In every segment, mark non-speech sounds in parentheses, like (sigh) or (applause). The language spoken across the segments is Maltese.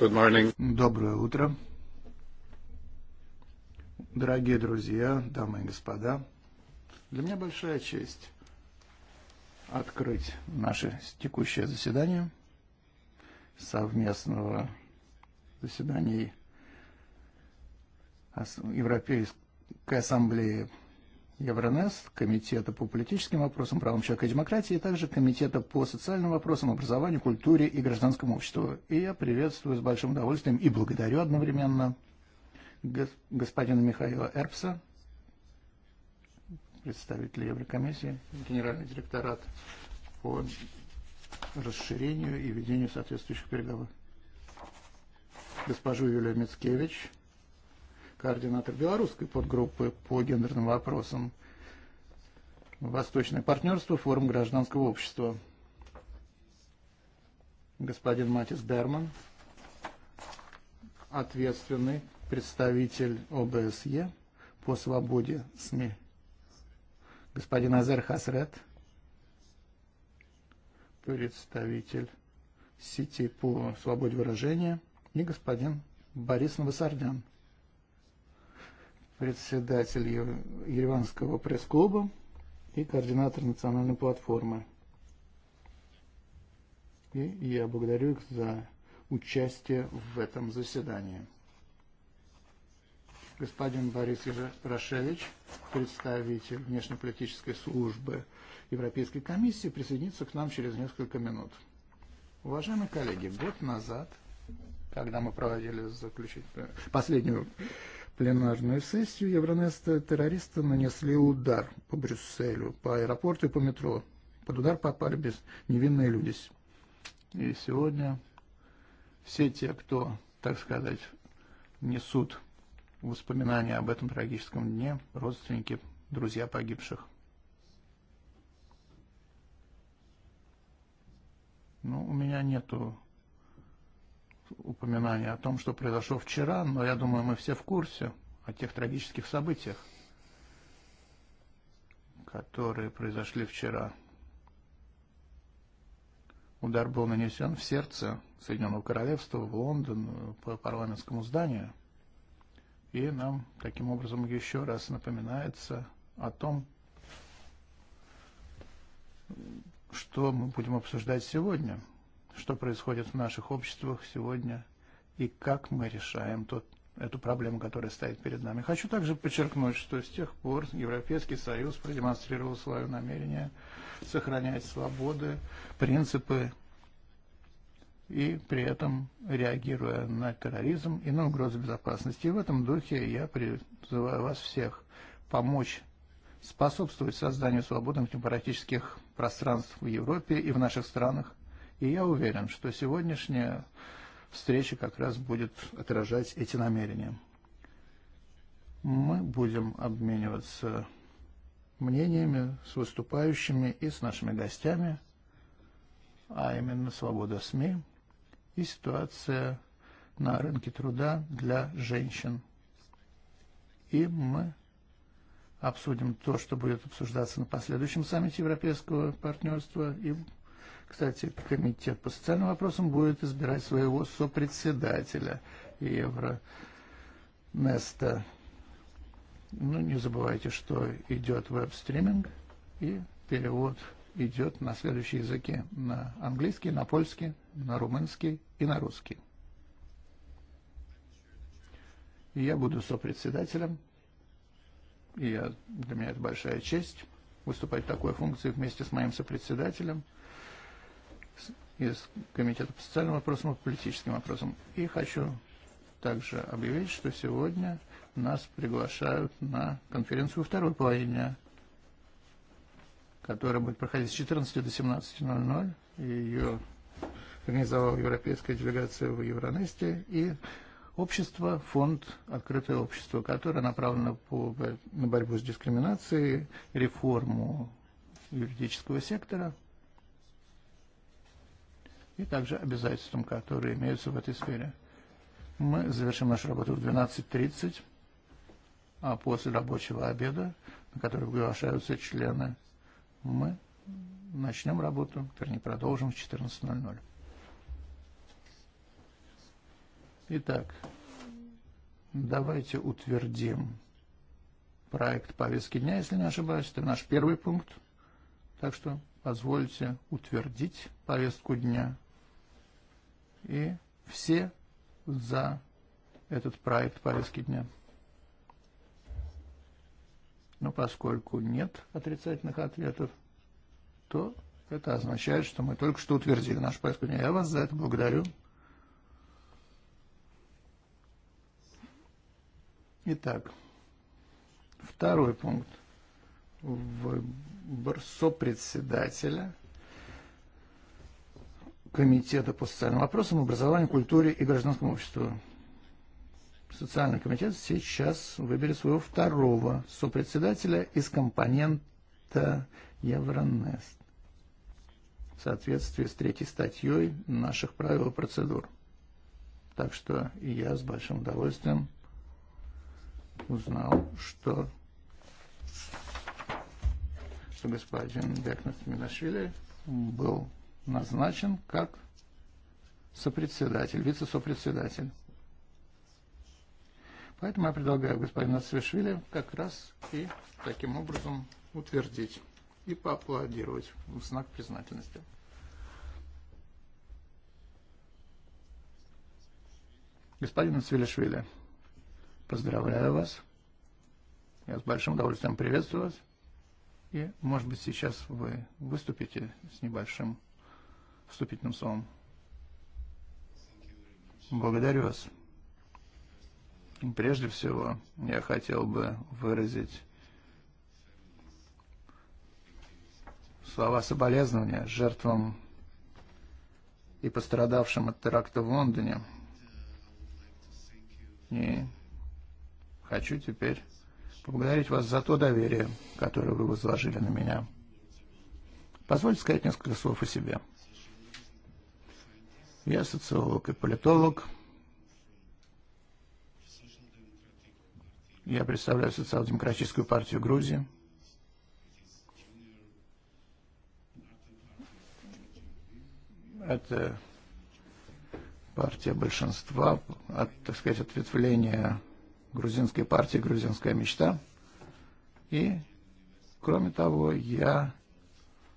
Good morning. Доброе утро. Дорогие друзья, дамы и господа, для меня большая честь открыть наше текущее заседание совместного заседания Европейской Ассамблеи Евронес, Комитета по политическим вопросам, правам человека и демократии, и также Комитета по социальным вопросам, образованию, культуре и гражданскому обществу. И я приветствую с большим удовольствием и благодарю одновременно господина Михаила Эрпса, представителя Еврокомиссии, генеральный директорат по расширению и ведению соответствующих переговоров. Госпожу Юлию Мицкевич, координатор белорусской подгруппы по гендерным вопросам. Восточное партнерство, форум гражданского общества. Господин Матис Берман, ответственный представитель ОБСЕ по свободе СМИ. Господин Азер Хасрет, представитель сети по свободе выражения. И господин Борис Новосардян – председатель Ереванского пресс-клуба и координатор национальной платформы. И я благодарю их за участие в этом заседании. Господин Борис Рашевич, представитель внешнеполитической службы Европейской комиссии, присоединится к нам через несколько минут. Уважаемые коллеги, год назад, когда мы проводили заключительную, последнюю пленарную сессию Евронеста террористы нанесли удар по Брюсселю, по аэропорту и по метро. Под удар попали без невинные люди. И сегодня все те, кто, так сказать, несут воспоминания об этом трагическом дне, родственники, друзья погибших. Ну, у меня нету упоминание о том, что произошло вчера, но я думаю, мы все в курсе о тех трагических событиях, которые произошли вчера. Удар был нанесен в сердце Соединенного Королевства, в Лондон, по парламентскому зданию. И нам таким образом еще раз напоминается о том, что мы будем обсуждать сегодня – что происходит в наших обществах сегодня и как мы решаем тот, эту проблему, которая стоит перед нами. Хочу также подчеркнуть, что с тех пор Европейский Союз продемонстрировал свое намерение сохранять свободы, принципы и при этом реагируя на терроризм и на угрозы безопасности. И в этом духе я призываю вас всех помочь способствовать созданию свободных демократических пространств в Европе и в наших странах, И я уверен, что сегодняшняя встреча как раз будет отражать эти намерения. Мы будем обмениваться мнениями с выступающими и с нашими гостями, а именно свобода СМИ и ситуация на рынке труда для женщин. И мы обсудим то, что будет обсуждаться на последующем саммите Европейского партнерства, и Кстати, комитет по социальным вопросам будет избирать своего сопредседателя Евронеста. Ну, не забывайте, что идет веб-стриминг и перевод идет на следующие языки. На английский, на польский, на румынский и на русский. И я буду сопредседателем. И я, для меня это большая честь выступать в такой функции вместе с моим сопредседателем – из Комитета по социальным вопросам и политическим вопросам. И хочу также объявить, что сегодня нас приглашают на конференцию второй половине, которая будет проходить с 14 до 17.00. Ее организовала европейская делегация в Евронесте и общество, фонд «Открытое общество», которое направлено по, на борьбу с дискриминацией, реформу юридического сектора – и также обязательствам, которые имеются в этой сфере. Мы завершим нашу работу в 12.30, а после рабочего обеда, на который приглашаются члены, мы начнем работу, вернее, продолжим в 14.00. Итак, давайте утвердим проект повестки дня, если не ошибаюсь. Это наш первый пункт. Так что позвольте утвердить повестку дня и все за этот проект повестки дня. Но поскольку нет отрицательных ответов, то это означает, что мы только что утвердили наш повестку дня. Я вас за это благодарю. Итак, второй пункт. Выбор сопредседателя – Комитета по социальным вопросам, образованию, культуре и гражданскому обществу. Социальный комитет сейчас выберет своего второго сопредседателя из компонента Евронест в соответствии с третьей статьей наших правил и процедур. Так что я с большим удовольствием узнал, что, что господин Бекнат Минашвили был назначен как сопредседатель, вице-сопредседатель. Поэтому я предлагаю господина Цвешвили как раз и таким образом утвердить и поаплодировать в знак признательности. Господин Цвилишвили, поздравляю вас. Я с большим удовольствием приветствую вас. И, может быть, сейчас вы выступите с небольшим вступительным словом. Благодарю вас. Прежде всего, я хотел бы выразить слова соболезнования жертвам и пострадавшим от теракта в Лондоне. И хочу теперь поблагодарить вас за то доверие, которое вы возложили на меня. Позвольте сказать несколько слов о себе. Я социолог и политолог. Я представляю социал-демократическую партию Грузии. Это партия большинства, от, так сказать, ответвления грузинской партии «Грузинская мечта». И, кроме того, я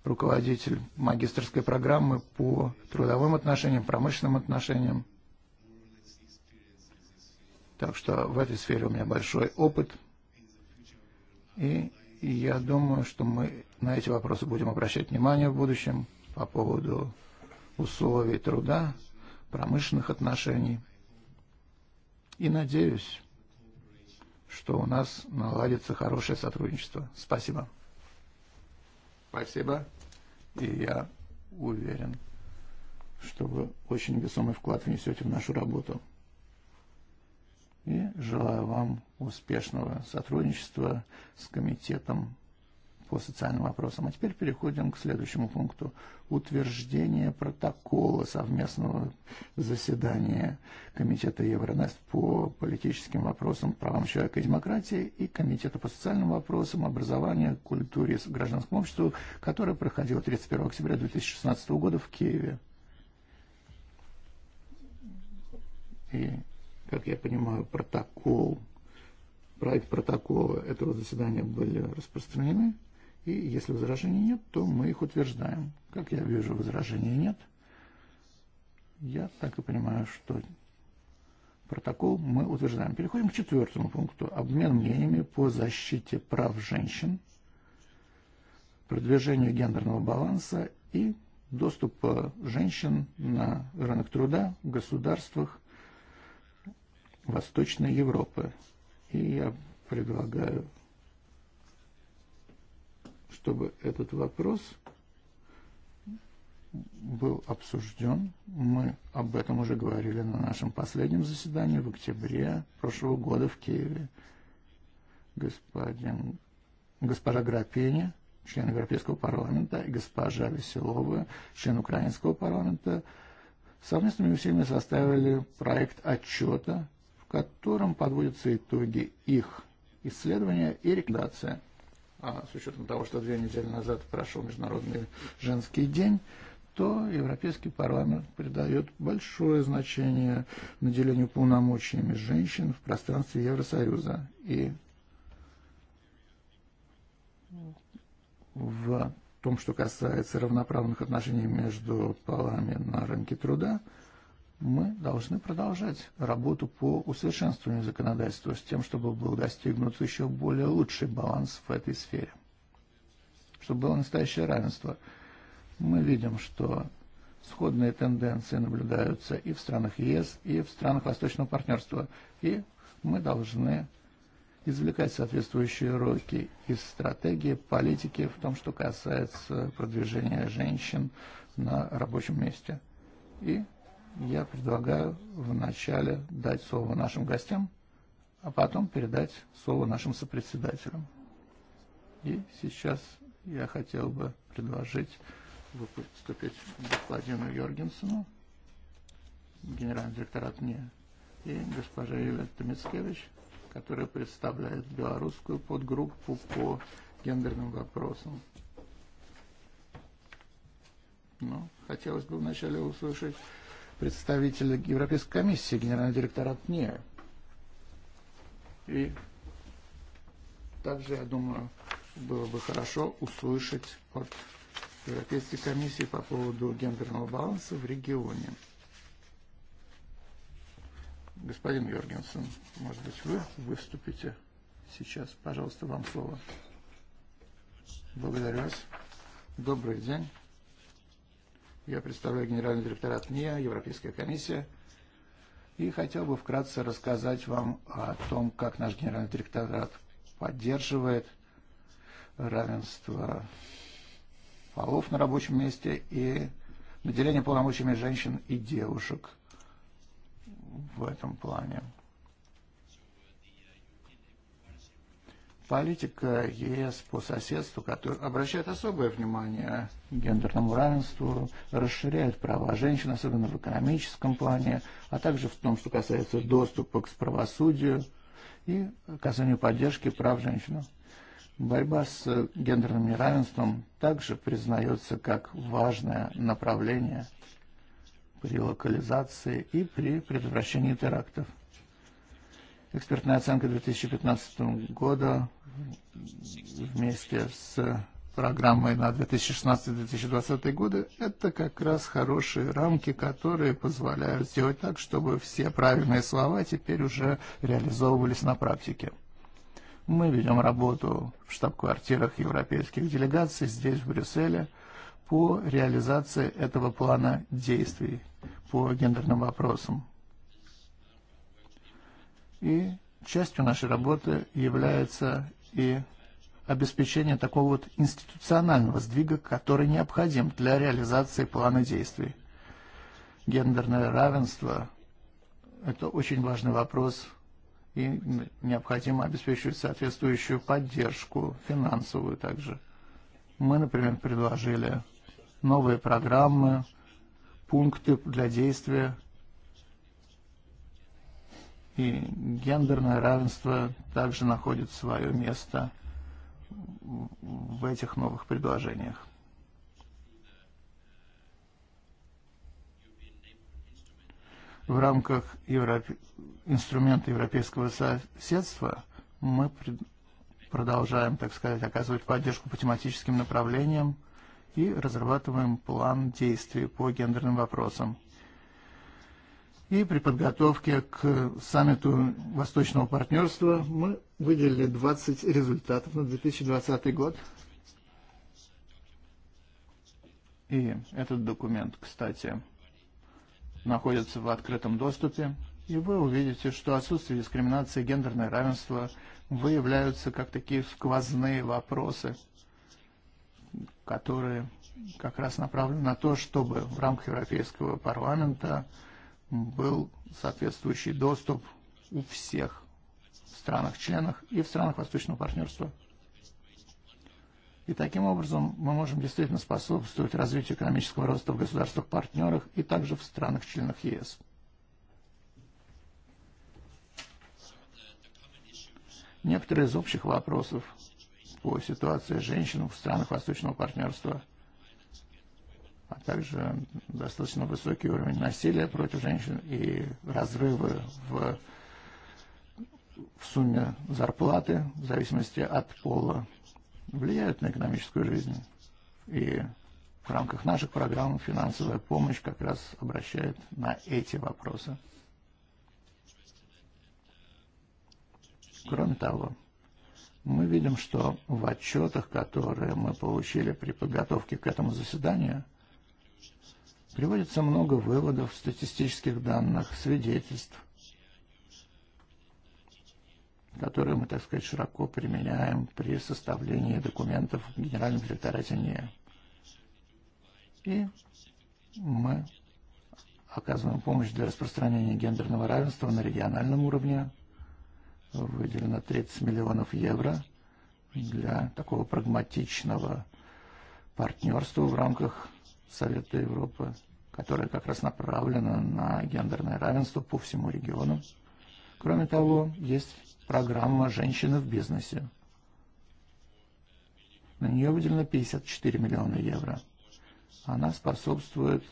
руководитель магистрской программы по трудовым отношениям, промышленным отношениям. Так что в этой сфере у меня большой опыт. И я думаю, что мы на эти вопросы будем обращать внимание в будущем по поводу условий труда, промышленных отношений. И надеюсь, что у нас наладится хорошее сотрудничество. Спасибо. Спасибо. И я уверен, что вы очень весомый вклад внесете в нашу работу. И желаю вам успешного сотрудничества с комитетом по социальным вопросам. А теперь переходим к следующему пункту. Утверждение протокола совместного заседания Комитета Евронест по политическим вопросам, правам человека и демократии и Комитета по социальным вопросам, образованию, культуре и гражданскому обществу, которое проходило 31 октября 2016 года в Киеве. И, как я понимаю, протокол проект протокола этого заседания были распространены. И если возражений нет, то мы их утверждаем. Как я вижу, возражений нет. Я так и понимаю, что протокол мы утверждаем. Переходим к четвертому пункту. Обмен мнениями по защите прав женщин, продвижению гендерного баланса и доступа женщин на рынок труда в государствах Восточной Европы. И я предлагаю чтобы этот вопрос был обсужден. Мы об этом уже говорили на нашем последнем заседании в октябре прошлого года в Киеве. Господин, госпожа Грапини, член Европейского парламента, и госпожа Веселова, член Украинского парламента, совместными усилиями составили проект отчета, в котором подводятся итоги их исследования и рекомендации а с учетом того, что две недели назад прошел Международный женский день, то Европейский парламент придает большое значение наделению полномочиями женщин в пространстве Евросоюза. И в том, что касается равноправных отношений между полами на рынке труда – мы должны продолжать работу по усовершенствованию законодательства с тем, чтобы был достигнут еще более лучший баланс в этой сфере, чтобы было настоящее равенство. Мы видим, что сходные тенденции наблюдаются и в странах ЕС, и в странах Восточного партнерства, и мы должны извлекать соответствующие уроки из стратегии, политики в том, что касается продвижения женщин на рабочем месте. И я предлагаю вначале дать слово нашим гостям, а потом передать слово нашим сопредседателям. И сейчас я хотел бы предложить выступить господину Йоргенсену, генеральный директор от НИА, и госпоже Юлия Томицкевич, которая представляет белорусскую подгруппу по гендерным вопросам. Ну, хотелось бы вначале услышать представитель Европейской комиссии, генеральный директор НИР. И также, я думаю, было бы хорошо услышать от Европейской комиссии по поводу гендерного баланса в регионе. Господин Йоргенсен, может быть, вы выступите сейчас? Пожалуйста, вам слово. Благодарю вас. Добрый день. Я представляю Генеральный директорат НИА, Европейская комиссия. И хотел бы вкратце рассказать вам о том, как наш Генеральный директорат поддерживает равенство полов на рабочем месте и наделение полномочиями женщин и девушек в этом плане. политика ЕС по соседству, который обращает особое внимание гендерному равенству, расширяет права женщин, особенно в экономическом плане, а также в том, что касается доступа к правосудию и оказанию поддержки прав женщин. Борьба с гендерным неравенством также признается как важное направление при локализации и при предотвращении терактов. Экспертная оценка 2015 года вместе с программой на 2016-2020 годы, это как раз хорошие рамки, которые позволяют сделать так, чтобы все правильные слова теперь уже реализовывались на практике. Мы ведем работу в штаб-квартирах европейских делегаций здесь, в Брюсселе, по реализации этого плана действий по гендерным вопросам. И частью нашей работы является и обеспечение такого вот институционального сдвига, который необходим для реализации плана действий. Гендерное равенство – это очень важный вопрос, и необходимо обеспечивать соответствующую поддержку, финансовую также. Мы, например, предложили новые программы, пункты для действия и гендерное равенство также находит свое место в этих новых предложениях. В рамках Европе... инструмента европейского соседства мы пред... продолжаем, так сказать, оказывать поддержку по тематическим направлениям и разрабатываем план действий по гендерным вопросам – И при подготовке к э, саммиту Восточного партнерства мы выделили 20 результатов на 2020 год. И этот документ, кстати, находится в открытом доступе. И вы увидите, что отсутствие дискриминации и гендерное равенство выявляются как такие сквозные вопросы, которые как раз направлены на то, чтобы в рамках Европейского парламента был соответствующий доступ у всех в странах-членах и в странах Восточного партнерства. И таким образом мы можем действительно способствовать развитию экономического роста в государствах-партнерах и также в странах-членах ЕС. Некоторые из общих вопросов по ситуации женщин в странах Восточного партнерства – а также достаточно высокий уровень насилия против женщин и разрывы в, в сумме зарплаты в зависимости от пола влияют на экономическую жизнь. И в рамках наших программ финансовая помощь как раз обращает на эти вопросы. Кроме того, мы видим, что в отчетах, которые мы получили при подготовке к этому заседанию, Приводится много выводов, статистических данных, свидетельств, которые мы, так сказать, широко применяем при составлении документов в Генеральном секретарате НИА. И мы оказываем помощь для распространения гендерного равенства на региональном уровне. Выделено 30 миллионов евро для такого прагматичного партнерства в рамках Совета Европы, которая как раз направлена на гендерное равенство по всему региону. Кроме того, есть программа «Женщины в бизнесе». На нее выделено 54 миллиона евро. Она способствует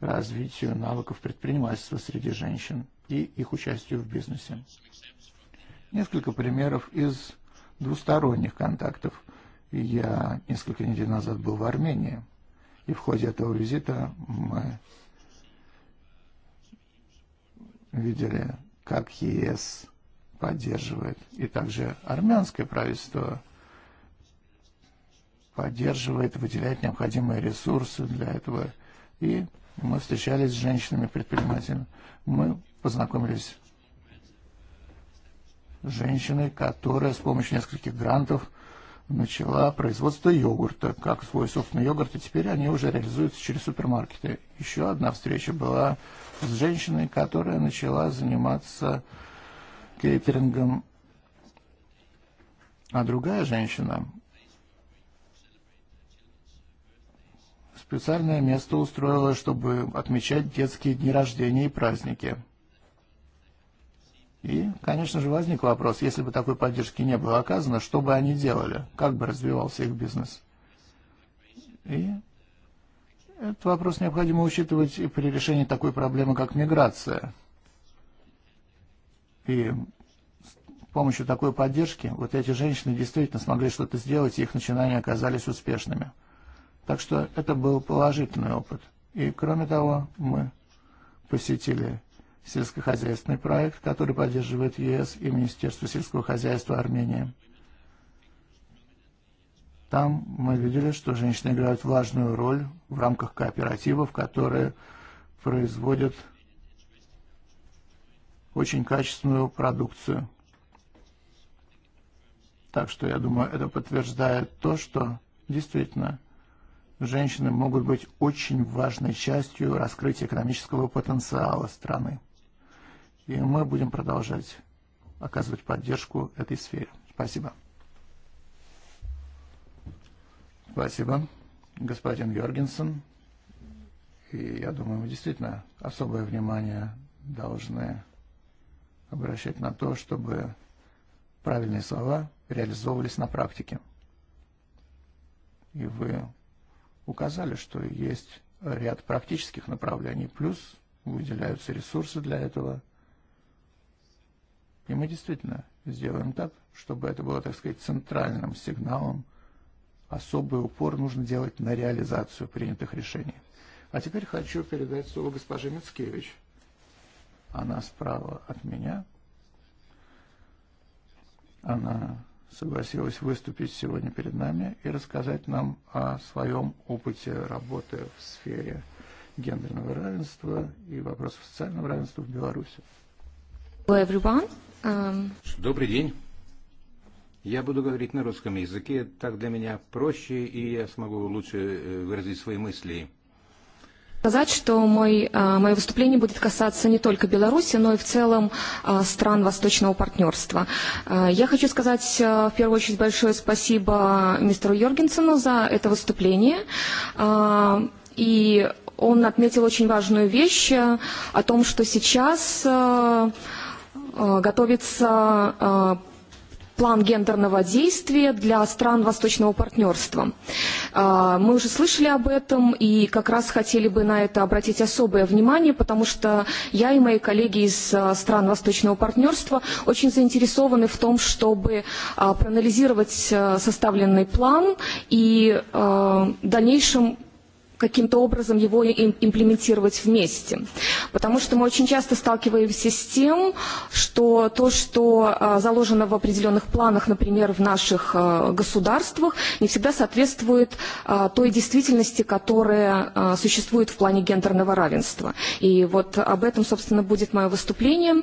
развитию навыков предпринимательства среди женщин и их участию в бизнесе. Несколько примеров из двусторонних контактов. Я несколько недель назад был в Армении. И в ходе этого визита мы видели, как ЕС поддерживает, и также армянское правительство поддерживает, выделяет необходимые ресурсы для этого. И мы встречались с женщинами-предпринимателями. Мы познакомились с женщиной, которая с помощью нескольких грантов – начала производство йогурта, как свой собственный йогурт, и теперь они уже реализуются через супермаркеты. Еще одна встреча была с женщиной, которая начала заниматься кейтерингом. А другая женщина специальное место устроила, чтобы отмечать детские дни рождения и праздники – И, конечно же, возник вопрос, если бы такой поддержки не было оказано, что бы они делали, как бы развивался их бизнес. И этот вопрос необходимо учитывать и при решении такой проблемы, как миграция. И с помощью такой поддержки вот эти женщины действительно смогли что-то сделать, и их начинания оказались успешными. Так что это был положительный опыт. И кроме того, мы посетили сельскохозяйственный проект, который поддерживает ЕС и Министерство сельского хозяйства Армении. Там мы видели, что женщины играют важную роль в рамках кооперативов, которые производят очень качественную продукцию. Так что, я думаю, это подтверждает то, что действительно женщины могут быть очень важной частью раскрытия экономического потенциала страны. И мы будем продолжать оказывать поддержку этой сфере. Спасибо. Спасибо, господин Йоргенсен. И я думаю, мы действительно особое внимание должны обращать на то, чтобы правильные слова реализовывались на практике. И вы указали, что есть ряд практических направлений, плюс выделяются ресурсы для этого, И мы действительно сделаем так, чтобы это было, так сказать, центральным сигналом. Особый упор нужно делать на реализацию принятых решений. А теперь хочу передать слово госпоже Мицкевич. Она справа от меня. Она согласилась выступить сегодня перед нами и рассказать нам о своем опыте работы в сфере гендерного равенства и вопросов социального равенства в Беларуси everyone. Um, Добрый день. Я буду говорить на русском языке, так для меня проще, и я смогу лучше э, выразить свои мысли. Сказать, что мой, мое выступление будет касаться не только Беларуси, но и в целом стран восточного партнерства. Я хочу сказать в первую очередь большое спасибо мистеру Йоргенсену за это выступление. И он отметил очень важную вещь о том, что сейчас Э, готовится э, план гендерного действия для стран Восточного партнерства. Э, мы уже слышали об этом и как раз хотели бы на это обратить особое внимание, потому что я и мои коллеги из стран Восточного партнерства очень заинтересованы в том, чтобы проанализировать составленный план и в дальнейшем каким-то образом его имплементировать вместе. Потому что мы очень часто сталкиваемся с тем, что то, что заложено в определенных планах, например, в наших государствах, не всегда соответствует той действительности, которая существует в плане гендерного равенства. И вот об этом, собственно, будет мое выступление.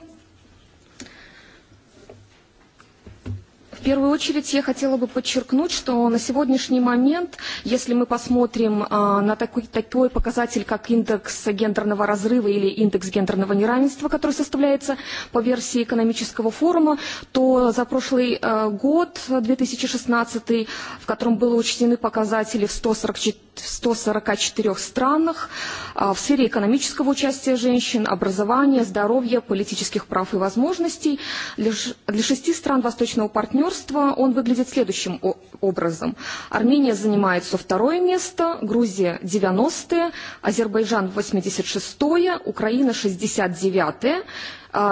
первую очередь я хотела бы подчеркнуть, что на сегодняшний момент, если мы посмотрим на такой, такой показатель, как индекс гендерного разрыва или индекс гендерного неравенства, который составляется по версии экономического форума, то за прошлый э, год, 2016, в котором были учтены показатели в 144, странах в сфере экономического участия женщин, образования, здоровья, политических прав и возможностей, для шести стран Восточного партнерства, государства, он выглядит следующим образом. Армения занимает со второе место, Грузия 90-е, Азербайджан 86-е, Украина 69-е,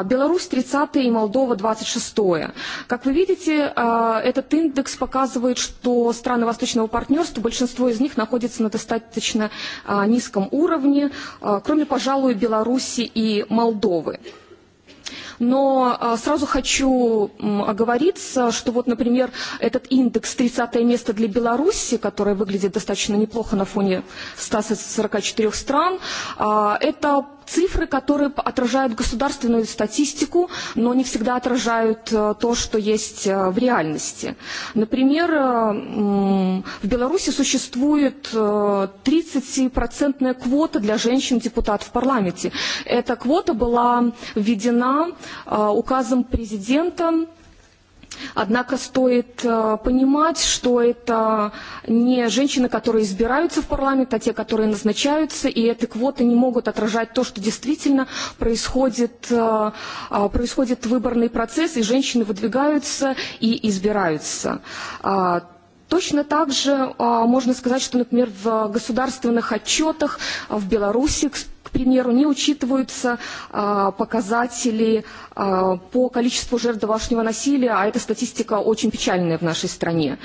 Беларусь 30 и Молдова 26. -е. Как вы видите, этот индекс показывает, что страны Восточного партнерства, большинство из них находится на достаточно низком уровне, кроме, пожалуй, Беларуси и Молдовы. Но сразу хочу оговориться, что вот, например, этот индекс 30 место для Беларуси, которое выглядит достаточно неплохо на фоне 144 стран, это цифры, которые отражают государственную статистику, но не всегда отражают э, то, что есть э, в реальности. Например, э, в Беларуси существует 30-процентная квота для женщин-депутатов в парламенте. Эта квота была введена указом президента. Однако стоит э, понимать, что это не женщины, которые избираются в парламент, а те, которые назначаются, и эти квоты не могут отражать то, что действительно происходит, э, э, происходит выборный процесс, и женщины выдвигаются и избираются. Точно так же можно сказать, что, например, в государственных отчетах в Беларуси, примеру, не учитываются показатели по количеству жертв домашнего насилия, а эта статистика очень печальная в нашей стране.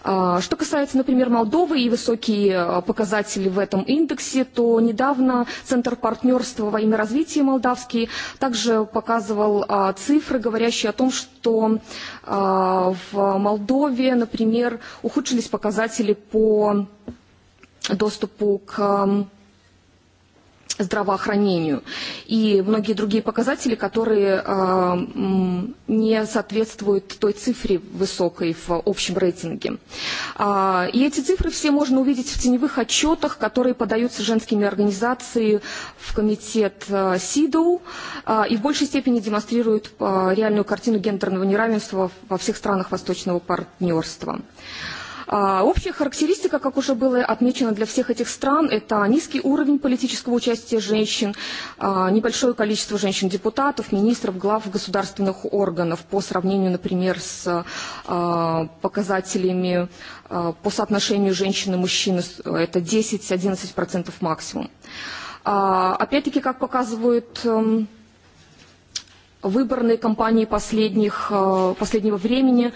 Что касается, например, Молдовы и высокие показатели в этом индексе, то недавно Центр партнерства во имя развития молдавский также показывал цифры, говорящие о том, что в Молдове, например, ухудшились показатели по доступу к здравоохранению и многие другие показатели, которые э, не соответствуют той цифре высокой в общем рейтинге. Э, и эти цифры все можно увидеть в теневых отчетах, которые подаются женскими организациями в комитет э, СИДОУ э, и в большей степени демонстрируют э, реальную картину гендерного неравенства во всех странах Восточного партнерства. Общая характеристика, как уже было отмечено для всех этих стран, это низкий уровень политического участия женщин, небольшое количество женщин-депутатов, министров, глав государственных органов по сравнению, например, с показателями по соотношению женщин и мужчин, это 10-11% максимум. Опять-таки, как показывают выборные кампании последних, э, последнего времени,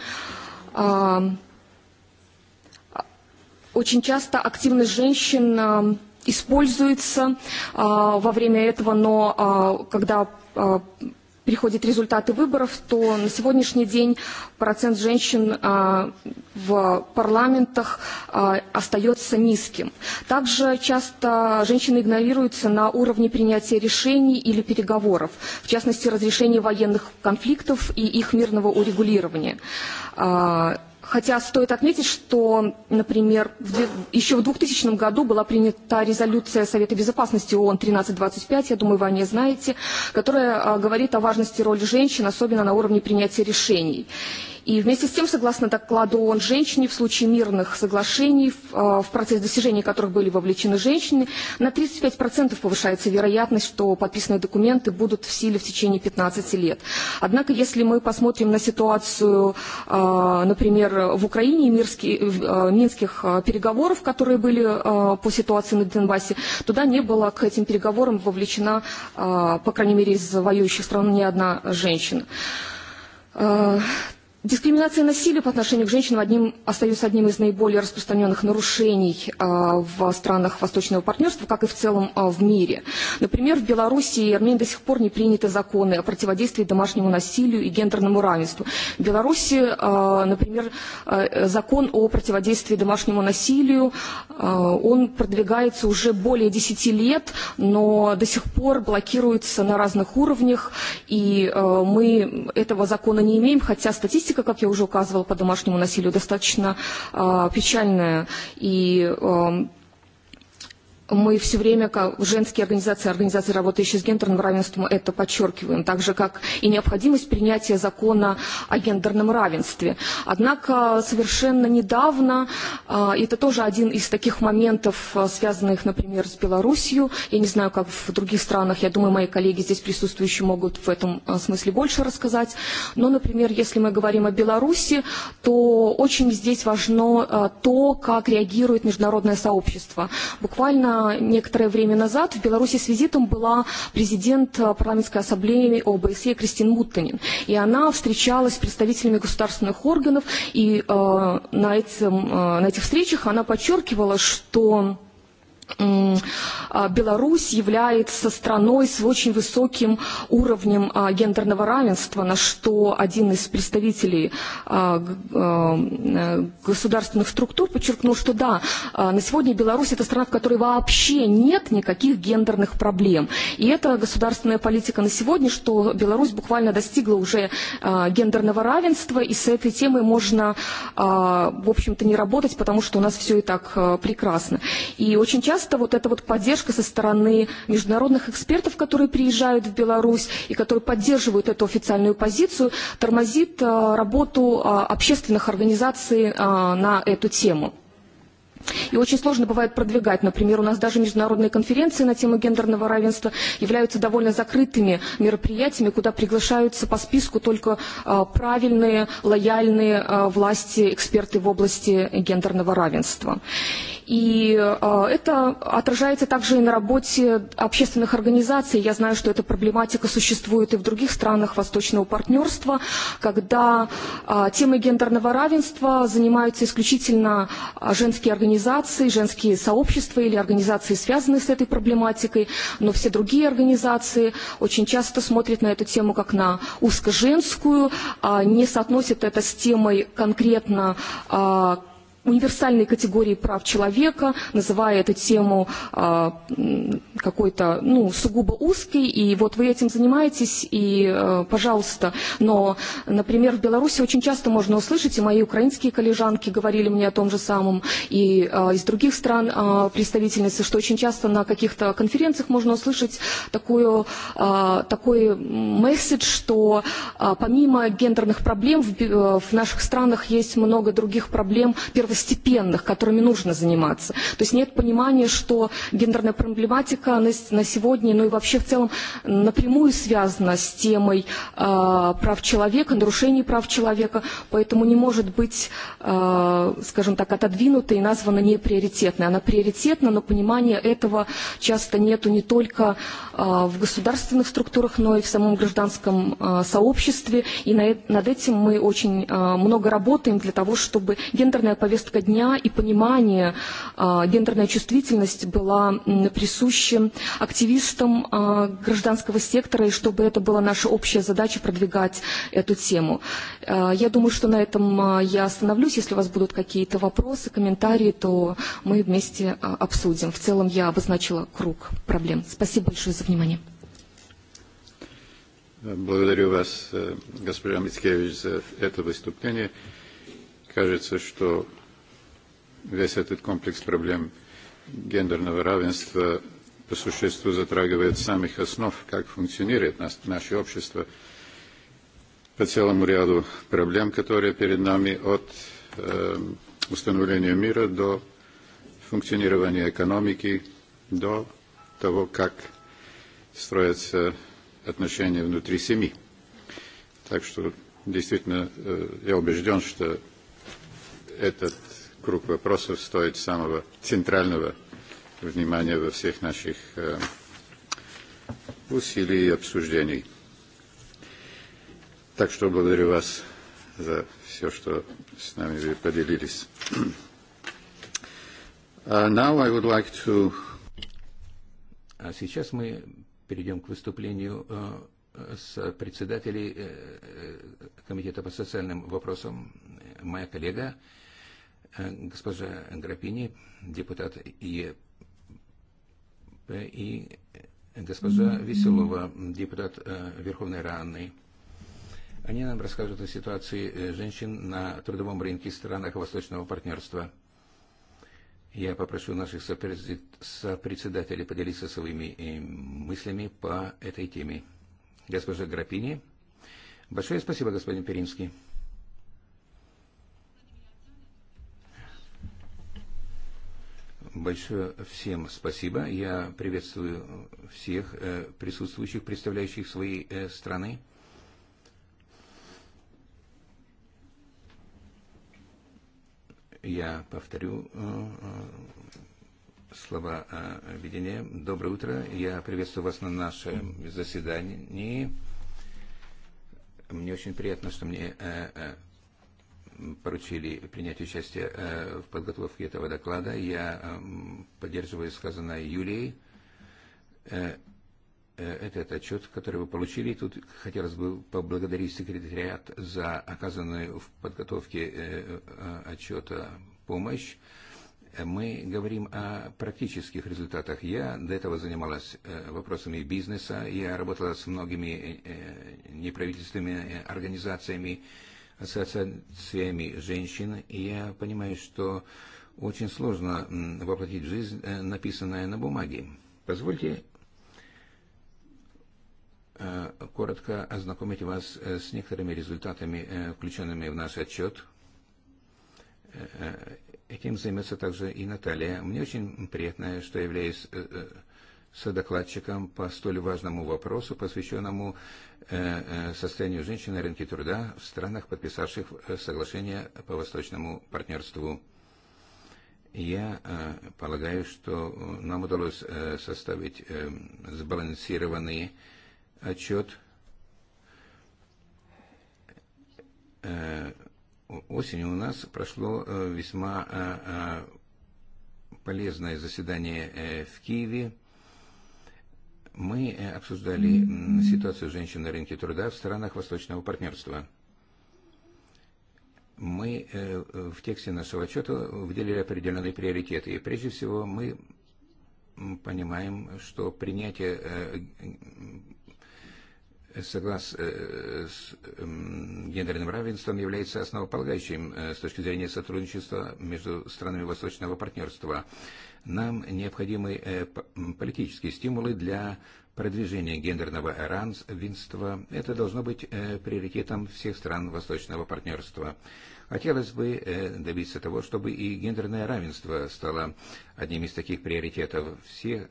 очень часто активность женщин используется во время этого, но когда приходят результаты выборов, то на сегодняшний день процент женщин в парламентах остается низким. Также часто женщины игнорируются на уровне принятия решений или переговоров, в частности разрешения военных конфликтов и их мирного урегулирования. Хотя стоит отметить, что, например, в, еще в 2000 году была принята резолюция Совета Безопасности ООН 1325, я думаю, вы о ней знаете, которая говорит о важности роли женщин, особенно на уровне принятия решений. И вместе с тем, согласно докладу ООН женщине, в случае мирных соглашений, в э, процесс достижения которых были вовлечены женщины, на 35% повышается вероятность, что подписанные документы будут в силе в течение 15 лет. Однако, если мы посмотрим на ситуацию, э, например, в Украине э, минских переговоров, которые были по ситуации на Донбассе, туда не было к этим переговорам вовлечена, по крайней мере, из воюющих стран ни одна женщина. Дискриминация и насилие по отношению к женщинам одним, остаются одним из наиболее распространенных нарушений в странах Восточного партнерства, как и в целом в мире. Например, в Беларуси и Армении до сих пор не приняты законы о противодействии домашнему насилию и гендерному равенству. В Беларуси, например, закон о противодействии домашнему насилию, он продвигается уже более 10 лет, но до сих пор блокируется на разных уровнях, и мы этого закона не имеем, хотя статистика статистика, как я уже указывала, по домашнему насилию достаточно э, печальная. И э, Мы все время, как женские организации, организации, работающие с гендерным равенством, это подчеркиваем, так же, как и необходимость принятия закона о гендерном равенстве. Однако совершенно недавно, это тоже один из таких моментов, связанных, например, с Белоруссией, я не знаю, как в других странах, я думаю, мои коллеги здесь присутствующие могут в этом смысле больше рассказать, но, например, если мы говорим о Беларуси, то очень здесь важно то, как реагирует международное сообщество. Буквально некоторое время назад в Беларуси с визитом была президент э, парламентской ассамблеи ОБСЕ Кристин Муттанин. И она встречалась с представителями государственных органов, и э, на, этим, э, на этих встречах она подчеркивала, что Беларусь является страной с очень высоким уровнем гендерного равенства, на что один из представителей э, государственных структур подчеркнул, что да, на сегодня Беларусь это страна, в которой вообще нет никаких гендерных проблем. И это государственная политика на сегодня, что Беларусь буквально достигла уже гендерного равенства, и с этой темой можно, в общем-то, не работать, потому что у нас все и так прекрасно. И очень часто часто вот эта вот поддержка со стороны международных экспертов, которые приезжают в Беларусь и которые поддерживают эту официальную позицию, тормозит э, работу э, общественных организаций э, на эту тему. И очень сложно бывает продвигать. Например, у нас даже международные конференции на тему гендерного равенства являются довольно закрытыми мероприятиями, куда приглашаются по списку только правильные, лояльные власти, эксперты в области гендерного равенства. И это отражается также и на работе общественных организаций. Я знаю, что эта проблематика существует и в других странах Восточного партнерства, когда темой гендерного равенства занимаются исключительно женские организации, организации, женские сообщества или организации, связанные с этой проблематикой, но все другие организации очень часто смотрят на эту тему как на узкоженскую, не соотносят это с темой конкретно универсальной категории прав человека, называя эту тему э, какой-то ну, сугубо узкой, и вот вы этим занимаетесь, и э, пожалуйста. Но, например, в Беларуси очень часто можно услышать, и мои украинские коллежанки говорили мне о том же самом, и э, из других стран э, представительницы, что очень часто на каких-то конференциях можно услышать такую, э, такой месседж, что э, помимо гендерных проблем в, э, в наших странах есть много других проблем, первостепенных, которыми нужно заниматься. То есть нет понимания, что гендерная проблематика на, на сегодня, ну и вообще в целом напрямую связана с темой э, прав человека, нарушений прав человека, поэтому не может быть, э, скажем так, отодвинута и названа неприоритетной. Она приоритетна, но понимания этого часто нету не только э, в государственных структурах, но и в самом гражданском э, сообществе, и на, над этим мы очень э, много работаем для того, чтобы гендерная повестка повестка дня и понимание гендерной чувствительности была присуща активистам гражданского сектора, и чтобы это была наша общая задача продвигать эту тему. Я думаю, что на этом я остановлюсь. Если у вас будут какие-то вопросы, комментарии, то мы вместе обсудим. В целом я обозначила круг проблем. Спасибо большое за внимание. Благодарю вас, э, госпожа Мицкевич, за это выступление. Кажется, что весь этот комплекс проблем гендерного равенства по существу затрагивает самых основ, как функционирует нас, наше общество по целому ряду проблем, которые перед нами от э, установления мира до функционирования экономики, до того, как строятся отношения внутри семьи. Так что действительно э, я убежден, что этот круг вопросов стоит самого центрального внимания во всех наших усилий и обсуждений. Так что благодарю вас за все, что с нами вы поделились. now I would like to... А сейчас мы перейдем к выступлению э, с председателей э, э, Комитета по социальным вопросам. Моя коллега Госпожа Грапини, депутат ЕП, и госпожа Веселова, депутат Верховной Раны. Они нам расскажут о ситуации э, женщин на трудовом рынке в странах Восточного партнерства. Я попрошу наших сопредседателей поделиться своими э, мыслями по этой теме. Госпожа Грапини. Большое спасибо, господин Перинский. большое всем спасибо. Я приветствую всех э, присутствующих, представляющих свои э, страны. Я повторю э, слова введения. Доброе утро. Я приветствую вас на нашем заседании. Мне очень приятно, что мне поручили принять участие э, в подготовке этого доклада. Я э, поддерживаю сказанное Юлией. Это э, этот отчет, который вы получили. Тут хотелось бы поблагодарить секретариат за оказанную в подготовке отчета помощь мы говорим о практических результатах. Я до этого занималась вопросами бизнеса, я работала с многими неправительственными организациями, ассоциациями женщин, и я понимаю, что очень сложно воплотить в жизнь э, написанное на бумаге. Позвольте э, коротко ознакомить вас э, с некоторыми результатами, включенными в наш отчет. Этим займется также и Наталья. Мне очень приятно, что я являюсь содокладчиком по столь важному вопросу, посвященному э, э, состоянию женщин на рынке труда в странах, подписавших э, соглашение по восточному партнерству. Я полагаю, что нам удалось составить сбалансированный отчет осенью у нас прошло весьма полезное заседание в Киеве Мы э, обсуждали ситуацию женщин на рынке труда в странах Восточного партнерства. Мы э, в тексте нашего отчета выделили определенные приоритеты. И прежде всего мы понимаем, что принятие э, соглас с гендерным равенством является основополагающим с точки зрения сотрудничества между странами Восточного партнерства. Нам необходимы э, политические стимулы для продвижения гендерного равенства. Это должно быть э, приоритетом всех стран Восточного партнерства. Хотелось бы э, добиться того, чтобы и гендерное равенство стало одним из таких приоритетов. Все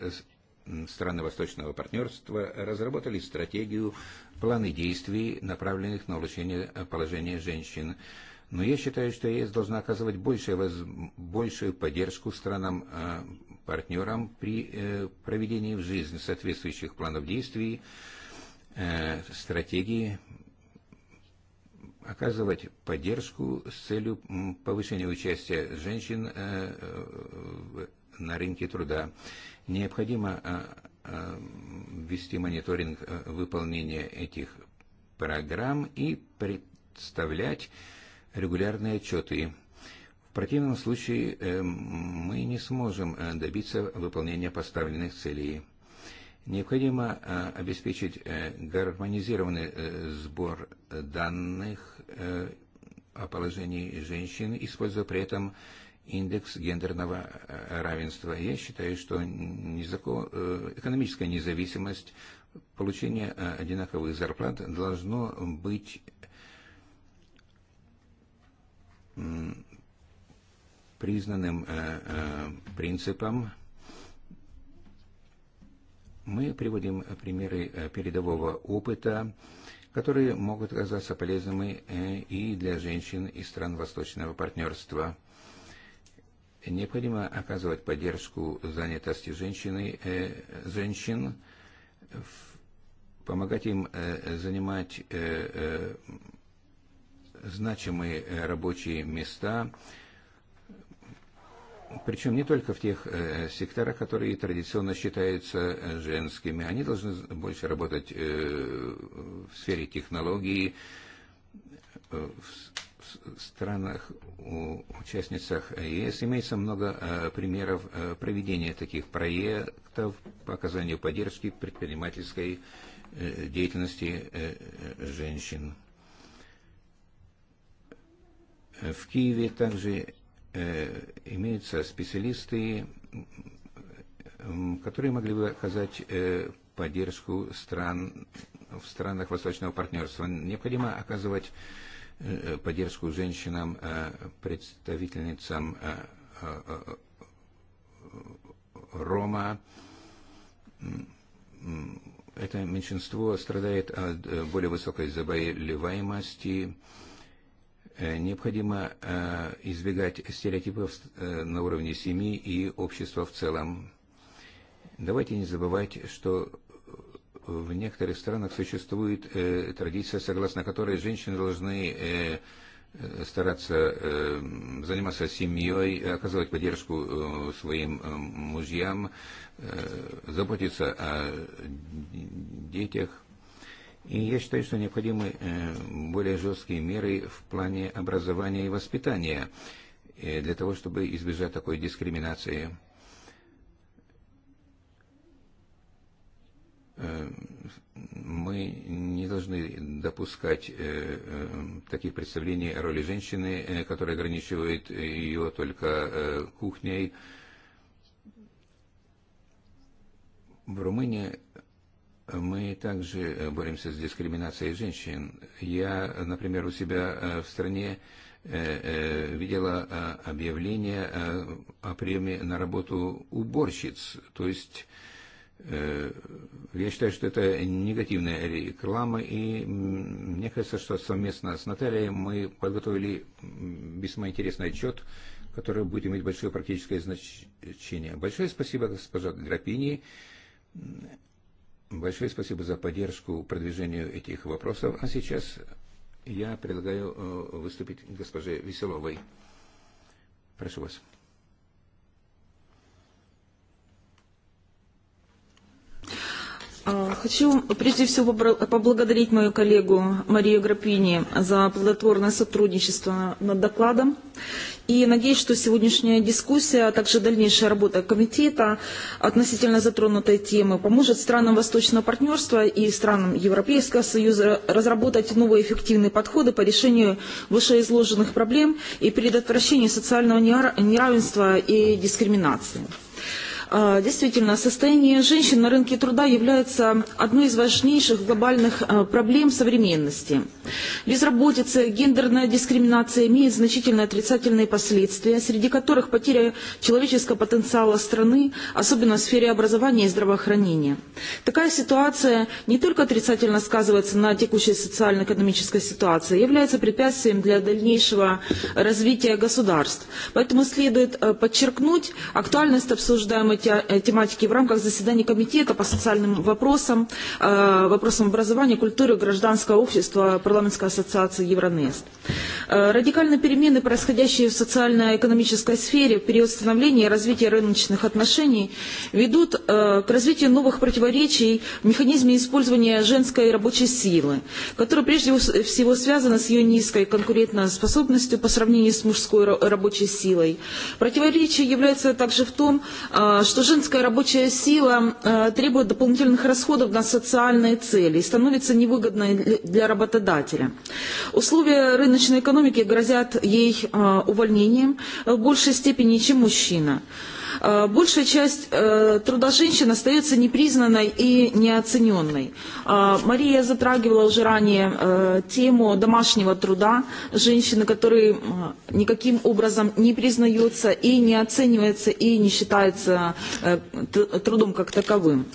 страны Восточного партнерства разработали стратегию, планы действий, направленных на улучшение положения женщин. Но я считаю, что ЕС должна оказывать большую, воз... большую поддержку странам-партнерам э, при э, проведении в жизни соответствующих планов действий, э, стратегии, оказывать поддержку с целью повышения участия женщин на рынке труда. Необходимо вести мониторинг выполнения этих программ и представлять регулярные отчеты. В противном случае э, мы не сможем э, добиться выполнения поставленных целей. Необходимо э, обеспечить гармонизированный сбор данных о положении женщин, используя при этом индекс гендерного равенства. Я считаю, что экономическая независимость, получение одинаковых зарплат должно быть признанным э, э, принципам. Мы приводим примеры э, передового опыта, которые могут оказаться полезными и для женщин из стран Восточного партнерства. Необходимо оказывать поддержку занятости женщины, женщин, помогать им занимать значимые э, рабочие места, причем не только в тех э, секторах, которые традиционно считаются э, женскими. Они должны больше работать э, в сфере технологии, э, в, в странах, у, участницах ЕС. Имеется много э, примеров э, проведения таких проектов по оказанию поддержки предпринимательской э, деятельности э, э женщин. В Киеве также имеются специалисты, которые могли бы оказать поддержку стран в странах Восточного партнерства. Необходимо оказывать поддержку женщинам, представительницам Рома. Это меньшинство страдает от более высокой заболеваемости, Э, необходимо э, избегать стереотипов э, на уровне семьи и общества в целом. Давайте не забывать, что в некоторых странах существует традиция, согласно которой женщины должны стараться заниматься семьей, оказывать поддержку своим мужьям, заботиться о детях. И я считаю, что необходимы э, более жесткие меры в плане образования и воспитания э, для того, чтобы избежать такой дискриминации. Э, мы не должны допускать таких представлений о роли женщины, которые ограничивают ее только кухней. В Румынии Мы также э, боремся с дискриминацией женщин. Я, например, у себя э, в стране э, видела объявление о приеме на работу уборщиц. То есть я считаю, что это негативная реклама, и мне кажется, что совместно с Натальей мы подготовили весьма интересный отчет, который будет иметь большое практическое значение. Большое спасибо госпожа Грапини Большое спасибо за поддержку продвижению этих вопросов. А сейчас я предлагаю э, выступить госпоже Веселовой. Прошу вас. Хочу прежде всего поблагодарить мою коллегу Марию Грапини за плодотворное сотрудничество над докладом. И надеюсь, что сегодняшняя дискуссия, а также дальнейшая работа комитета относительно затронутой темы поможет странам Восточного партнерства и странам Европейского Союза разработать новые эффективные подходы по решению вышеизложенных проблем и предотвращению социального неравенства и дискриминации. Действительно, состояние женщин на рынке труда является одной из важнейших глобальных проблем современности. Безработица, гендерная дискриминация имеют значительные отрицательные последствия, среди которых потеря человеческого потенциала страны, особенно в сфере образования и здравоохранения. Такая ситуация не только отрицательно сказывается на текущей социально-экономической ситуации, является препятствием для дальнейшего развития государств. Поэтому следует э, подчеркнуть актуальность обсуждаемой Э, тематики в рамках заседания Комитета по социальным вопросам, э, вопросам образования, культуры, гражданского общества Парламентской ассоциации Евронест. Э, радикальные перемены, происходящие в социально-экономической сфере в период становления и развития рыночных отношений, ведут к развитию новых противоречий в механизме использования женской рабочей силы, которая прежде всего связана с ее низкой конкурентоспособностью по сравнению с мужской рабочей силой. Противоречие является также в том, что женская рабочая сила э, требует дополнительных расходов на социальные цели и становится невыгодной для работодателя. Условия рыночной экономики грозят ей э, увольнением в большей степени, чем мужчина. мужчина. Э, большая часть э, труда женщин остается непризнанной и неоцененной. Э, Мария затрагивала уже ранее тему домашнего труда женщины, который никаким образом не признается и не оценивается и не считается трудом как таковым.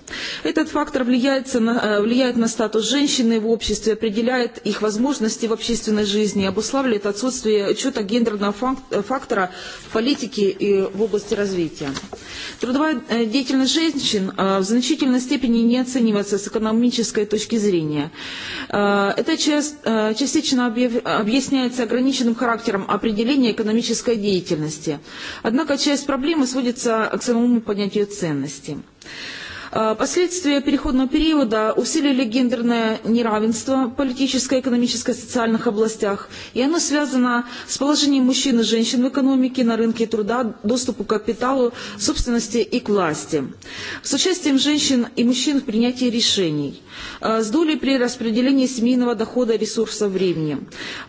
Этот фактор влияет на, влияет на статус женщины в обществе, определяет их возможности в общественной жизни, обуславливает отсутствие учета гендерного фактора в политике и в области развития крестьян. Трудовая э, деятельность женщин э, в значительной степени не оценивается с экономической точки зрения. Э, это частично объясняется ограниченным характером определения экономической деятельности. Однако часть проблемы сводится к самому понятию ценности. Э, последствия переходного периода усилили гендерное неравенство в политической, экономической, социальных областях, и оно связано с положением мужчин и женщин в экономике, на рынке труда, доступу к капиталу, собственности и к власти, с участием женщин и мужчин в принятии решений, э, с долей при распределении семейного дохода, ресурсов, времени.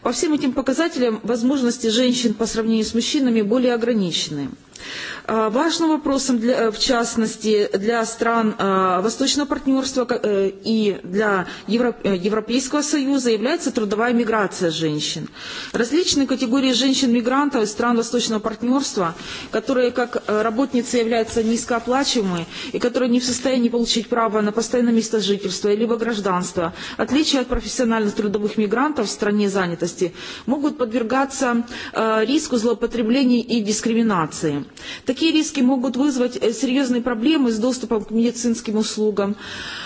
По всем этим показателям возможности женщин по сравнению с мужчинами более ограничены. Важным вопросом, для, э, в частности, для стран Восточного партнерства э, и для э, Европейского Союза является трудовая миграция женщин. Различные категории женщин-мигрантов из стран Восточного партнерства, которые как работницы являются низкооплачиваемыми и которые не в состоянии получить право на постоянное место жительства либо гражданство, в отличие от профессиональных трудовых мигрантов в стране занятости, могут подвергаться риску злоупотребления и дискриминации. Такие риски могут вызвать э, серьезные проблемы с доступом к медицинским услугам,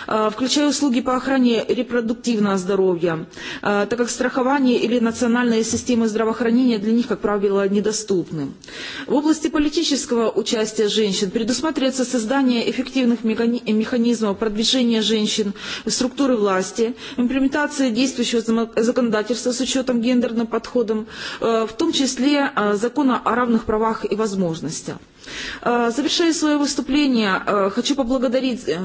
э, включая услуги по охране репродуктивного здоровья, э, так как страхование или национальные системы здравоохранения для них, как правило, недоступны. В области политического участия женщин предусматривается создание эффективных механизмов продвижения женщин в структуры власти, имплементация действующего законодательства с учетом гендерным подходом, в том числе закона о равных правах и возможностях Mr. Э, завершая свое выступление, э, хочу поблагодарить э,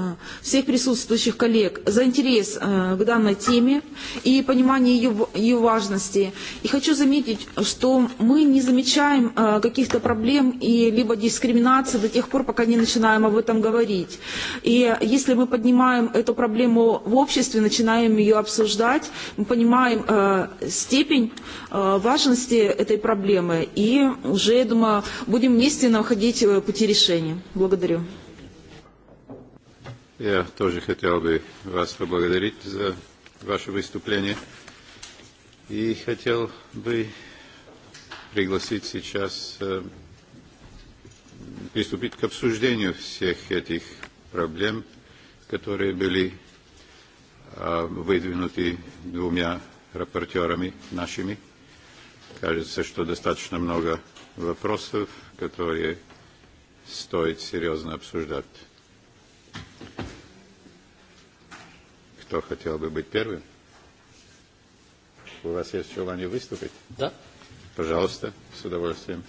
всех присутствующих коллег за интерес к данной теме и понимание ее, ее важности. И хочу заметить, что мы не замечаем каких-то проблем и либо дискриминации до тех пор, пока не начинаем об этом говорить. И если мы поднимаем эту проблему в обществе, начинаем ее обсуждать, мы понимаем степень важности этой проблемы и уже, я думаю, будем вместе находить обсудить э, пути решения. Благодарю. Я тоже хотел бы вас поблагодарить за ваше выступление. И хотел бы пригласить сейчас э, приступить к обсуждению всех этих проблем, которые были э, выдвинуты двумя рапортерами нашими. Кажется, что достаточно много вопросов, которые стоит серьезно обсуждать. Кто хотел бы быть первым? У вас есть желание выступить? Да. Пожалуйста, с удовольствием.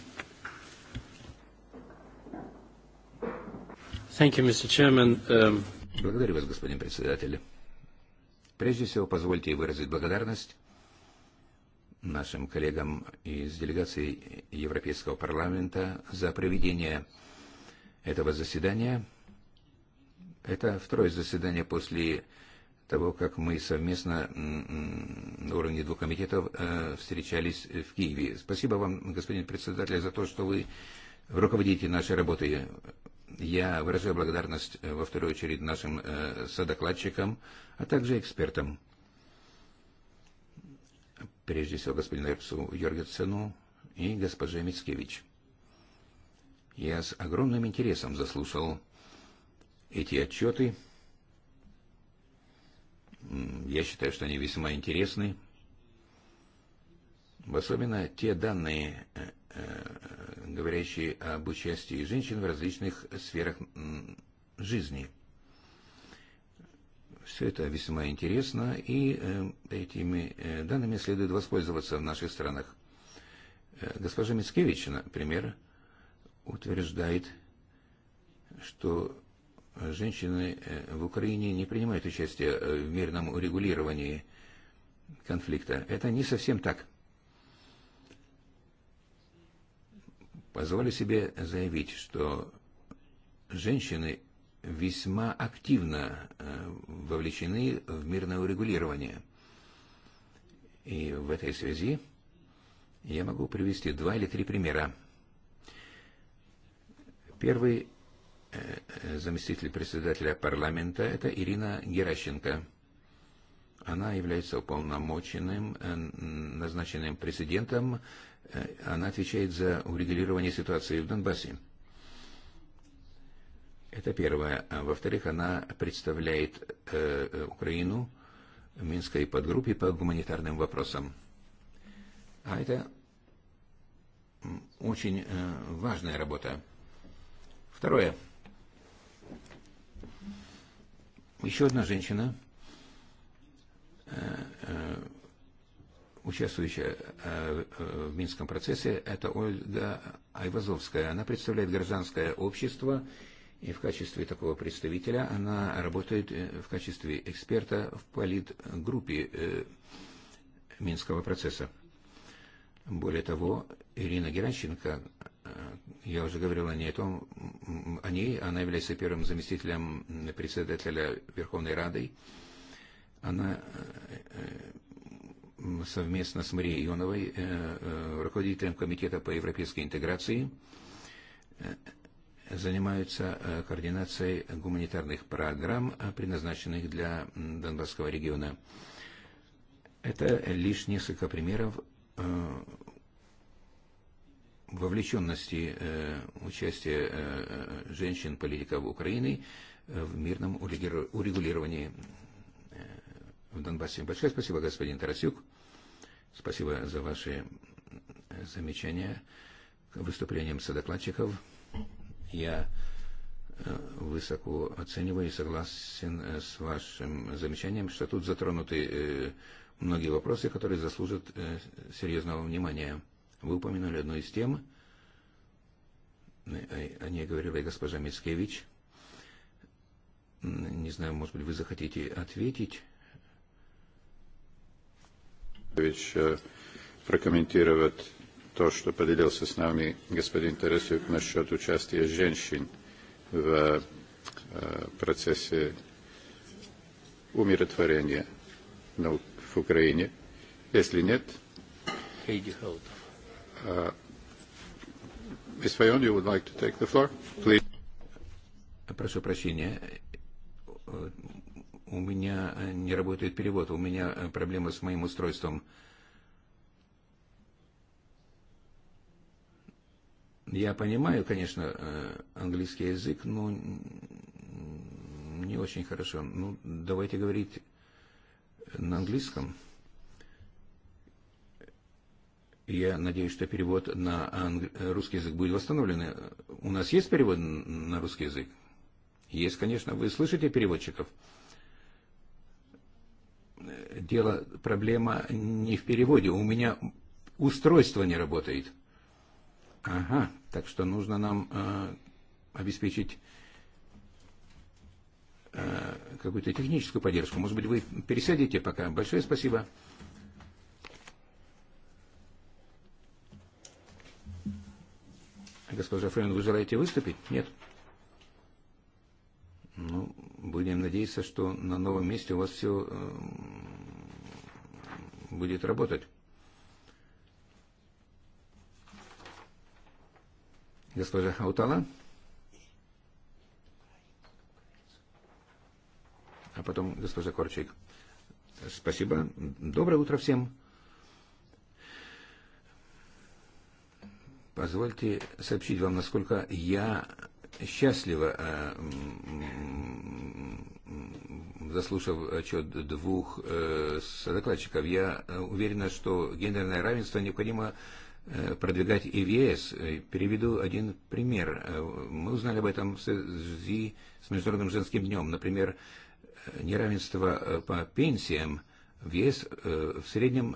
Thank you, Mr. Chairman. Um... Благодарю вас, господин председатель. Прежде всего, позвольте выразить благодарность нашим коллегам из делегации Европейского парламента за проведение этого заседания. Это второе заседание после того, как мы совместно на уровне двух комитетов встречались в Киеве. Спасибо вам, господин председатель, за то, что вы руководите нашей работой. Я выражаю благодарность во вторую очередь нашим содокладчикам, а также экспертам. Прежде всего, господину Эрпсу Йоргетсену и госпоже Мицкевич. Я с огромным интересом заслушал эти отчеты. Я считаю, что они весьма интересны. Особенно те данные, э, э, говорящие об участии женщин в различных сферах жизни. Все это весьма интересно, и э, этими данными следует воспользоваться в наших странах. Госпожа Мицкевич, например, утверждает, что женщины э, в Украине не принимают участие э, в мирном урегулировании конфликта. Это не совсем так. Позволю себе заявить, что женщины весьма активно э, вовлечены в мирное урегулирование. И в этой связи я могу привести два или три примера. Первый э, э, заместитель председателя парламента – это Ирина Геращенко. Она является уполномоченным, э, назначенным президентом. Она отвечает за урегулирование ситуации в Донбассе. Это первое. Во-вторых, она представляет э, Украину в Минской подгруппе по гуманитарным вопросам. А это очень э, важная работа. Второе. Еще одна женщина, э, э, участвующая э, в Минском процессе, это Ольга Айвазовская. Она представляет гражданское общество, и в качестве такого представителя она работает в качестве эксперта в политгруппе Минского процесса. Более того, Ирина Геранченко я уже говорил о ней, о том, о ней. Она является первым заместителем председателя Верховной Рады. Она э, э, совместно с Марией Ионовой, э, руководителем Комитета по европейской интеграции, занимаются координацией гуманитарных программ, предназначенных для Донбасского региона. Это лишь несколько примеров вовлеченности э, участия э, женщин-политиков Украины э, в мирном урегулировании э, в Донбассе. Большое спасибо, господин Тарасюк. Спасибо за ваши замечания к выступлениям содокладчиков. Я э, высоко оцениваю и согласен с вашим замечанием, что тут затронуты многие вопросы, которые заслужат серьезного внимания. Вы упоминали одну из тем, э, о ней говорила и госпожа Мискевич. Не знаю, может быть, вы захотите ответить? Э, прокомментировать то, что поделился с нами господин Тарасюк насчет участия женщин в э, процессе умиротворения в Украине. Если нет... Хейди Uh, Ms. Fayon, you would like to take the floor? Please. Прошу прощения. У меня не работает перевод. У меня проблемы с моим устройством. Я понимаю, конечно, э, английский язык, но не очень хорошо. Ну, давайте говорить на английском. Я надеюсь, что перевод на русский язык будет восстановлен. Э, у нас есть перевод на русский язык? Есть, конечно. Вы слышите переводчиков? Э, дело, проблема не в переводе. У меня устройство не работает. Ага, так что нужно нам э, обеспечить э, какую-то техническую поддержку. Может быть, вы пересядете пока. Большое спасибо. Госпожа Френ, вы желаете выступить? Нет? Ну, будем надеяться, что на новом месте у вас все э, будет работать. Госпожа Хаутала? А потом госпожа Корчик. Спасибо. Доброе утро всем. Позвольте сообщить вам, насколько я счастлива, э, заслушав отчет двух э, докладчиков. Я э, уверена, что гендерное равенство необходимо продвигать и в ЕС. Переведу один пример. Мы узнали об этом в связи с Международным женским днем. Например, неравенство по пенсиям в ЕС в среднем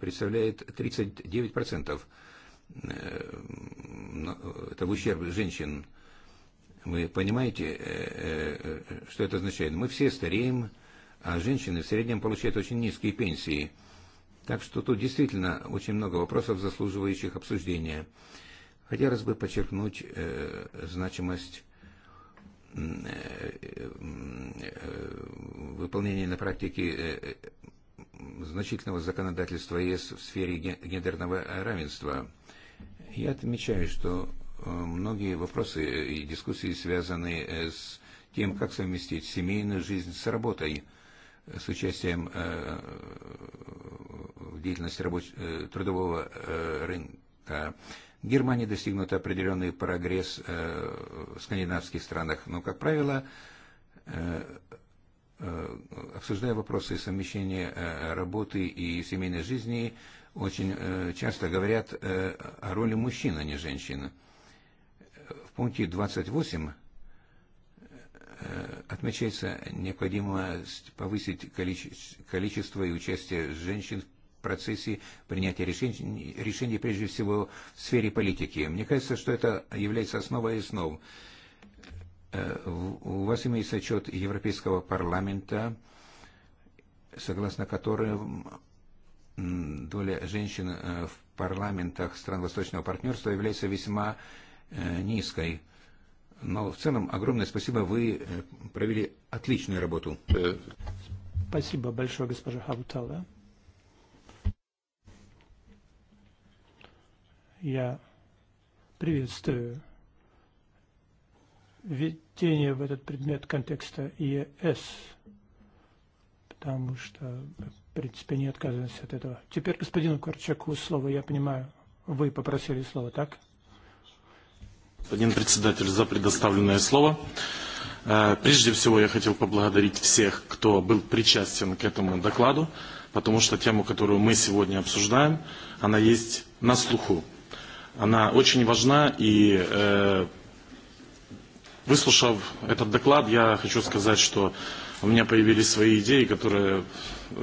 представляет 39%. Э, это в ущерб женщин. Вы понимаете, э, э, что это означает? Мы все стареем, а женщины в среднем получают очень низкие пенсии. Так что тут действительно очень много вопросов, заслуживающих обсуждения. Хотелось бы подчеркнуть э, значимость выполнения на практике значительного законодательства ЕС в сфере гендерного равенства – Я отмечаю, что э, многие вопросы и дискуссии связаны э, с тем, как совместить семейную жизнь с работой, э, с участием в деятельности рабоч... трудового рынка. В Германии достигнут определенный прогресс в скандинавских странах, но, как правило, обсуждая вопросы совмещения работы и семейной жизни, очень э, часто говорят э, о роли мужчин, а не женщин. В пункте 28 э, отмечается необходимость повысить количество и участие женщин в процессе принятия решений, решений прежде всего в сфере политики. Мне кажется, что это является основой и основ. У вас имеется отчет Европейского парламента, согласно которым доля женщин э, в парламентах стран Восточного партнерства является весьма э, низкой. Но в целом огромное спасибо, вы э, провели отличную работу. Спасибо большое, госпожа Хабутала. Я приветствую введение в этот предмет контекста ЕС, потому что принципе, не отказываемся от этого. Теперь господину Корчаку слово, я понимаю, вы попросили слово, так? Господин председатель, за предоставленное слово. Э, прежде всего, я хотел поблагодарить всех, кто был причастен к этому докладу, потому что тему, которую мы сегодня обсуждаем, она есть на слуху. Она очень важна, и э, выслушав этот доклад, я хочу сказать, что у меня появились свои идеи, которые,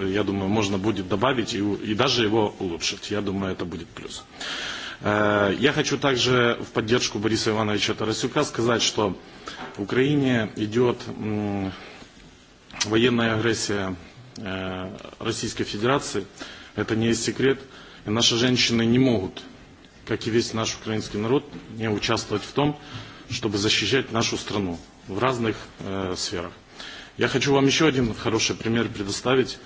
я думаю, можно будет добавить и, и даже его улучшить. Я думаю, это будет плюс. Э, я хочу также в поддержку Бориса Ивановича Тарасюка сказать, что в Украине идет военная агрессия э, Российской Федерации. Это не секрет. И наши женщины не могут, как и весь наш украинский народ, не участвовать в том, чтобы защищать нашу страну в разных э, сферах. Я хочу вам еще один хороший пример предоставить.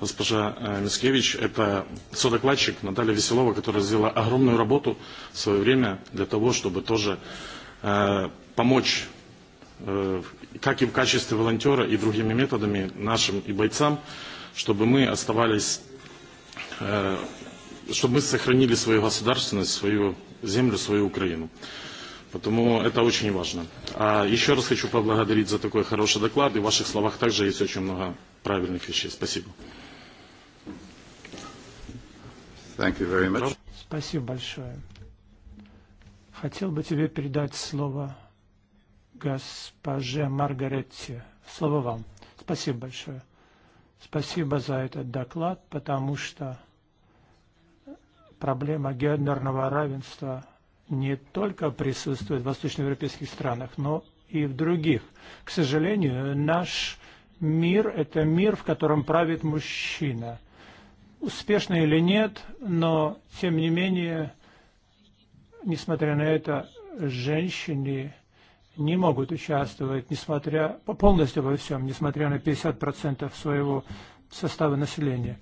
Госпожа э, Мискевич, это содокладчик Наталья Веселова, которая сделала огромную работу в свое время для того, чтобы тоже э, помочь э, как и в качестве волонтера, и другими методами нашим и бойцам, чтобы мы оставались, э, чтобы мы сохранили свою государственность, свою землю, свою Украину. Потому это очень важно. А еще раз хочу поблагодарить за такой хороший доклад. И в ваших словах также есть очень много правильных вещей. Спасибо. Thank you very much. Спасибо большое. Хотел бы тебе передать слово госпоже Маргаретте. Слово вам. Спасибо большое. Спасибо за этот доклад, потому что проблема гендерного равенства – не только присутствует в восточноевропейских странах, но и в других. К сожалению, наш мир – это мир, в котором правит мужчина. Успешно или нет, но, тем не менее, несмотря на это, женщины не могут участвовать несмотря, полностью во всем, несмотря на 50% своего состава населения.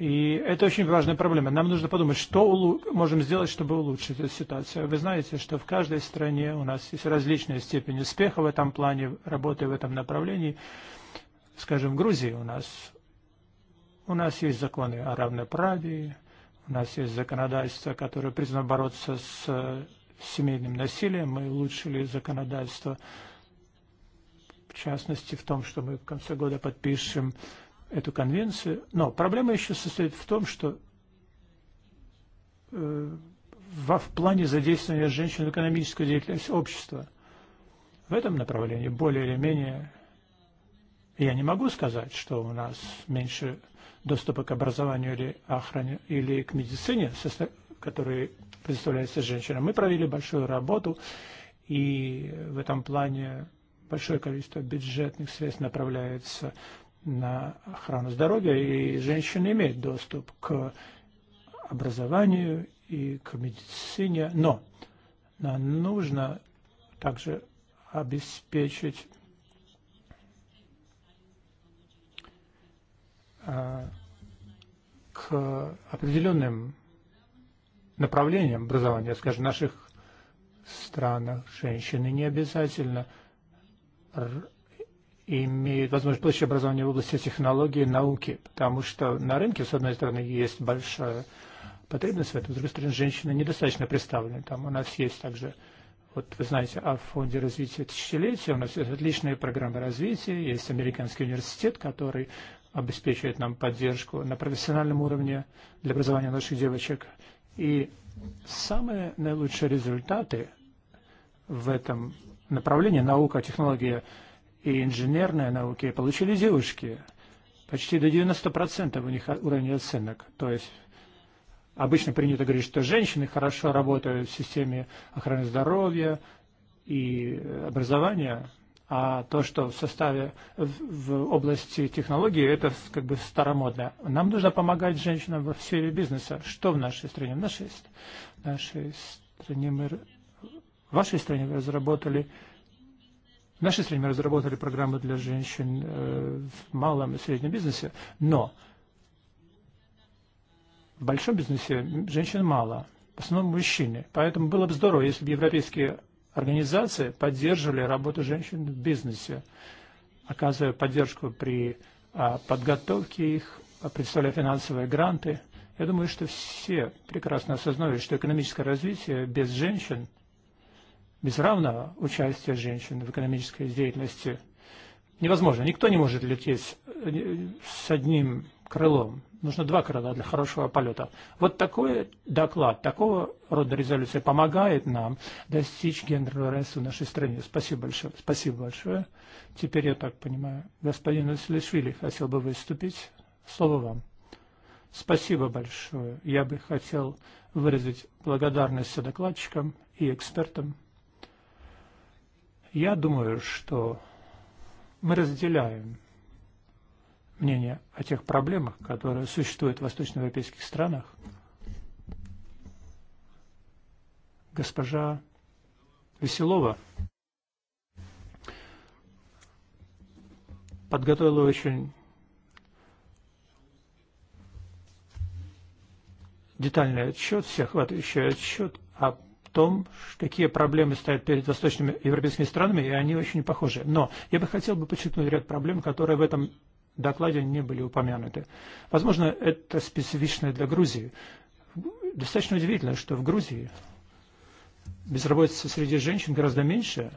И это очень важная проблема. Нам нужно подумать, что можем сделать, чтобы улучшить эту ситуацию. Вы знаете, что в каждой стране у нас есть различная степень успеха в этом плане, работы в этом направлении. Скажем, в Грузии у нас, у нас есть законы о равноправии, у нас есть законодательство, которое призвано бороться с э, семейным насилием. Мы улучшили законодательство, в частности, в том, что мы в конце года подпишем эту конвенцию. Но проблема еще состоит в том, что э, в плане задействования женщин в экономическую деятельность общества в этом направлении более или менее я не могу сказать, что у нас меньше доступа к образованию или охране или к медицине, которые предоставляются женщинам. Мы провели большую работу, и в этом плане большое количество бюджетных средств направляется на охрану здоровья, и женщины имеют доступ к образованию и к медицине, но нам нужно также обеспечить к определенным направлениям образования, скажем, в наших странах женщины не обязательно имеют возможность получить образование в области технологии и науки, потому что на рынке, с одной стороны, есть большая потребность в этом, с другой стороны, женщины недостаточно представлены. Там у нас есть также, вот вы знаете, о фонде развития тысячелетия, у нас есть отличные программы развития, есть американский университет, который обеспечивает нам поддержку на профессиональном уровне для образования наших девочек. И самые наилучшие результаты в этом направлении наука, технология – и инженерные науки получили девушки. Почти до 90% у них уровень оценок. То есть обычно принято говорить, что женщины хорошо работают в системе охраны здоровья и образования, а то, что в составе в области технологии, это как бы старомодно. Нам нужно помогать женщинам в сфере бизнеса. Что в нашей стране? В нашей, в нашей стране мы, в вашей стране вы разработали В нашей стране мы разработали программы для женщин э, в малом и среднем бизнесе, но в большом бизнесе женщин мало, в основном мужчины. Поэтому было бы здорово, если бы европейские организации поддерживали работу женщин в бизнесе, оказывая поддержку при подготовке их, представляя финансовые гранты. Я думаю, что все прекрасно осознают, что экономическое развитие без женщин – без равного участия женщин в экономической деятельности невозможно. Никто не может лететь э, с одним крылом. Нужно два крыла для хорошего полета. Вот такой доклад, такого рода резолюция помогает нам достичь гендерного равенства в нашей стране. Спасибо большое. Спасибо большое. Теперь, я так понимаю, господин Ислишвили хотел бы выступить. Слово вам. Спасибо большое. Я бы хотел выразить благодарность докладчикам и экспертам. Я думаю, что мы разделяем мнение о тех проблемах, которые существуют в восточноевропейских странах. Госпожа Веселова подготовила очень детальный отчет, всеохватывающий отчет о том, какие проблемы стоят перед восточными европейскими странами, и они очень похожи. Но я бы хотел бы подчеркнуть ряд проблем, которые в этом докладе не были упомянуты. Возможно, это специфично для Грузии. Достаточно удивительно, что в Грузии безработица среди женщин гораздо меньше,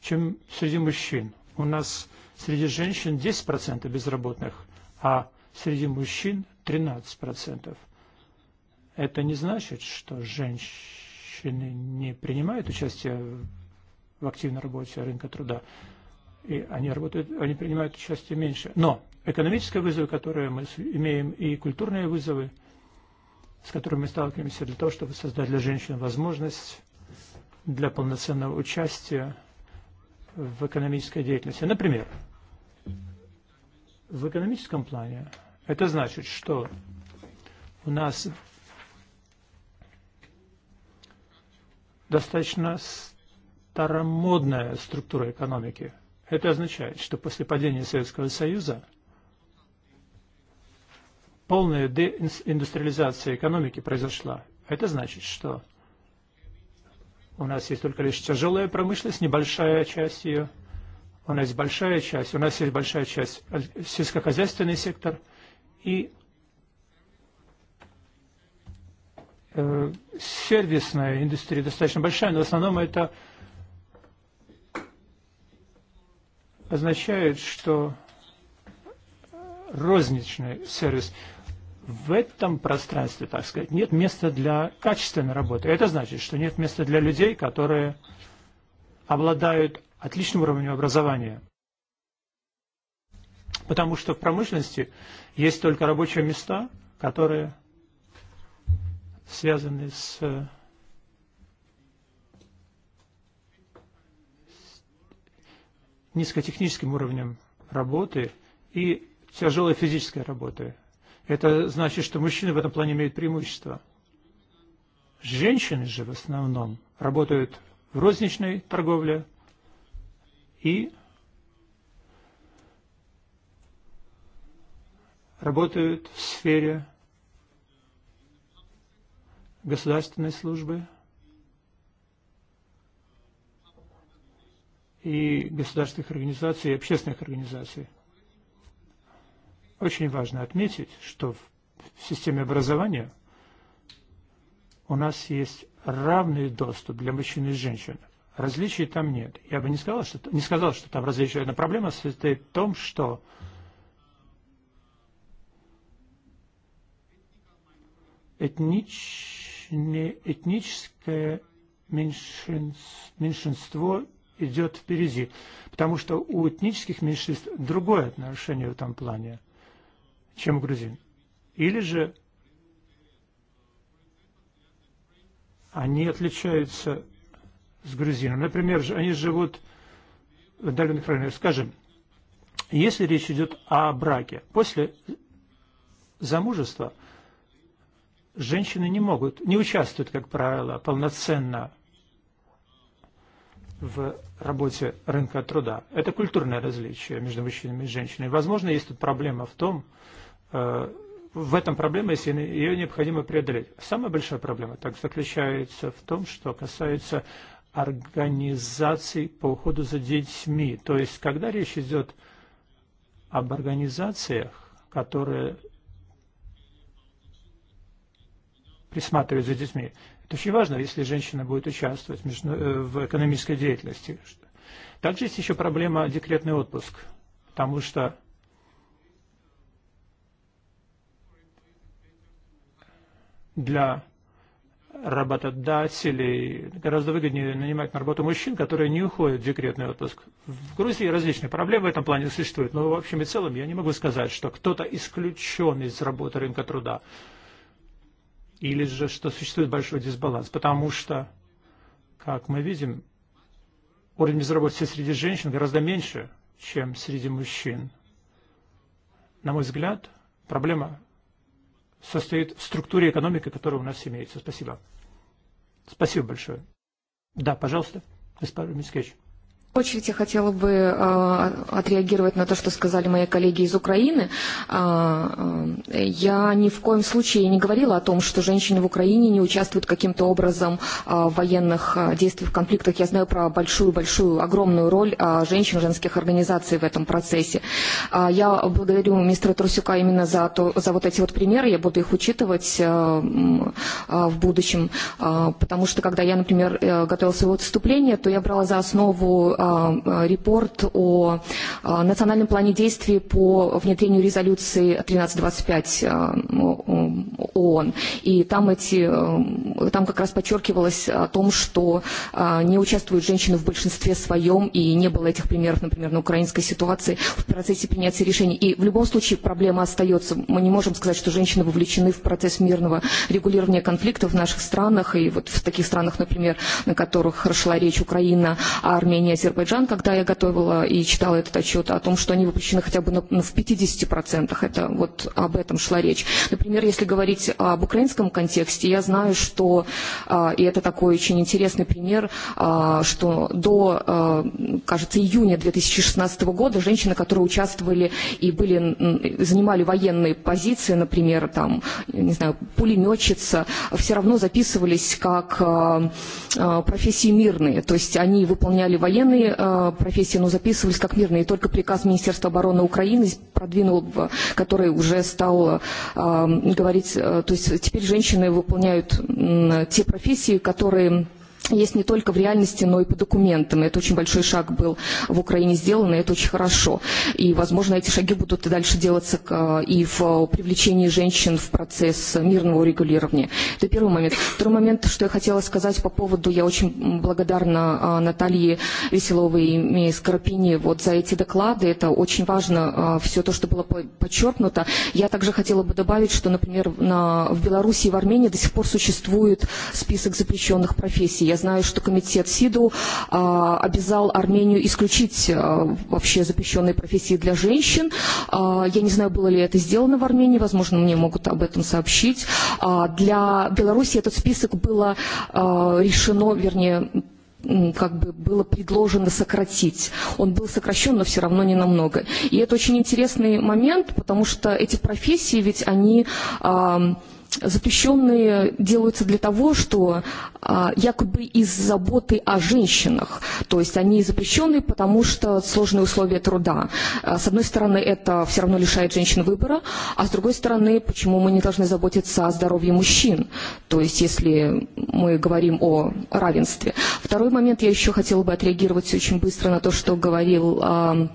чем среди мужчин. У нас среди женщин 10% безработных, а среди мужчин 13%. Это не значит, что женщины женщины не принимают участие в активной работе рынка труда, и они, работают, они принимают участие меньше. Но экономические вызовы, которые мы имеем, и культурные вызовы, с которыми мы сталкиваемся для того, чтобы создать для женщин возможность для полноценного участия в экономической деятельности. Например, в экономическом плане это значит, что у нас достаточно старомодная структура экономики. Это означает, что после падения Советского Союза полная деиндустриализация экономики произошла. Это значит, что у нас есть только лишь тяжелая промышленность, небольшая часть ее. У нас есть большая часть, у нас есть большая часть э, сельскохозяйственный сектор и Э, сервисная индустрия достаточно большая, но в основном это означает, что розничный сервис в этом пространстве, так сказать, нет места для качественной работы. Это значит, что нет места для людей, которые обладают отличным уровнем образования. Потому что в промышленности есть только рабочие места, которые связаны с, с низкотехническим уровнем работы и тяжелой физической работы. Это значит, что мужчины в этом плане имеют преимущество. Женщины же в основном работают в розничной торговле и работают в сфере государственной службы и государственных организаций, и общественных организаций. Очень важно отметить, что в системе образования у нас есть равный доступ для мужчин и женщин. Различий там нет. Я бы не сказал, что, не сказал, что там различия. Но проблема состоит в том, что этнич этническое меньшинство идет впереди, потому что у этнических меньшинств другое отношение в этом плане, чем у грузин. Или же они отличаются с грузином. Например, они живут в отдаленных районах. Скажем, если речь идет о браке, после замужества – женщины не могут, не участвуют, как правило, полноценно в работе рынка труда. Это культурное различие между мужчинами и женщинами. Возможно, есть тут проблема в том, э, в этом проблема, если ее необходимо преодолеть. Самая большая проблема так заключается в том, что касается организаций по уходу за детьми. То есть, когда речь идет об организациях, которые присматривать за детьми. Это очень важно, если женщина будет участвовать э, в экономической деятельности. Также есть еще проблема декретный отпуск, потому что для работодателей гораздо выгоднее нанимать на работу мужчин, которые не уходят в декретный отпуск. В Грузии различные проблемы в этом плане существуют, но в общем и целом я не могу сказать, что кто-то исключен из работы рынка труда или же что существует большой дисбаланс, потому что, как мы видим, уровень безработицы среди женщин гораздо меньше, чем среди мужчин. На мой взгляд, проблема состоит в структуре экономики, которая у нас имеется. Спасибо. Спасибо большое. Да, пожалуйста, господин Мискевич очередь я хотела бы э, отреагировать на то, что сказали мои коллеги из Украины. Э, э, я ни в коем случае не говорила о том, что женщины в Украине не участвуют каким-то образом э, в военных э, действиях, в конфликтах. Я знаю про большую-большую, огромную роль э, женщин, женских организаций в этом процессе. Э, я благодарю мистера Трусюка именно за, то, за вот эти вот примеры. Я буду их учитывать э, э, в будущем, э, потому что когда я, например, э, готовила свое выступление, то я брала за основу э, Э, репорт о э, национальном плане действий по внедрению резолюции 1325 э, ООН. И там, эти, там как раз подчеркивалось о том, что не участвуют женщины в большинстве своем, и не было этих примеров, например, на украинской ситуации в процессе принятия решений. И в любом случае проблема остается. Мы не можем сказать, что женщины вовлечены в процесс мирного регулирования конфликтов в наших странах, и вот в таких странах, например, на которых шла речь Украина, Армения, Азербайджан, Азербайджан, когда я готовила и читала этот отчет о том, что они выпущены хотя бы на, ну, в 50%, это вот об этом шла речь. Например, если говорить об украинском контексте, я знаю, что, и это такой очень интересный пример, что до, кажется, июня 2016 года женщины, которые участвовали и были, занимали военные позиции, например, там, не знаю, пулеметчица, все равно записывались как профессии мирные, то есть они выполняли военные остальные э, профессии но записывались как мирные. Только приказ Министерства обороны Украины продвинул, который уже стал э, говорить, э, то есть теперь женщины выполняют те профессии, которые есть не только в реальности, но и по документам. Это очень большой шаг был в Украине сделан, и это очень хорошо. И, возможно, эти шаги будут и дальше делаться э, и в привлечении женщин в процесс мирного урегулирования. Это первый момент. Второй момент, что я хотела сказать по поводу, я очень благодарна э, Наталье Веселовой и Скоропини вот за эти доклады. Это очень важно, э, все то, что было подчеркнуто. Я также хотела бы добавить, что, например, на, в Беларуси и в Армении до сих пор существует список запрещенных профессий. Я знаю, что комитет СИДУ а, обязал Армению исключить а, вообще запрещенные профессии для женщин. А, я не знаю, было ли это сделано в Армении, возможно, мне могут об этом сообщить. А, для Беларуси этот список было а, решено, вернее, как бы было предложено сократить. Он был сокращен, но все равно не намного. И это очень интересный момент, потому что эти профессии, ведь они... А, запрещенные делаются для того, что а, якобы из заботы о женщинах. То есть они запрещены, потому что сложные условия труда. А, с одной стороны, это все равно лишает женщин выбора, а с другой стороны, почему мы не должны заботиться о здоровье мужчин? То есть если мы говорим о равенстве. Второй момент я еще хотела бы отреагировать очень быстро на то, что говорил... А,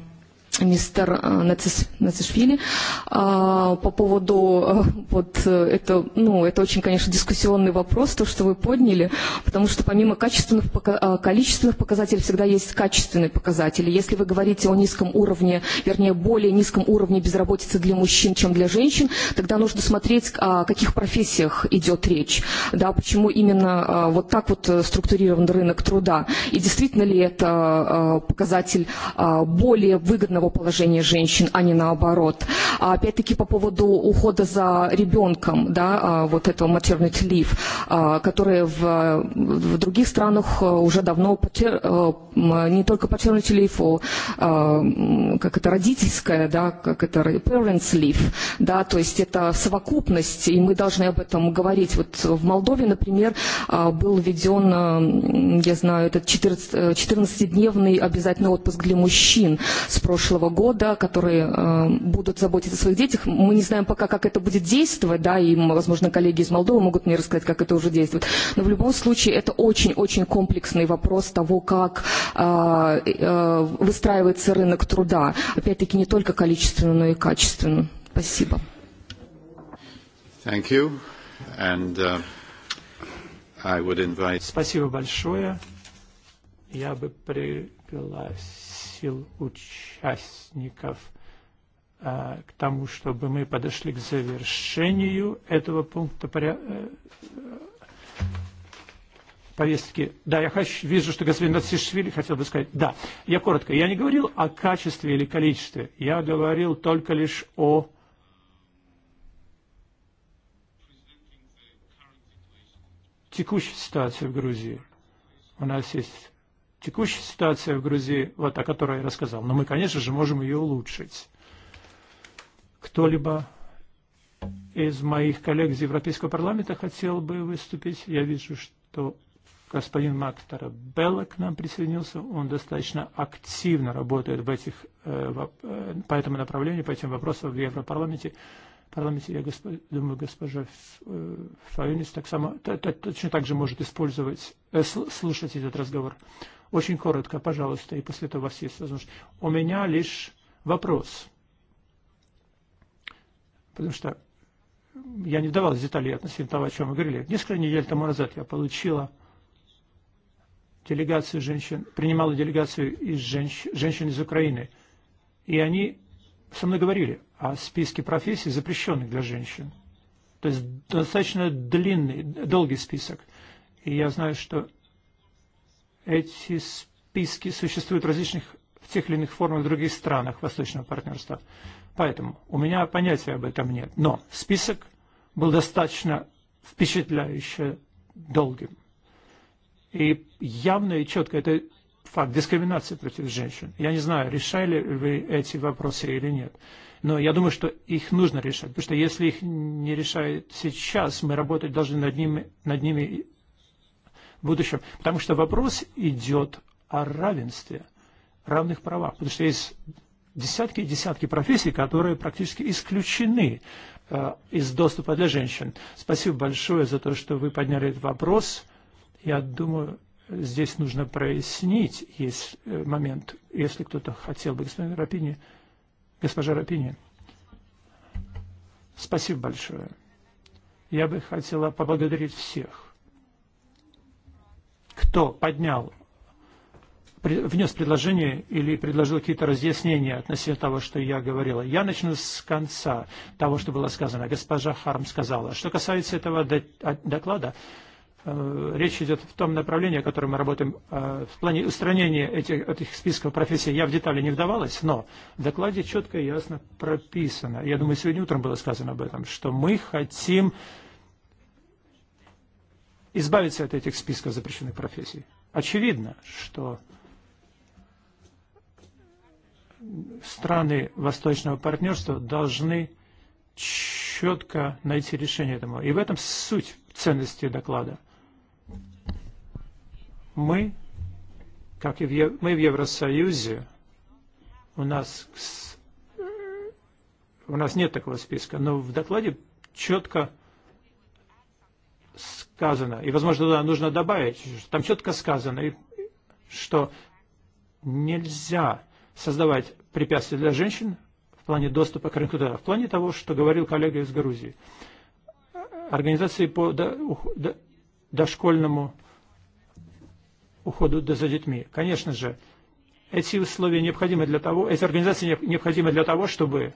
мистер э, Нацишвили по поводу э, вот э, это, ну, это очень, конечно, дискуссионный вопрос, то, что вы подняли, потому что помимо качественных, количественных показателей всегда есть качественные показатели. Если вы говорите о низком уровне, вернее, более низком уровне безработицы для мужчин, чем для женщин, тогда нужно смотреть, о каких профессиях идет речь, да, почему именно вот так вот структурирован рынок труда, и действительно ли это показатель более выгодного своего положения женщин, а не наоборот. А опять-таки по поводу ухода за ребенком, да, вот этого maternity leave, которые в, в других странах уже давно потер, не только paternity leave, а, как это родительское, да, как это parents leave, да, то есть это совокупность, и мы должны об этом говорить. Вот в Молдове, например, был введен, я знаю, этот 14-дневный э, обязательный отпуск для мужчин с прошлого прошлого года, которые э, будут заботиться о своих детях. Мы не знаем пока, как это будет действовать, да, и, возможно, коллеги из Молдовы могут мне рассказать, как это уже действует. Но в любом случае это очень-очень комплексный вопрос того, как э, э, выстраивается рынок труда. Опять-таки не только количественно, но и качественно. Спасибо. Thank you. And, uh, I would invite... Спасибо большое. Я бы пригласил пригласил участников а, к тому, чтобы мы подошли к завершению этого пункта поря... Э, э, повестки. Да, я хочу, вижу, что господин Нацишвили хотел бы сказать. Да, я коротко. Я не говорил о качестве или количестве. Я говорил только лишь о текущей ситуации в Грузии. У нас есть текущая ситуация в Грузии, вот о которой я рассказал, но мы, конечно же, можем ее улучшить. Кто-либо из моих коллег из Европейского парламента хотел бы выступить. Я вижу, что господин Мактора Белла к нам присоединился. Он достаточно активно работает в этих, э, э, по этому направлению, по этим вопросам в Европарламенте. Парламенте, я госпо, думаю, госпожа э, Фаюнис так само, точно так же может использовать, слушать этот разговор. Очень коротко, пожалуйста, и после этого у вас есть возможность. У меня лишь вопрос. Потому что я не давал деталей относительно того, о чем вы говорили. Несколько недель тому назад я получила делегацию женщин, принимала делегацию из женщ, женщин из Украины. И они со мной говорили о списке профессий, запрещенных для женщин. То есть достаточно длинный, долгий список. И я знаю, что Эти списки существуют в различных в тех или иных формах в других странах Восточного партнерства. Поэтому у меня понятия об этом нет. Но список был достаточно впечатляюще долгим. И явно и четко это факт дискриминации против женщин. Я не знаю, решали вы эти вопросы или нет. Но я думаю, что их нужно решать. Потому что если их не решают сейчас, мы работать должны над ними, над ними будущем. Потому что вопрос идет о равенстве, равных правах. Потому что есть десятки и десятки профессий, которые практически исключены э, из доступа для женщин. Спасибо большое за то, что вы подняли этот вопрос. Я думаю, здесь нужно прояснить есть э, момент, если кто-то хотел бы. Господин Рапини, госпожа Рапини, спасибо большое. Я бы хотела поблагодарить всех кто поднял, внес предложение или предложил какие-то разъяснения относительно того, что я говорила. Я начну с конца того, что было сказано. Госпожа Харм сказала. Что касается этого доклада, э, речь идет в том направлении, о котором мы работаем э, в плане устранения этих, этих списков профессий. Я в детали не вдавалась, но в докладе четко и ясно прописано. Я думаю, сегодня утром было сказано об этом, что мы хотим избавиться от этих списков запрещенных профессий. Очевидно, что страны восточного партнерства должны четко найти решение этому. И в этом суть ценности доклада. Мы, как и в, Ев... мы в Евросоюзе, у нас, у нас нет такого списка, но в докладе четко сказано, и, возможно, туда нужно добавить, там четко сказано, что нельзя создавать препятствия для женщин в плане доступа к рынку труда, в плане того, что говорил коллега из Грузии. Организации по дошкольному уходу за детьми. Конечно же, эти условия необходимы для того, эти организации необходимы для того, чтобы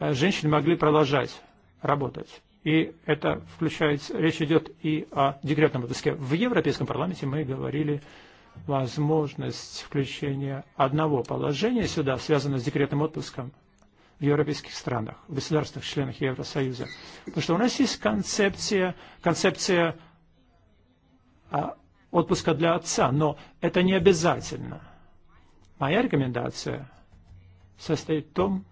э, женщины могли продолжать работать. И это включается, речь идет и о декретном отпуске. В Европейском парламенте мы говорили возможность включения одного положения сюда, связанного с декретным отпуском в европейских странах, в государствах, членах Евросоюза. Потому что у нас есть концепция, концепция отпуска для отца, но это не обязательно. Моя рекомендация состоит в том,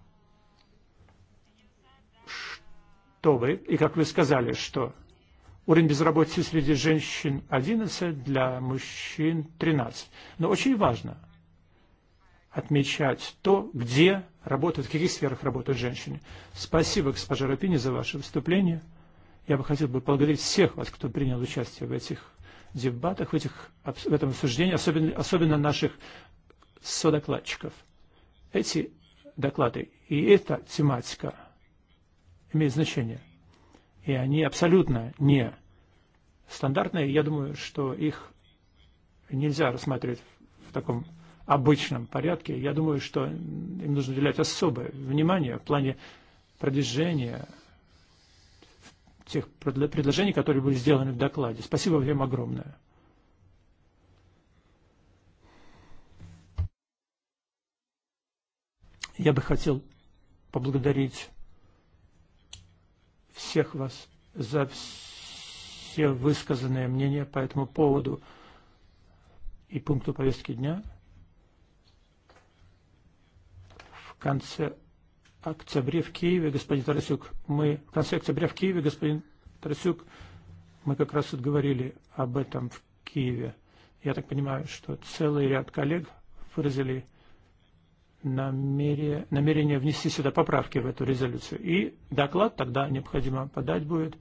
октябре. И, как вы сказали, что уровень безработицы среди женщин 11, для мужчин 13. Но очень важно отмечать то, где работают, в каких сферах работают женщины. Спасибо, госпожа Рапини, за ваше выступление. Я бы хотел бы поблагодарить всех вас, кто принял участие в этих дебатах, в, этих, в этом обсуждении, особенно, особенно наших содокладчиков. Эти доклады и эта тематика – имеет значение. И они абсолютно не стандартные. Я думаю, что их нельзя рассматривать в таком обычном порядке. Я думаю, что им нужно уделять особое внимание в плане продвижения тех предложений, которые были сделаны в докладе. Спасибо вам огромное. Я бы хотел поблагодарить всех вас за все высказанные мнения по этому поводу и пункту повестки дня. В конце октября в Киеве, господин Тарасюк, мы в конце октября в Киеве, господин Тарасюк, мы как раз вот говорили об этом в Киеве. Я так понимаю, что целый ряд коллег выразили намерение, намерение внести сюда поправки в эту резолюцию. И доклад тогда необходимо подать будет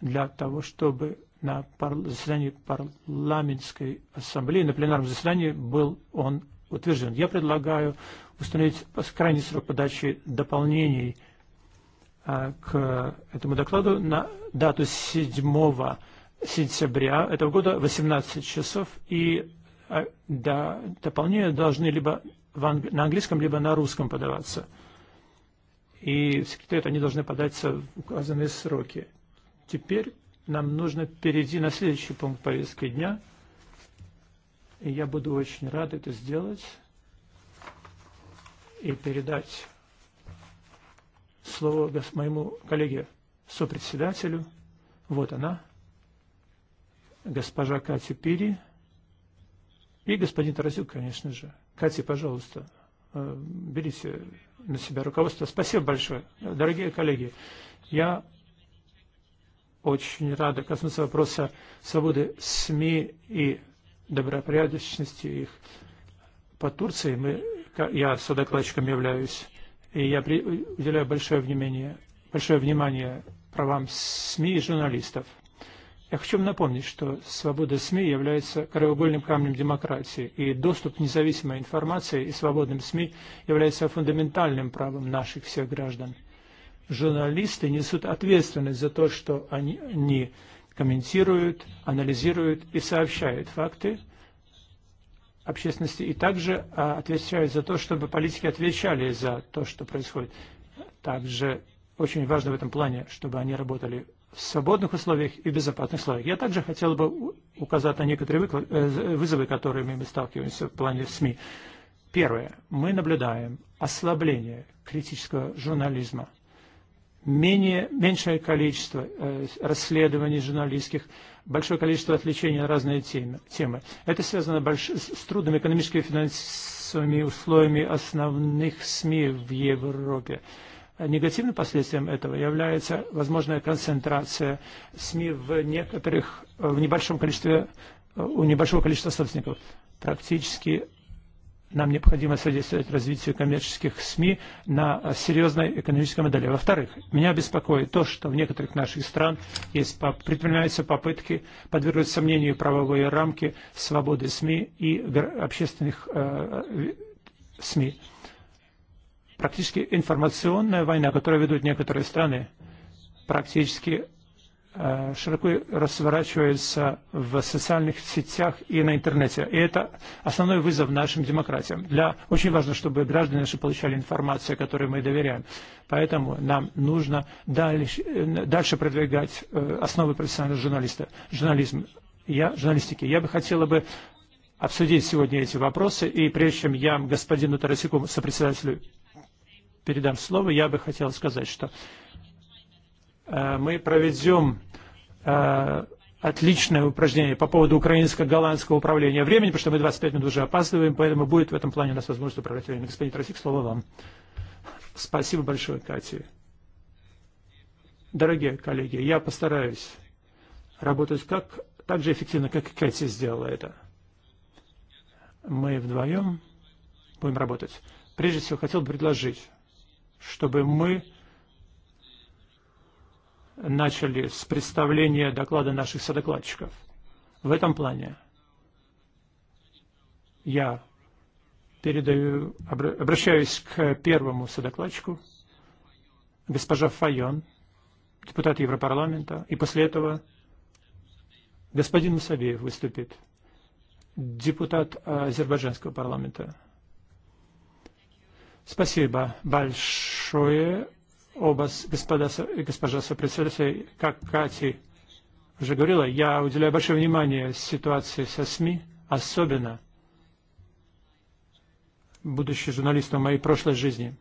для того, чтобы на пар заседании парламентской ассамблеи, на пленарном заседании был он утвержден. Я предлагаю установить крайний срок подачи дополнений а, к этому докладу на дату 7 сентября этого года, 18 часов, и да, дополнения должны либо в анг... на английском, либо на русском подаваться. И в они должны податься в указанные сроки. Теперь нам нужно перейти на следующий пункт повестки дня. И я буду очень рад это сделать и передать слово моему коллеге сопредседателю. Вот она, госпожа Катя Пири. И господин Тарасюк, конечно же. Катя, пожалуйста, э, берите на себя руководство. Спасибо большое. Дорогие коллеги, я очень рада коснуться вопроса свободы СМИ и добропорядочности их по Турции. Мы, я содокладчиком являюсь, и я при, уделяю большое внимание, большое внимание правам СМИ и журналистов – Я хочу напомнить, что свобода СМИ является краеугольным камнем демократии, и доступ к независимой информации и свободным СМИ является фундаментальным правом наших всех граждан. Журналисты несут ответственность за то, что они, они комментируют, анализируют и сообщают факты общественности, и также отвечают за то, чтобы политики отвечали за то, что происходит. Также очень важно в этом плане, чтобы они работали в свободных условиях и безопасных условиях. Я также хотел бы указать на некоторые э, э, вызовы, которыми мы сталкиваемся в плане СМИ. Первое. Мы наблюдаем ослабление критического журнализма, менее, меньшее количество э, расследований журналистских, большое количество отвлечений на разные темы. темы. Это связано больш... с трудными экономическими и финансовыми условиями основных СМИ в Европе. Э, Негативным последствием этого является возможная концентрация СМИ в некоторых, в небольшом количестве, э, у небольшого количества собственников. Практически нам необходимо содействовать развитию коммерческих СМИ на серьезной экономической модели. Во-вторых, меня беспокоит то, что в некоторых наших стран есть, предпринимаются попытки подвергнуть сомнению правовые рамки свободы СМИ и общественных э, э СМИ практически информационная э, война, которую ведут некоторые страны, практически э, широко разворачивается в социальных сетях и на интернете. И это основной вызов нашим демократиям. Для... Очень важно, чтобы граждане наши получали информацию, которой мы доверяем. Поэтому нам нужно дальше, э, дальше продвигать основы профессионального журналиста, журнализм, я, журналистики. Я бы хотела бы обсудить сегодня эти вопросы. И прежде чем я господину Тарасику, сопредседателю передам слово, я бы хотел сказать, что э, мы проведем э, отличное упражнение по поводу украинско-голландского управления времени, потому что мы 25 минут уже опаздываем, поэтому будет в этом плане у нас возможность управлять временем. Господин Тросик, слово вам. Спасибо большое, Катя. Дорогие коллеги, я постараюсь работать как, так же эффективно, как и Катя сделала это. Мы вдвоем будем работать. Прежде всего, хотел бы предложить чтобы мы начали с представления доклада наших содокладчиков. В этом плане я передаю, обращаюсь к первому содокладчику, госпожа Файон, депутат Европарламента, и после этого господин Мусабеев выступит, депутат э, Азербайджанского парламента. Спасибо большое оба господа, госпожа сопредседатель, как Кати уже говорила, я уделяю большое внимание ситуации со СМИ, особенно будучи журналистом моей прошлой жизни.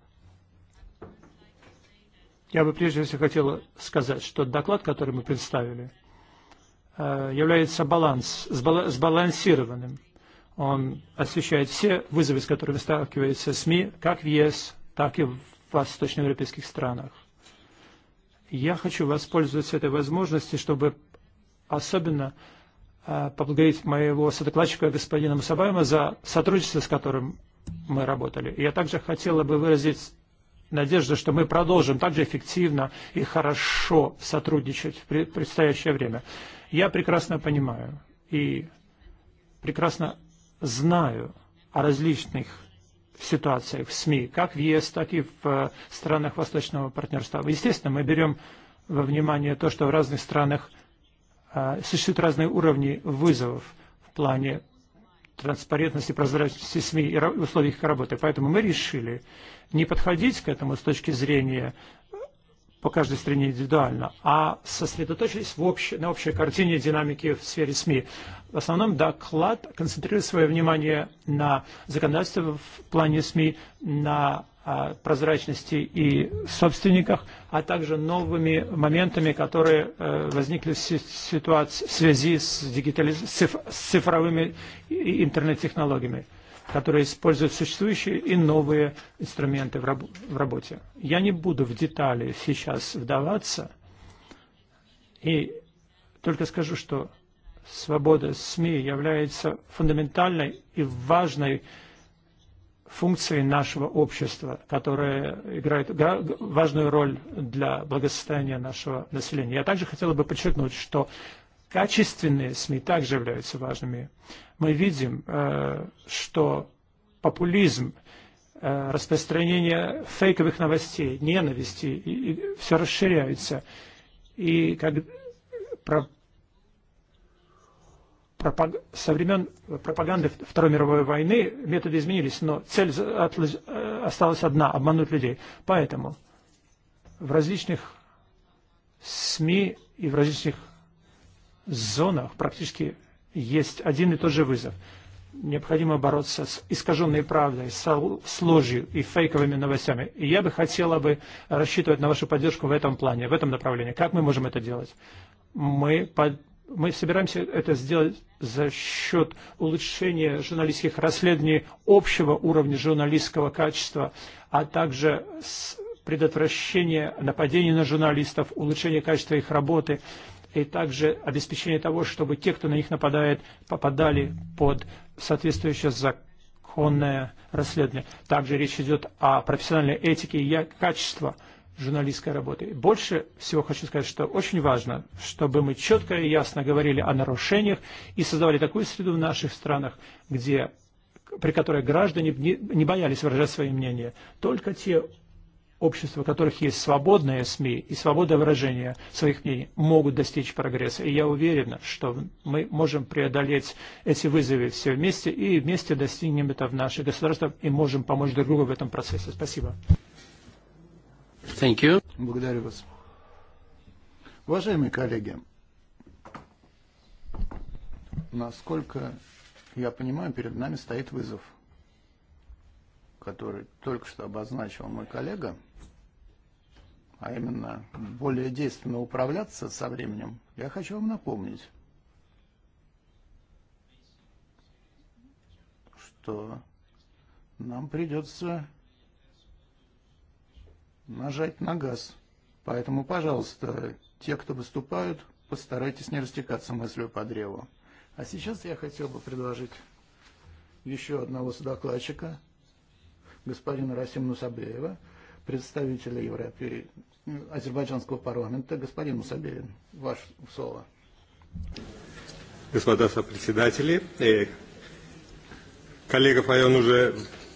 Я бы прежде всего хотел сказать, что доклад, который мы представили, э, является баланс, сбалансированным – Он освещает все вызовы, с которыми сталкиваются СМИ, как в ЕС, так и в восточноевропейских странах. Я хочу воспользоваться этой возможностью, чтобы особенно э, поблагодарить моего содокладчика господина Мусабаева за сотрудничество, с которым мы работали. Я также хотела бы выразить надежду, что мы продолжим также эффективно и хорошо сотрудничать в предстоящее время. Я прекрасно понимаю и прекрасно знаю о различных ситуациях в СМИ, как в ЕС, так и в э, странах Восточного партнерства. Естественно, мы берем во внимание то, что в разных странах э, существуют разные уровни вызовов в плане транспарентности, прозрачности СМИ и условий их работы. Поэтому мы решили не подходить к этому с точки зрения э, по каждой стране индивидуально, а сосредоточились в общ... на общей картине динамики в сфере СМИ. В основном доклад концентрирует свое внимание на законодательстве в плане СМИ, на а, прозрачности и собственниках, а также новыми моментами, которые э, возникли в, ситуации, в связи с, дигитализ... с цифровыми интернет-технологиями которые используют существующие и новые инструменты в, раб в работе. Я не буду в детали сейчас вдаваться, и только скажу, что свобода СМИ является фундаментальной и важной функцией нашего общества, которая играет важную роль для благосостояния нашего населения. Я также хотел бы подчеркнуть, что Качественные СМИ также являются важными. Мы видим, э, что популизм, э, распространение фейковых новостей, ненависти, и, и все расширяется. И как про, пропаг, со времен пропаганды Второй мировой войны методы изменились, но цель от, э, осталась одна – обмануть людей. Поэтому в различных СМИ и в различных зонах практически есть один и тот же вызов. Необходимо бороться с искаженной правдой, с ложью и фейковыми новостями. И я бы хотела бы рассчитывать на вашу поддержку в этом плане, в этом направлении. Как мы можем это делать? Мы, под, мы собираемся это сделать за счет улучшения журналистских расследований общего уровня журналистского качества, а также с предотвращения нападений на журналистов, улучшения качества их работы – и также обеспечение того, чтобы те, кто на них нападает, попадали под соответствующее законное расследование. Также речь идет о профессиональной этике и качестве журналистской работы. Больше всего хочу сказать, что очень важно, чтобы мы четко и ясно говорили о нарушениях и создавали такую среду в наших странах, где при которой граждане не боялись выражать свои мнения. Только те общества, в которых есть свободные СМИ и свобода выражения своих мнений, могут достичь прогресса. И я уверена, что мы можем преодолеть эти вызовы все вместе и вместе достигнем это в наше государство, и можем помочь друг другу в этом процессе. Спасибо. Thank you. Благодарю вас. Уважаемые коллеги, насколько я понимаю, перед нами стоит вызов, который только что обозначил мой коллега – а именно более действенно управляться со временем, я хочу вам напомнить, что нам придется нажать на газ. Поэтому, пожалуйста, те, кто выступают, постарайтесь не растекаться мыслью по древу. А сейчас я хотел бы предложить еще одного содокладчика, господина Расима Нусабеева, представителя Европы, Азербайджанского парламента, господин Мусабелин, ваш слово. Господа сопредседатели, э, коллега Файон уже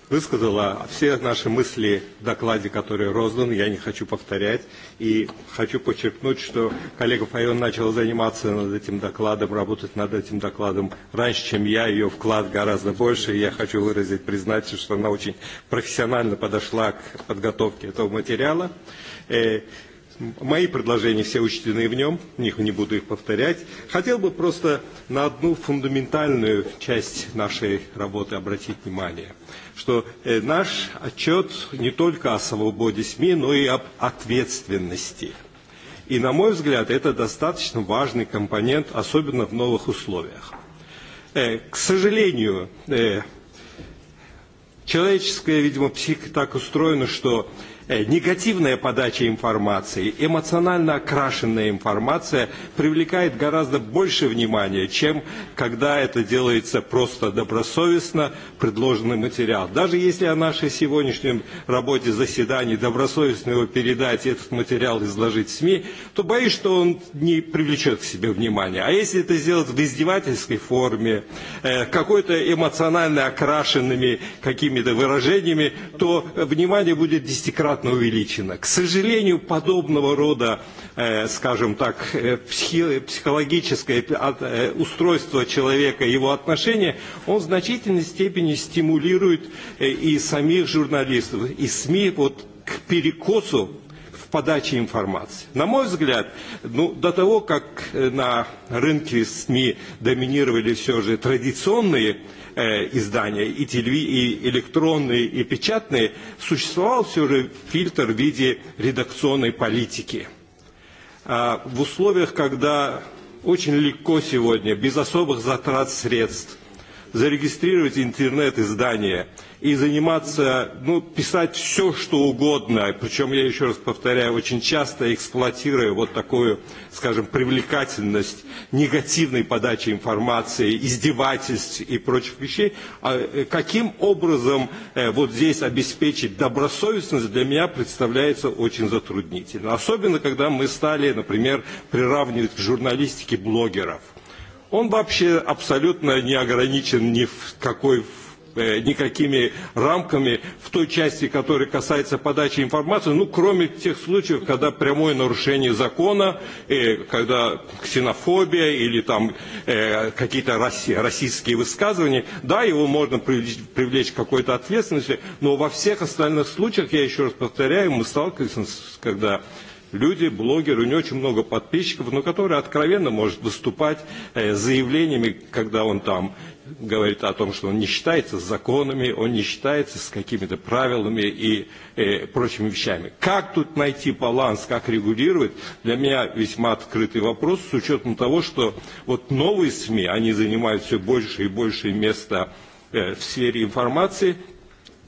высказала все наши мысли в докладе, который роздан, я не хочу повторять. И хочу подчеркнуть, что коллега Файон начал заниматься над этим докладом, работать над этим докладом раньше, чем я, ее вклад гораздо больше. И я хочу выразить признательность, что она очень профессионально подошла к подготовке этого материала. Э, мои предложения все учтены в нем, них не буду их повторять. Хотел бы просто на одну фундаментальную часть нашей работы обратить внимание – что э, наш отчет не только о свободе СМИ, но и об ответственности. И, на мой взгляд, это достаточно важный компонент, особенно в новых условиях. Э, к сожалению, э, человеческая, видимо, психика так устроена, что Э, негативная подача информации, эмоционально окрашенная информация привлекает гораздо больше внимания, чем когда это делается просто добросовестно предложенный материал. Даже если о нашей сегодняшнем работе заседаний добросовестно его передать, этот материал изложить в СМИ, то боюсь, что он не привлечет к себе внимания. А если это сделать в издевательской форме, э, какой-то эмоционально окрашенными какими-то выражениями, то внимание будет десятикратно кратно увеличена. К сожалению, подобного рода, э, скажем так, э, психологическое э, от, э, устройство человека, его отношения, он в значительной степени стимулирует э, и самих журналистов, и СМИ вот, к перекосу подаче информации. На мой взгляд, ну, до того, как э, на рынке СМИ доминировали все же традиционные э, издания, и, телеви, и электронные, и печатные, существовал все же фильтр в виде редакционной политики. А в условиях, когда очень легко сегодня, без особых затрат средств, зарегистрировать интернет-издание – и заниматься, ну, писать все, что угодно. Причем, я еще раз повторяю, очень часто эксплуатируя вот такую, скажем, привлекательность негативной подачи информации, издевательств и прочих вещей. А э, каким образом э, вот здесь обеспечить добросовестность, для меня представляется очень затруднительно. Особенно, когда мы стали, например, приравнивать к журналистике блогеров. Он вообще абсолютно не ограничен ни в какой Э, никакими рамками в той части, которая касается подачи информации, ну, кроме тех случаев, когда прямое нарушение закона, э, когда ксенофобия или там э, какие-то российские высказывания, да, его можно привлечь, привлечь к какой-то ответственности, но во всех остальных случаях, я еще раз повторяю, мы сталкиваемся, с, когда люди, блогеры, у него очень много подписчиков, но которые откровенно может выступать э, заявлениями, когда он там говорит о том, что он не считается с законами, он не считается с какими-то правилами и э, прочими вещами. Как тут найти баланс, как регулировать, для меня весьма открытый вопрос, с учетом того, что вот новые СМИ, они занимают все больше и больше места э, в сфере информации,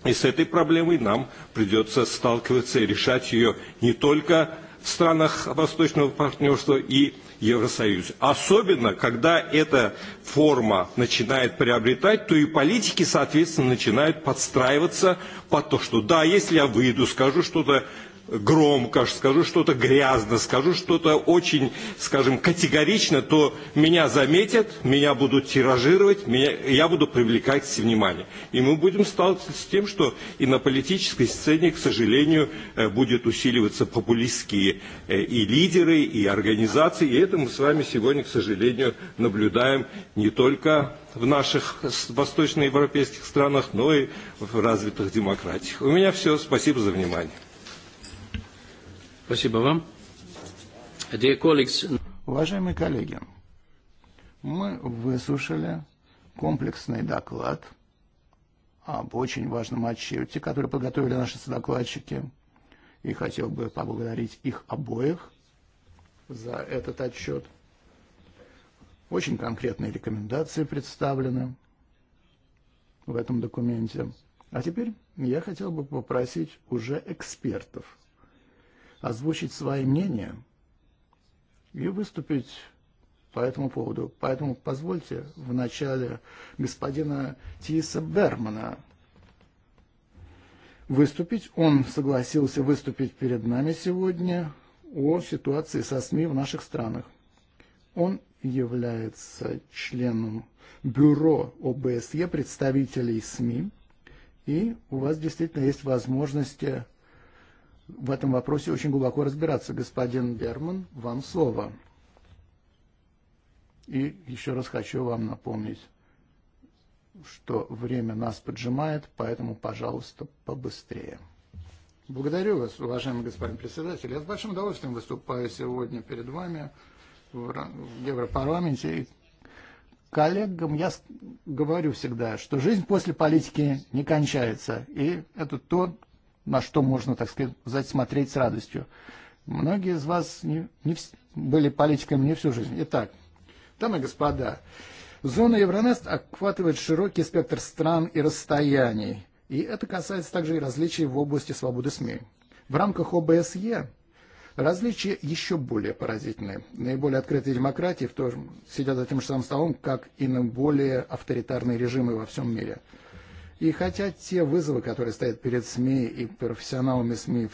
и с этой проблемой нам придется сталкиваться и решать ее не только в странах восточного партнерства и партнерства, Евросоюз. Особенно, когда эта форма начинает приобретать, то и политики, соответственно, начинают подстраиваться под то, что да, если я выйду, скажу что-то громко скажу, что-то грязно скажу, что-то очень, скажем, категорично, то меня заметят, меня будут тиражировать, меня, я буду привлекать внимание. И мы будем сталкиваться с тем, что и на политической сцене, к сожалению, э, будет усиливаться популистские э, и лидеры, и организации, и это мы с вами сегодня, к сожалению, наблюдаем не только в наших восточноевропейских странах, но и в развитых демократиях. У меня все. Спасибо за внимание. Спасибо вам. Dear colleagues... Уважаемые коллеги, мы выслушали комплексный доклад об очень важном отчете, который подготовили наши содокладчики. И хотел бы поблагодарить их обоих за этот отчет. Очень конкретные рекомендации представлены в этом документе. А теперь я хотел бы попросить уже экспертов – озвучить свои мнения и выступить по этому поводу. Поэтому позвольте в начале господина Тиса Бермана выступить. Он согласился выступить перед нами сегодня о ситуации со СМИ в наших странах. Он является членом бюро ОБСЕ представителей СМИ, и у вас действительно есть возможность в этом вопросе очень глубоко разбираться. Господин Берман, вам слово. И еще раз хочу вам напомнить, что время нас поджимает, поэтому, пожалуйста, побыстрее. Благодарю вас, уважаемый господин председатель. Я с большим удовольствием выступаю сегодня перед вами в Европарламенте. И коллегам я говорю всегда, что жизнь после политики не кончается. И это то, на что можно, так сказать, смотреть с радостью. Многие из вас не, не в, были политиками не всю жизнь. Итак, дамы и господа, зона Евронест охватывает широкий спектр стран и расстояний, и это касается также и различий в области свободы СМИ. В рамках ОБСЕ различия еще более поразительные, Наиболее открытые демократии в том, сидят за тем же самым столом, как и наиболее авторитарные режимы во всем мире – И хотя те вызовы, которые стоят перед СМИ и профессионалами СМИ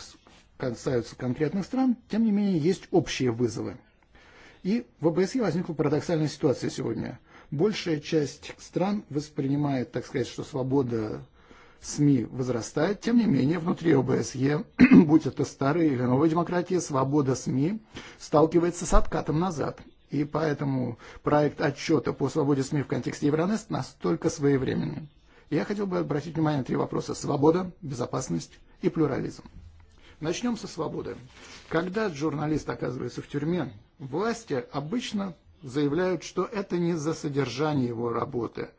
касаются конкретных стран, тем не менее есть общие вызовы. И в ОБСЕ возникла парадоксальная ситуация сегодня. Большая часть стран воспринимает, так сказать, что свобода СМИ возрастает. Тем не менее, внутри ОБСЕ, (clears throat) будь это старая или новая демократия, свобода СМИ сталкивается с откатом назад. И поэтому проект отчета по свободе СМИ в контексте Евронест настолько своевременный. Я хотел бы обратить внимание на три вопроса. Свобода, безопасность и плюрализм. Начнем со свободы. Когда журналист оказывается в тюрьме, власти обычно заявляют, что это не за содержание его работы,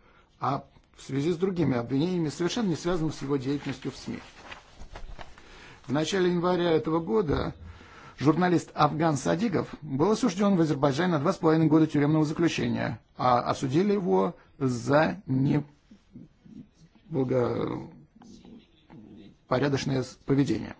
а в связи с другими обвинениями, совершенно не связанными с его деятельностью в СМИ. В начале января этого года журналист Афган Садигов был осужден в Азербайджане на два с половиной года тюремного заключения, а осудили его за не благопорядочное поведение.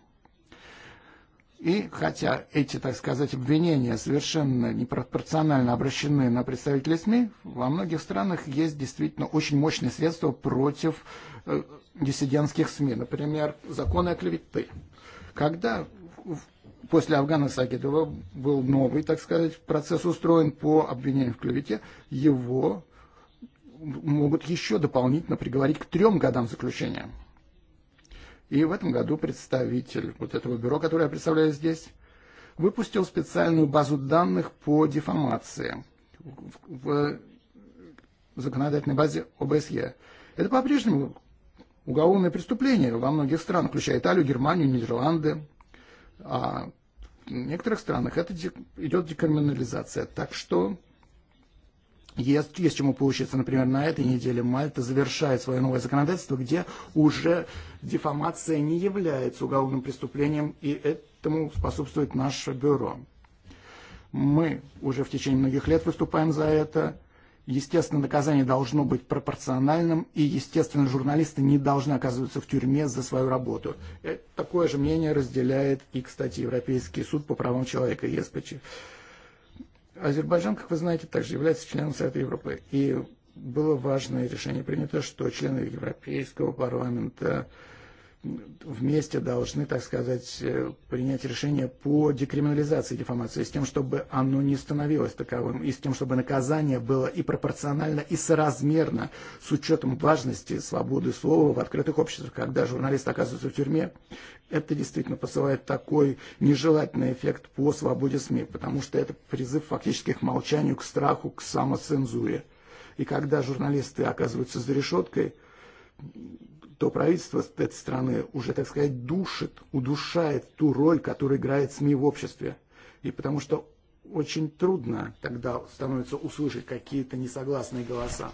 И хотя эти, так сказать, обвинения совершенно непропорционально обращены на представителей СМИ, во многих странах есть действительно очень мощные средства против э, диссидентских СМИ. Например, законы о клеветы. Когда после Афгана Сагитова был новый, так сказать, процесс устроен по обвинению в клевете, его могут еще дополнительно приговорить к трем годам заключения. И в этом году представитель вот этого бюро, которое я представляю здесь, выпустил специальную базу данных по дефамации в законодательной базе ОБСЕ. Это по-прежнему уголовное преступление во многих странах, включая Италию, Германию, Нидерланды. А в некоторых странах это идет декриминализация. Так что Есть, есть чему поучиться. Например, на этой неделе Мальта завершает свое новое законодательство, где уже дефамация не является уголовным преступлением, и этому способствует наше бюро. Мы уже в течение многих лет выступаем за это. Естественно, наказание должно быть пропорциональным, и, естественно, журналисты не должны оказываться в тюрьме за свою работу. Э, такое же мнение разделяет и, кстати, Европейский суд по правам человека, ЕСПЧ. Азербайджан, как вы знаете, также является членом Совета Европы. И было важное решение принято, что члены Европейского парламента вместе должны, так сказать, э, принять решение по декриминализации дефамации, с тем, чтобы оно не становилось таковым, и с тем, чтобы наказание было и пропорционально, и соразмерно с учетом важности свободы слова в открытых обществах. Когда журналист оказывается в тюрьме, это действительно посылает такой нежелательный эффект по свободе СМИ, потому что это призыв фактически к молчанию, к страху, к самоцензуре. И когда журналисты оказываются за решеткой, то правительство этой страны уже, так сказать, душит, удушает ту роль, которую играет СМИ в обществе. И потому что очень трудно тогда становится услышать какие-то несогласные голоса.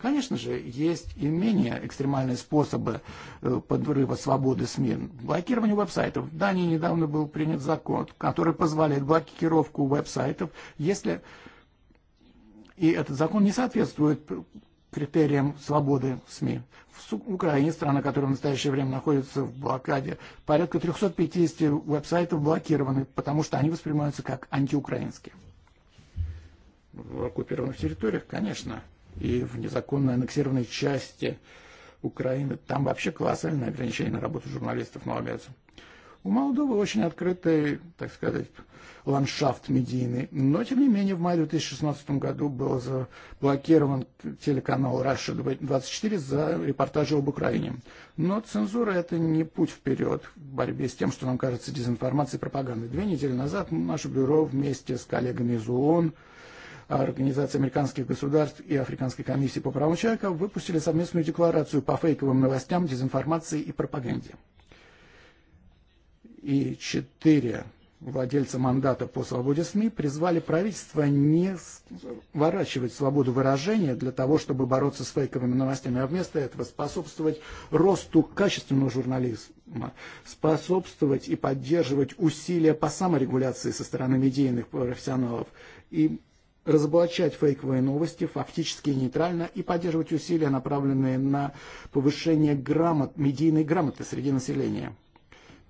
Конечно же, есть и менее экстремальные способы э, подрыва свободы СМИ. Блокирование веб-сайтов. В Дании недавно был принят закон, который позволяет блокировку веб-сайтов, если и этот закон не соответствует критериям свободы СМИ. В Украине, страна, которая в настоящее время находится в блокаде, порядка 350 веб-сайтов блокированы, потому что они воспринимаются как антиукраинские. В оккупированных территориях, конечно, и в незаконно аннексированной части Украины, там вообще колоссальные ограничения на работу журналистов налагаются. У Молдовы очень открытый, так сказать, ландшафт медийный. Но, тем не менее, в мае 2016 году был заблокирован телеканал Russia 24 за репортажи об Украине. Но цензура – это не путь вперед в борьбе с тем, что нам кажется дезинформацией и пропагандой. Две недели назад наше бюро вместе с коллегами из ООН, Организации американских государств и Африканской комиссии по правам человека выпустили совместную декларацию по фейковым новостям, дезинформации и пропаганде и четыре владельца мандата по свободе СМИ призвали правительство не сворачивать свободу выражения для того, чтобы бороться с фейковыми новостями, а вместо этого способствовать росту качественного журнализма, способствовать и поддерживать усилия по саморегуляции со стороны медийных профессионалов и разоблачать фейковые новости фактически нейтрально и поддерживать усилия, направленные на повышение грамот, медийной грамоты среди населения.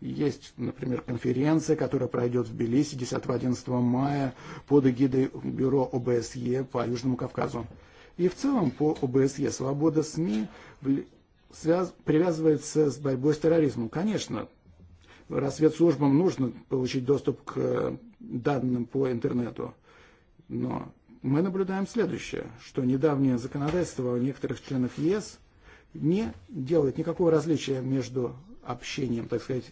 Есть, например, конференция, которая пройдет в Тбилиси 10-11 мая под эгидой Бюро ОБСЕ по Южному Кавказу. И в целом по ОБСЕ свобода СМИ связ... привязывается с борьбой с терроризмом. Конечно, разведслужбам нужно получить доступ к э, данным по интернету, но мы наблюдаем следующее, что недавнее законодательство у некоторых членов ЕС не делает никакого различия между общением, так сказать,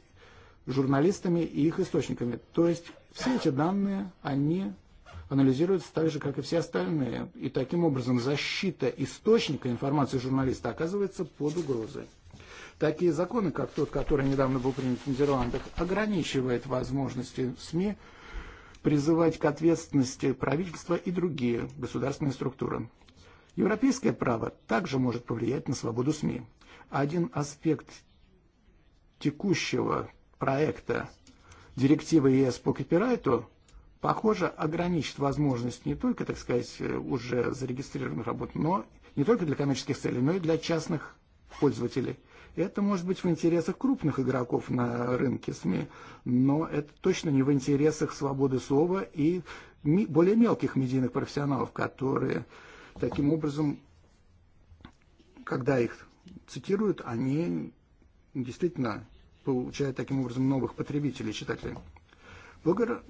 журналистами и их источниками. То есть все эти данные, они анализируются так же, как и все остальные. И таким образом защита источника информации журналиста оказывается под угрозой. Такие законы, как тот, который недавно был принят в Нидерландах, ограничивает возможности СМИ призывать к ответственности правительства и другие государственные структуры. Европейское право также может повлиять на свободу СМИ. Один аспект текущего проекта директивы ЕС по копирайту, похоже, ограничит возможность не только, так сказать, уже зарегистрированных работ, но не только для коммерческих целей, но и для частных пользователей. Это может быть в интересах крупных игроков на рынке СМИ, но это точно не в интересах свободы слова и более мелких медийных профессионалов, которые таким образом, когда их цитируют, они действительно получая таким образом новых потребителей, читателей. Блогер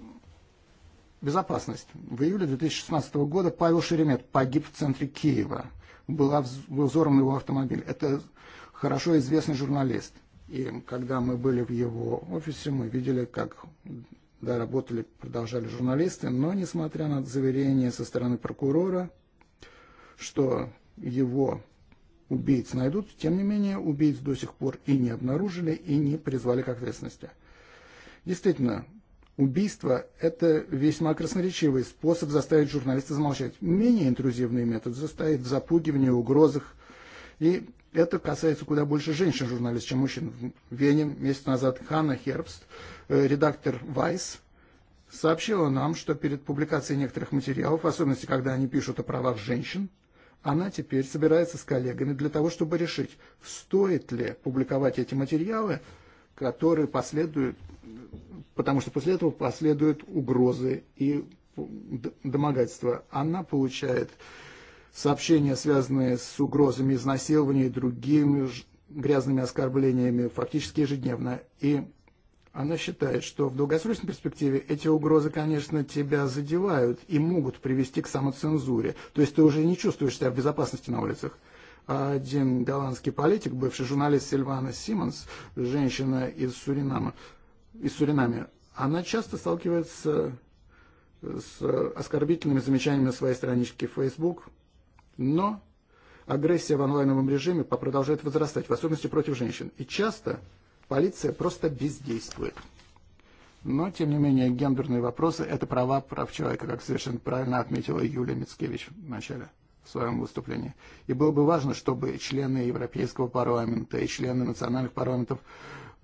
безопасность. В июле 2016 года Павел Шеремет погиб в центре Киева. был взорван его автомобиль. Это хорошо известный журналист. И когда мы были в его офисе, мы видели, как да, работали, продолжали журналисты, но несмотря на заверение со стороны прокурора, что его убийц найдут. Тем не менее, убийц до сих пор и не обнаружили, и не призвали к ответственности. Действительно, убийство – это весьма красноречивый способ заставить журналиста замолчать. Менее интрузивный метод заставит в запугивании, угрозах. И это касается куда больше женщин-журналистов, чем мужчин. В Вене месяц назад Ханна Хербст, э, редактор «Вайс», сообщила нам, что перед публикацией некоторых материалов, в особенности, когда они пишут о правах женщин – Она теперь собирается с коллегами для того, чтобы решить, стоит ли публиковать эти материалы, которые последуют, потому что после этого последуют угрозы и домогательства. Она получает сообщения, связанные с угрозами изнасилования и другими грязными оскорблениями, фактически ежедневно. И Она считает, что в долгосрочной перспективе эти угрозы, конечно, тебя задевают и могут привести к самоцензуре. То есть ты уже не чувствуешь себя в безопасности на улицах. Один голландский политик, бывший журналист Сильвана Симмонс, женщина из Суринама, из Суринами, она часто сталкивается с оскорбительными замечаниями на своей страничке Facebook, но агрессия в онлайновом режиме продолжает возрастать, в особенности против женщин. И часто полиция просто бездействует. Но, тем не менее, гендерные вопросы – это права прав человека, как совершенно правильно отметила Юлия Мицкевич в начале в своем выступлении. И было бы важно, чтобы члены Европейского парламента и члены национальных парламентов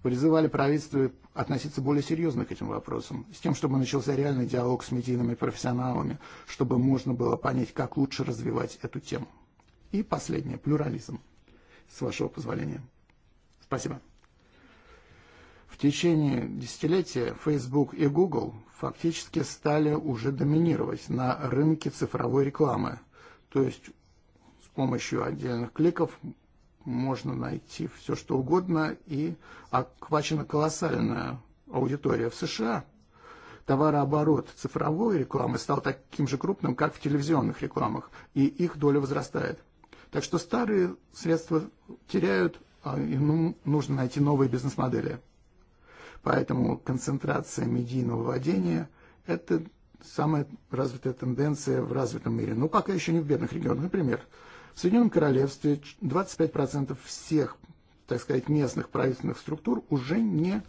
призывали правительство относиться более серьезно к этим вопросам, с тем, чтобы начался реальный диалог с медийными профессионалами, чтобы можно было понять, как лучше развивать эту тему. И последнее – плюрализм. С вашего позволения. Спасибо. В течение десятилетия Facebook и Google фактически стали уже доминировать на рынке цифровой рекламы. То есть с помощью отдельных кликов можно найти все что угодно и охвачена колоссальная аудитория в США. Товарооборот цифровой рекламы стал таким же крупным, как в телевизионных рекламах, и их доля возрастает. Так что старые средства теряют, а нужно найти новые бизнес-модели. Поэтому концентрация медийного владения – это самая развитая тенденция в развитом мире. Но пока еще не в бедных регионах. Например, в Соединенном Королевстве 25% всех, так сказать, местных правительственных структур уже не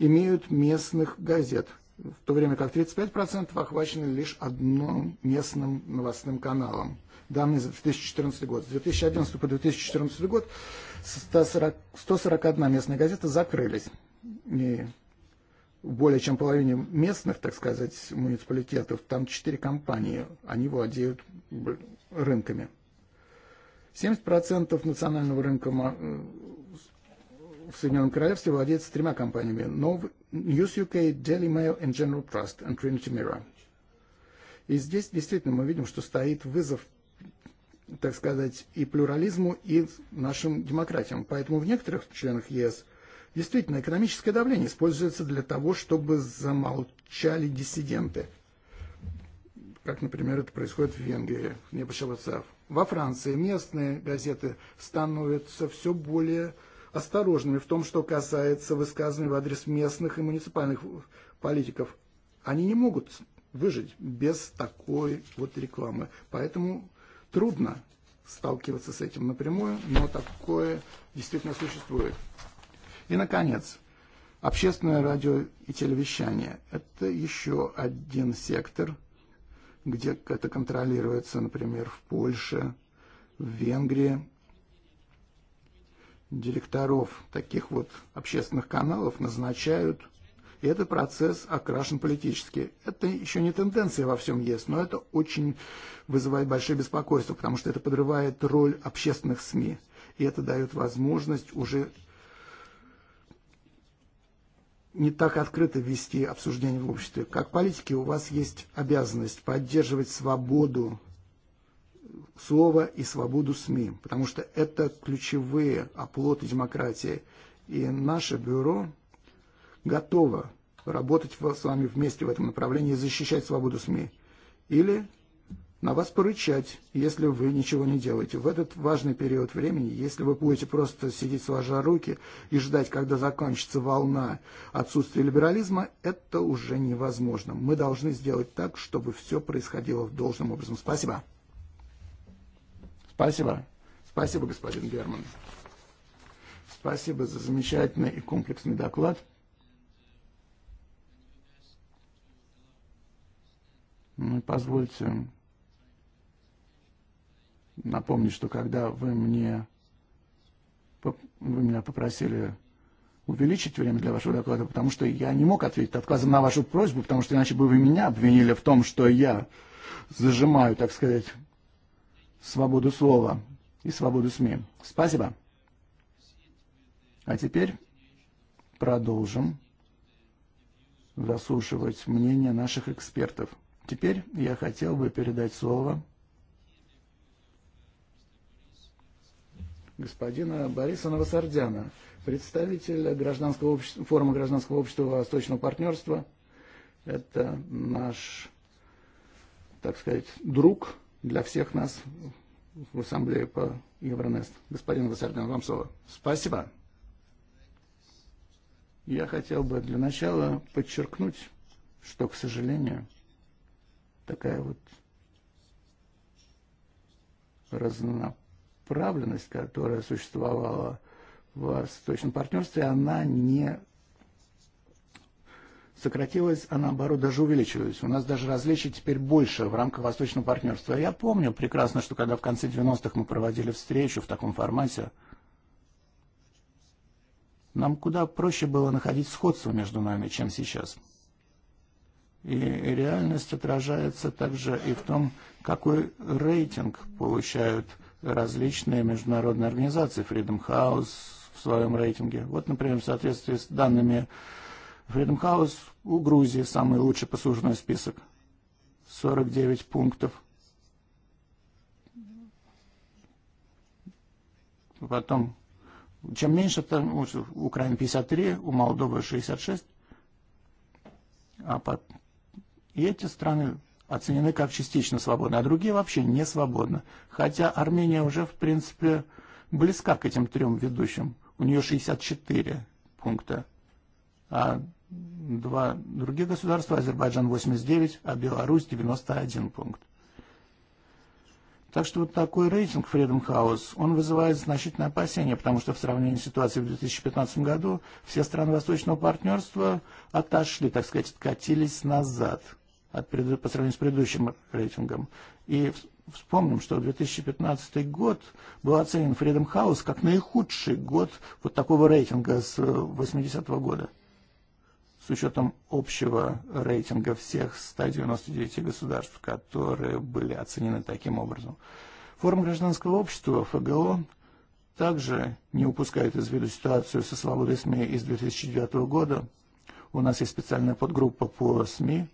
имеют местных газет, в то время как 35% охвачены лишь одним местным новостным каналом. Данные за 2014 год. С 2011 по 2014 год 140, 141 местная газета закрылись и более чем половине местных, так сказать, муниципалитетов, там четыре компании, они владеют рынками. 70% национального рынка в Соединенном Королевстве владеется тремя компаниями – News UK, Daily Mail and General Trust and Trinity Mirror. И здесь действительно мы видим, что стоит вызов, так сказать, и плюрализму, и нашим демократиям. Поэтому в некоторых членах ЕС Действительно, экономическое давление используется для того, чтобы замолчали диссиденты. Как, например, это происходит в Венгрии, не Во Франции местные газеты становятся все более осторожными в том, что касается высказываний в адрес местных и муниципальных политиков. Они не могут выжить без такой вот рекламы. Поэтому трудно сталкиваться с этим напрямую, но такое действительно существует. И, наконец, общественное радио и телевещание – это еще один сектор, где это контролируется, например, в Польше, в Венгрии. Директоров таких вот общественных каналов назначают, и этот процесс окрашен политически. Это еще не тенденция во всем есть, но это очень вызывает большое беспокойство, потому что это подрывает роль общественных СМИ, и это дает возможность уже не так открыто вести обсуждение в обществе. Как политики у вас есть обязанность поддерживать свободу слова и свободу СМИ, потому что это ключевые оплоты демократии. И наше бюро готово работать с вами вместе в этом направлении и защищать свободу СМИ. Или на вас порычать, если вы ничего не делаете. В этот важный период времени, если вы будете просто сидеть сложа руки и ждать, когда закончится волна отсутствия либерализма, это уже невозможно. Мы должны сделать так, чтобы все происходило в должным образом. Спасибо. Спасибо. Спасибо, господин Герман. Спасибо за замечательный и комплексный доклад. Ну и позвольте напомнить, что когда вы мне вы меня попросили увеличить время для вашего доклада, потому что я не мог ответить отказом на вашу просьбу, потому что иначе бы вы меня обвинили в том, что я зажимаю, так сказать, свободу слова и свободу СМИ. Спасибо. А теперь продолжим заслушивать мнение наших экспертов. Теперь я хотел бы передать слово господина Бориса Новосардяна, представителя гражданского общества, форума гражданского общества Восточного партнерства. Это наш, так сказать, друг для всех нас в Ассамблее по Евронест. Господин Васардян, вам слово. Спасибо. Я хотел бы для начала подчеркнуть, что, к сожалению, такая вот разнообразная направленность, которая существовала в Восточном партнерстве, она не сократилась, а наоборот даже увеличилась. У нас даже различий теперь больше в рамках Восточного партнерства. Я помню прекрасно, что когда в конце 90-х мы проводили встречу в таком формате, нам куда проще было находить сходство между нами, чем сейчас. И реальность отражается также и в том, какой рейтинг получают э, различные международные организации, Freedom House в своем рейтинге. Вот, например, в соответствии с данными Freedom House у Грузии самый лучший послужной список. 49 пунктов. Потом, чем меньше, там, у Украины 53, у Молдовы 66. А под... И эти страны оценены как частично свободны, а другие вообще не свободны. Хотя Армения уже, в принципе, близка к этим трем ведущим. У нее 64 пункта. А два других государства, Азербайджан 89, а Беларусь 91 пункт. Так что вот такой рейтинг Freedom House, он вызывает значительное опасение, потому что в сравнении с ситуацией в 2015 году все страны Восточного партнерства отошли, так сказать, откатились назад – от по сравнению с предыдущим рейтингом. И вспомним, что 2015 год был оценен Freedom House как наихудший год вот такого рейтинга с 80-го э, года, с учетом общего рейтинга всех 199 государств, которые были оценены таким образом. Форум гражданского общества ФГО также не упускает из виду ситуацию со свободой СМИ из 2009 года. У нас есть специальная подгруппа по СМИ,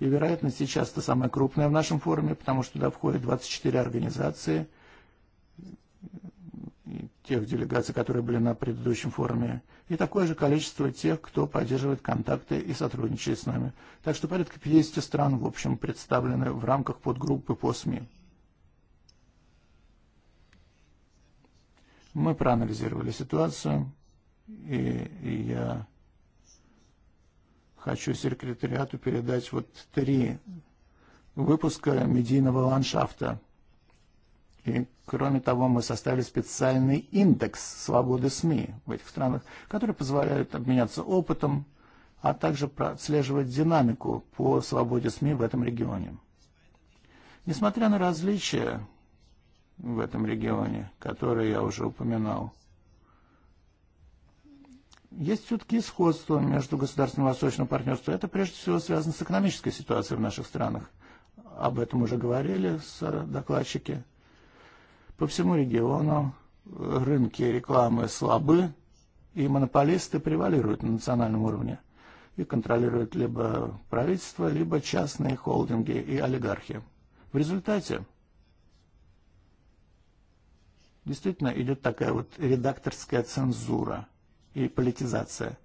И, вероятно, сейчас это самое крупное в нашем форуме, потому что туда входят 24 организации тех делегаций, которые были на предыдущем форуме, и такое же количество тех, кто поддерживает контакты и сотрудничает с нами. Так что порядка 50 стран, в общем, представлены в рамках подгруппы по СМИ. Мы проанализировали ситуацию, и, и я хочу секретариату передать вот три выпуска медийного ландшафта. И, кроме того, мы составили специальный индекс свободы СМИ в этих странах, который позволяет обменяться опытом, а также прослеживать динамику по свободе СМИ в этом регионе. Несмотря на различия в этом регионе, которые я уже упоминал, Есть все-таки сходство между государственным и восточным партнерством. Это прежде всего связано с экономической ситуацией в наших странах. Об этом уже говорили э, докладчики. По всему региону э, рынки рекламы слабы, и монополисты превалируют на национальном уровне и контролируют либо правительство, либо частные холдинги и олигархи. В результате действительно идет такая вот редакторская цензура – и политизация.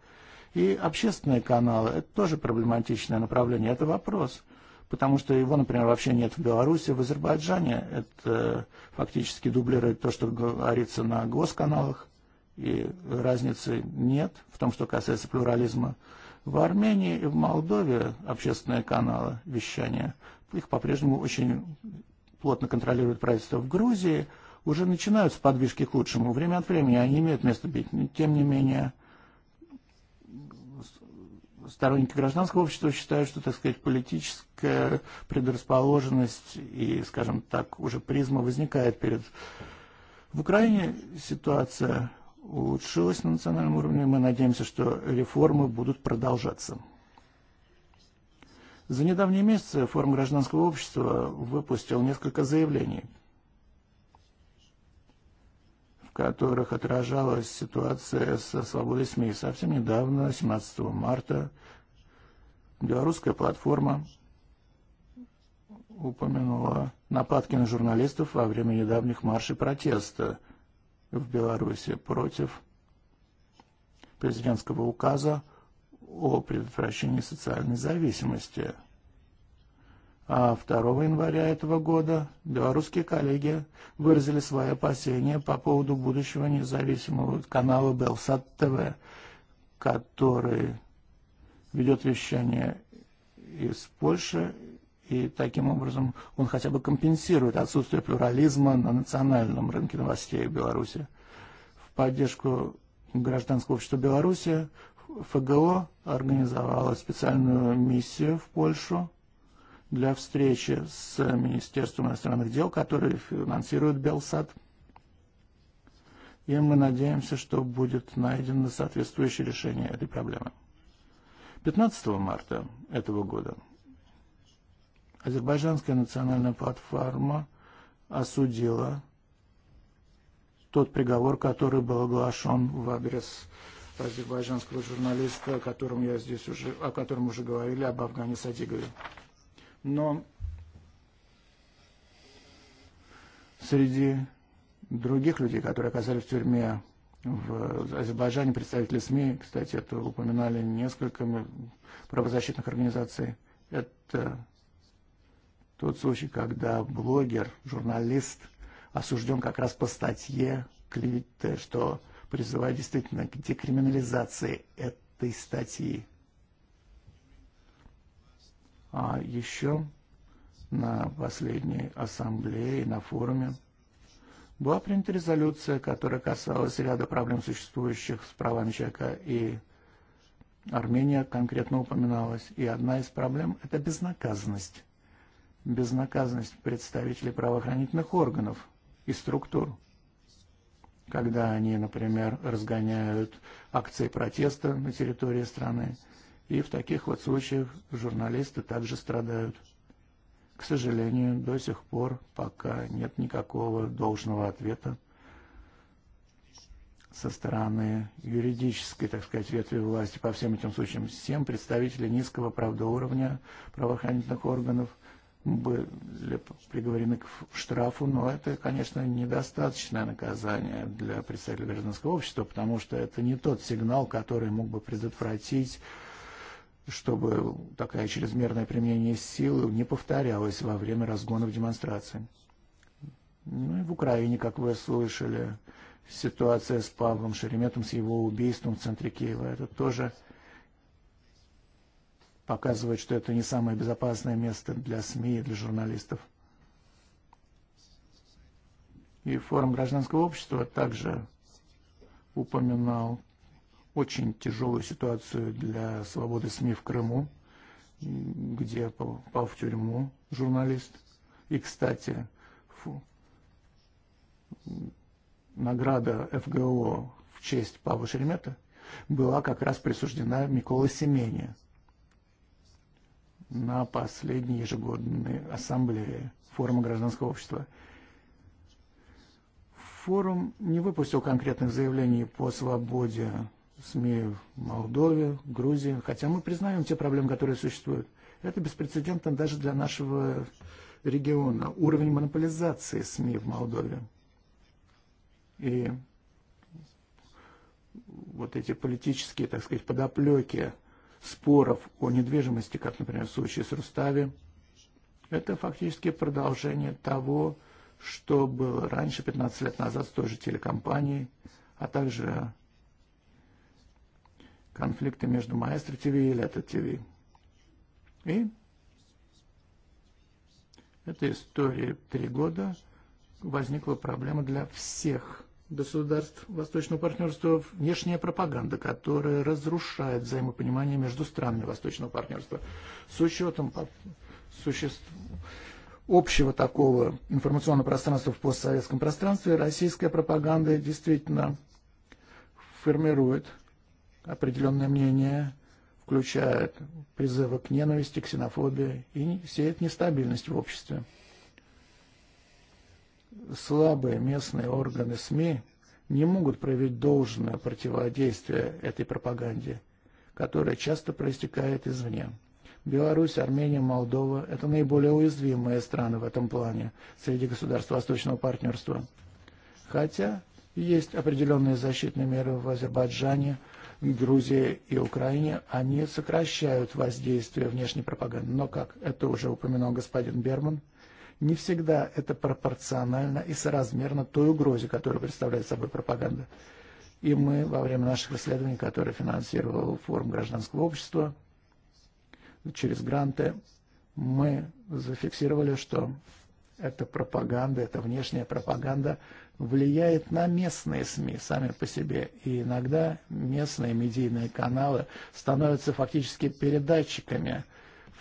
И общественные каналы – это тоже проблематичное направление, это вопрос. Потому что его, например, вообще нет в Беларуси, в Азербайджане. Это э, фактически дублирует то, что говорится на госканалах, и разницы нет в том, что касается плюрализма. В Армении и в Молдове общественные каналы вещания, их по-прежнему очень плотно контролирует правительство в Грузии – уже начинаются подвижки к лучшему. Время от времени они имеют место быть. Тем не менее, сторонники гражданского общества считают, что, так сказать, политическая предрасположенность и, скажем так, уже призма возникает перед... В Украине ситуация улучшилась на национальном уровне, мы надеемся, что реформы будут продолжаться. За недавние месяцы форум гражданского общества выпустил несколько заявлений – в которых отражалась ситуация со свободой СМИ. Совсем недавно, 17 марта, белорусская платформа упомянула нападки на журналистов во время недавних маршей протеста в Беларуси против президентского указа о предотвращении социальной зависимости – А 2 января этого года белорусские коллеги выразили свои опасения по поводу будущего независимого канала Белсат ТВ, который ведет вещание из Польши, и таким образом он хотя бы компенсирует отсутствие плюрализма на национальном рынке новостей в Беларуси. В поддержку гражданского общества Беларуси ФГО организовала специальную миссию в Польшу, для встречи с Министерством иностранных дел, которые финансирует Белсад. И мы надеемся, что будет найдено соответствующее решение этой проблемы. 15 марта этого года Азербайджанская национальная платформа осудила тот приговор, который был оглашен в адрес азербайджанского журналиста, о котором я здесь уже, о котором уже говорили, об Афгане Садигове но среди других людей, которые оказались в тюрьме в Азербайджане, представители СМИ, кстати, это упоминали несколько правозащитных организаций, это тот случай, когда блогер, журналист осужден как раз по статье клеветы, что призывает действительно к декриминализации этой статьи. А еще на последней ассамблее, на форуме, была принята резолюция, которая касалась ряда проблем, существующих с правами человека, и Армения конкретно упоминалась. И одна из проблем – это безнаказанность. Безнаказанность представителей правоохранительных органов и структур. Когда они, например, разгоняют акции протеста на территории страны – И в таких вот случаях журналисты также страдают. К сожалению, до сих пор пока нет никакого должного ответа со стороны юридической, так сказать, ветви власти по всем этим случаям. Всем представители низкого, правда, уровня правоохранительных органов были приговорены к штрафу, но это, конечно, недостаточное наказание для представителей гражданского общества, потому что это не тот сигнал, который мог бы предотвратить чтобы такая чрезмерное применение силы не повторялось во время разгонов демонстраций. Ну и в Украине, как вы слышали, ситуация с Павлом Шереметом, с его убийством в центре Киева, это тоже показывает, что это не самое безопасное место для СМИ и для журналистов. И форум гражданского общества также упоминал очень тяжелую ситуацию для свободы СМИ в Крыму, где попал в тюрьму журналист. И, кстати, фу, награда ФГО в честь Павла Шеремета была как раз присуждена Микола Семене на последней ежегодной ассамблее форума гражданского общества. Форум не выпустил конкретных заявлений по свободе СМИ в Молдове, Грузии, хотя мы признаем те проблемы, которые существуют. Это беспрецедентно даже для нашего региона. Уровень монополизации СМИ в Молдове. И вот эти политические, так сказать, подоплеки споров о недвижимости, как, например, в случае с Рустави, это фактически продолжение того, что было раньше, 15 лет назад, с той же телекомпанией, а также конфликты между Маэстро ТВ и Лето ТВ. И эта история три года возникла проблема для всех государств Восточного партнерства внешняя пропаганда, которая разрушает взаимопонимание между странами Восточного партнерства. С учетом существ общего такого информационного пространства в постсоветском пространстве российская пропаганда действительно формирует определенное мнение включает призывы к ненависти, ксенофобии и сеет нестабильность в обществе. Слабые местные органы СМИ не могут проявить должное противодействие этой пропаганде, которая часто проистекает извне. Беларусь, Армения, Молдова – это наиболее уязвимые страны в этом плане среди государств Восточного партнерства. Хотя есть определенные защитные меры в Азербайджане – Грузии и Украине, они сокращают воздействие внешней пропаганды. Но, как это уже упоминал господин Берман, не всегда это пропорционально и соразмерно той угрозе, которую представляет собой пропаганда. И мы во время наших исследований, которые финансировал форум гражданского общества, через гранты, мы зафиксировали, что эта пропаганда, эта внешняя пропаганда – влияет на местные СМИ сами по себе. И иногда местные медийные каналы становятся фактически передатчиками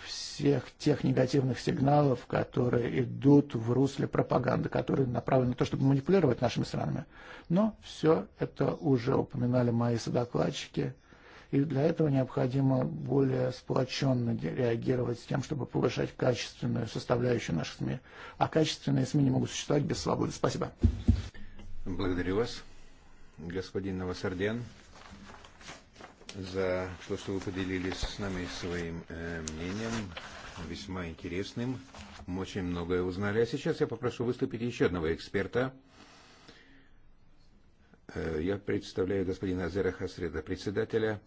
всех тех негативных сигналов, которые идут в русле пропаганды, которые направлены на то, чтобы манипулировать нашими странами. Но все это уже упоминали мои содокладчики – И для этого необходимо более сплоченно реагировать с тем, чтобы повышать качественную составляющую наших СМИ. А качественные СМИ не могут существовать без свободы. Спасибо. Благодарю вас, господин Новосарден, за то, что вы поделились с нами своим э, мнением, весьма интересным. Мы очень многое узнали. А сейчас я попрошу выступить еще одного эксперта. Э, я представляю господина Азера Хасреда, председателя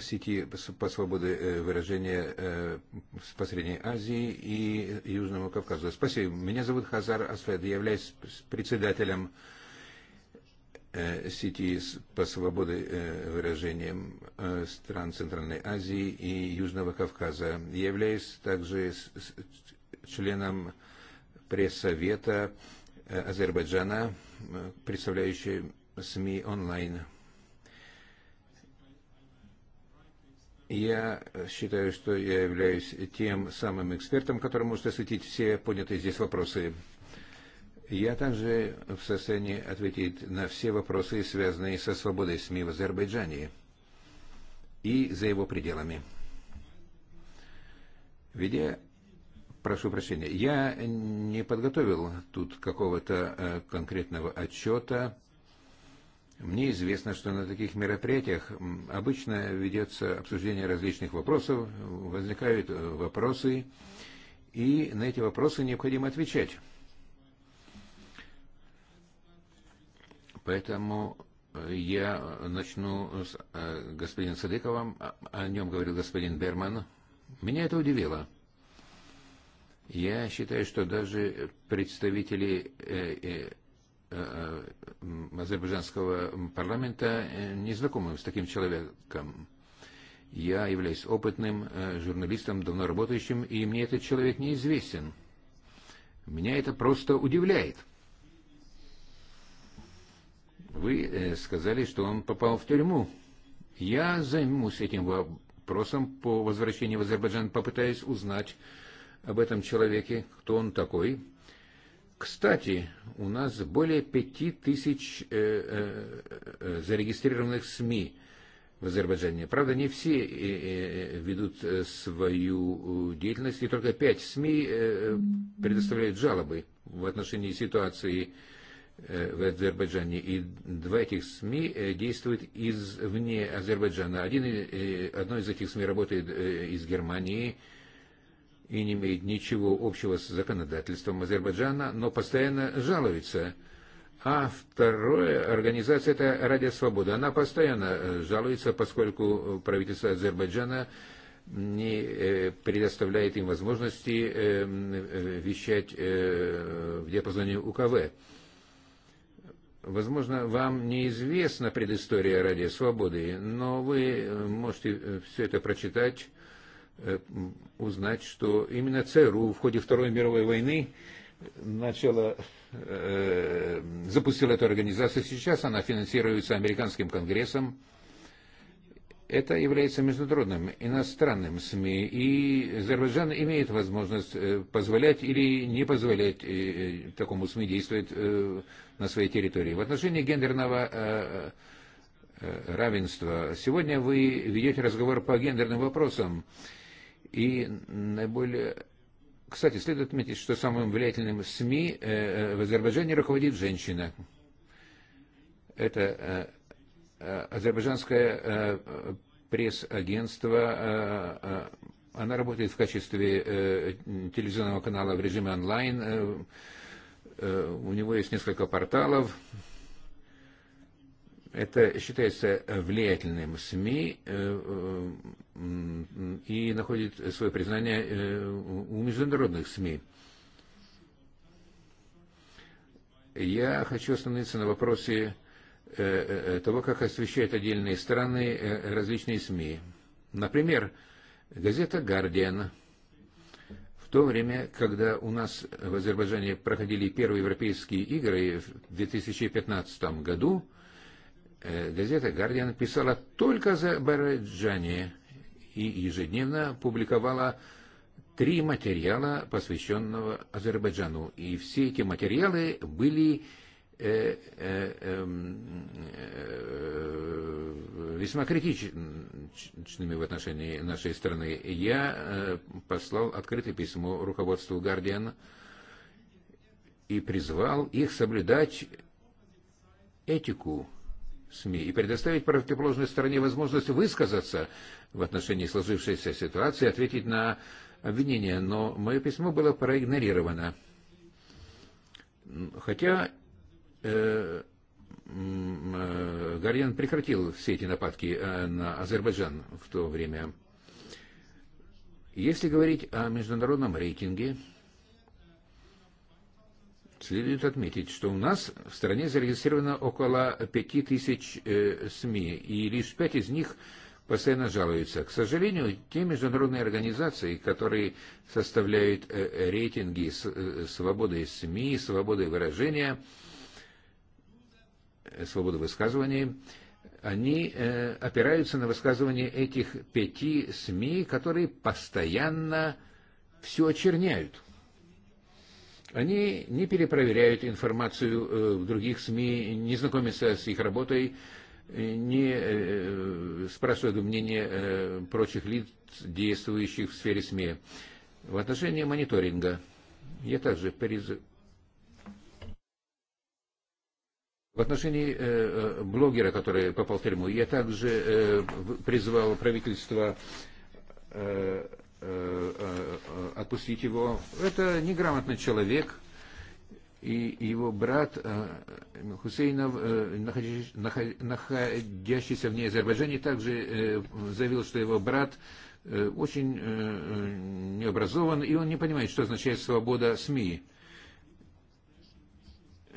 сети по свободе э, выражения э, с посредней Азии и Южному Кавказу. Спасибо. Меня зовут Хазар Асфед. Я являюсь председателем э, сети по свободе выражения стран Центральной Азии и Южного Кавказа. Я являюсь также членом пресс-совета Азербайджана, представляющий СМИ онлайн. Я э, считаю, что я являюсь тем самым экспертом, который может осветить все понятые здесь вопросы. Я также в состоянии ответить на все вопросы, связанные со свободой СМИ в Азербайджане и за его пределами. Ведя, прошу прощения, я не подготовил тут какого-то э, конкретного отчета, Мне известно, что на таких мероприятиях обычно ведется обсуждение различных вопросов, возникают э, вопросы, и на эти вопросы необходимо отвечать. Поэтому э, я начну с э, господина Садыкова, о нем говорил господин Берман. Меня это удивило. Я считаю, что даже представители азербайджанского парламента не знакомы с таким человеком. Я являюсь опытным журналистом, давно работающим, и мне этот человек неизвестен. Меня это просто удивляет. Вы сказали, что он попал в тюрьму. Я займусь этим вопросом по возвращению в Азербайджан, попытаюсь узнать об этом человеке, кто он такой – Кстати, у нас более пяти тысяч э, э, э, зарегистрированных СМИ в Азербайджане. Правда, не все э, э, э ведут свою деятельность, и только пять СМИ предоставляют жалобы в отношении ситуации в Азербайджане. И два этих СМИ действуют извне Азербайджана. Один, одно из этих СМИ работает из Германии, и не имеет ничего общего с законодательством Азербайджана, но постоянно жалуется. А второе, организация это «Радио Свобода». Она постоянно э, жалуется, поскольку правительство Азербайджана не э, предоставляет им возможности э, вещать в диапазоне УКВ. Возможно, вам неизвестна предыстория «Радио Свободы», но вы можете все это прочитать Э, узнать, что именно ЦРУ в ходе Второй мировой войны э, начала, э, запустила эту организацию. Сейчас она финансируется американским конгрессом. Это является международным, иностранным СМИ, и Азербайджан имеет возможность э, позволять или не позволять такому СМИ действовать на своей территории. В отношении гендерного равенства, сегодня вы ведете разговор по гендерным вопросам и наиболее... Кстати, следует отметить, что самым влиятельным СМИ э, в Азербайджане руководит женщина. Это э, э, азербайджанское пресс-агентство, она работает в качестве телевизионного канала в режиме онлайн, у него есть несколько порталов, Это считается влиятельным СМИ и находит свое признание у международных СМИ. Я хочу остановиться на вопросе того, как освещают отдельные страны различные СМИ. Например, газета «Гардиан» В то время, когда у нас в Азербайджане проходили первые европейские игры в 2015 году, Э, газета «Гардиан» писала только за Бараджане и ежедневно публиковала три материала, посвященного Азербайджану. И все эти материалы были э, э, э, весьма критичными в отношении нашей страны. Я э, послал открытое письмо руководству «Гардиан» и призвал их соблюдать этику СМИ и предоставить противоположной стороне возможность высказаться в отношении сложившейся ситуации, ответить на обвинения, но мое письмо было проигнорировано. Хотя э, э, Гарьян прекратил все эти нападки э, на Азербайджан в то время. Если говорить о международном рейтинге, Следует отметить, что у нас в стране зарегистрировано около 5000 э, СМИ, и лишь пять из них постоянно жалуются. К сожалению, те международные организации, которые составляют э, рейтинги с, э, свободы СМИ, свободы выражения, э, свободы высказывания, они э, опираются на высказывания этих пяти СМИ, которые постоянно все очерняют. Они не перепроверяют информацию э, в других СМИ, не знакомятся с их работой, э, не э, спрашивают мнения прочих лиц, действующих в сфере СМИ. В отношении мониторинга я также призываю В отношении э, блогера, который попал в тюрьму, я также э, призвал правительство э, Э, э, э, отпустить его. Это неграмотный человек, и его брат Хусейнов, находящийся вне Азербайджане, также заявил, что его брат очень необразован, и он не понимает, что означает свобода СМИ.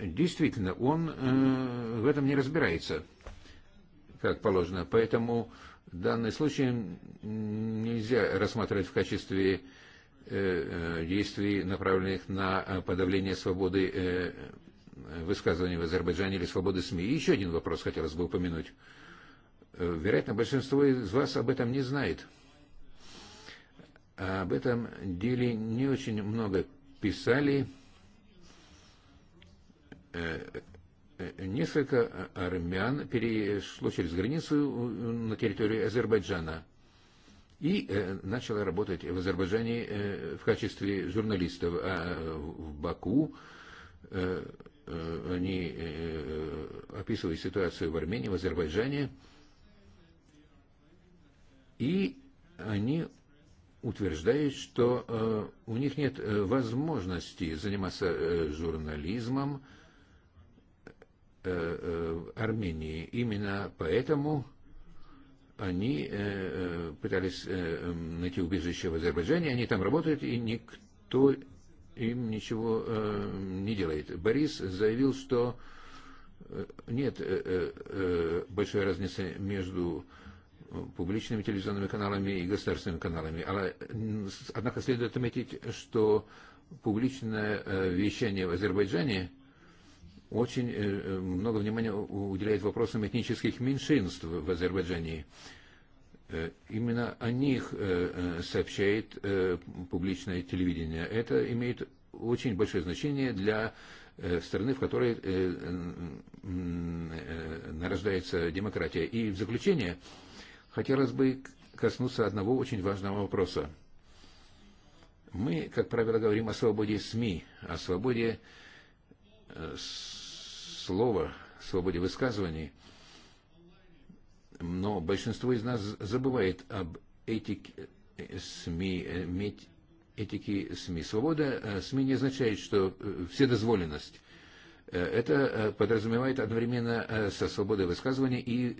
Действительно, он в этом не разбирается, как положено. Поэтому Данный случай нельзя рассматривать в качестве э, э, действий, направленных на э, подавление свободы высказывания в Азербайджане или свободы СМИ. И еще один вопрос хотелось бы упомянуть. Вероятно, большинство из вас об этом не знает. Об этом деле не очень много писали несколько э, армян перешло через границу э, на территорию Азербайджана и э, начало работать в Азербайджане в качестве журналистов, а в Баку они описывали ситуацию в Армении, в Азербайджане, и они утверждают, что у них нет возможности заниматься журнализмом, Э, э, Армении. Именно поэтому они э, пытались найти убежище в Азербайджане, они там работают, и никто им ничего не делает. Борис заявил, что нет большой разницы между публичными телевизионными каналами и государственными каналами. Однако следует отметить, что публичное вещание в Азербайджане очень э, э, много внимания уделяет вопросам этнических меньшинств в Азербайджане. Э, именно о них сообщает публичное телевидение. Это имеет очень большое значение для страны, в которой нарождается демократия. И в заключение хотелось бы коснуться одного очень важного вопроса. Мы, как правило, говорим о свободе СМИ, о свободе слова, свободе высказываний, но большинство из нас забывает об этике э, СМИ, э, этике СМИ. Свобода э, СМИ не означает, что вседозволенность. Это подразумевает одновременно со свободой высказывания и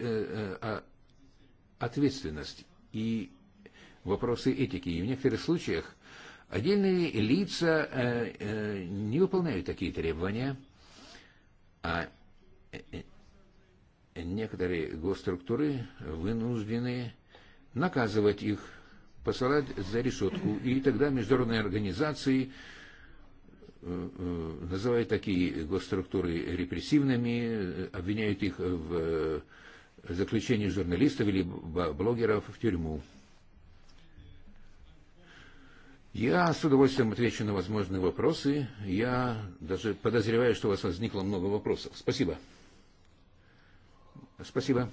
ответственность, и вопросы этики. И в некоторых случаях отдельные лица не выполняют такие требования – а э, э, некоторые госструктуры вынуждены наказывать их, посылать за решетку. И тогда международные организации э, называют такие госструктуры репрессивными, обвиняют их в заключении журналистов или блогеров в тюрьму. Я с удовольствием отвечу на возможные вопросы. Я даже подозреваю, что у вас возникло много вопросов. Спасибо. Спасибо,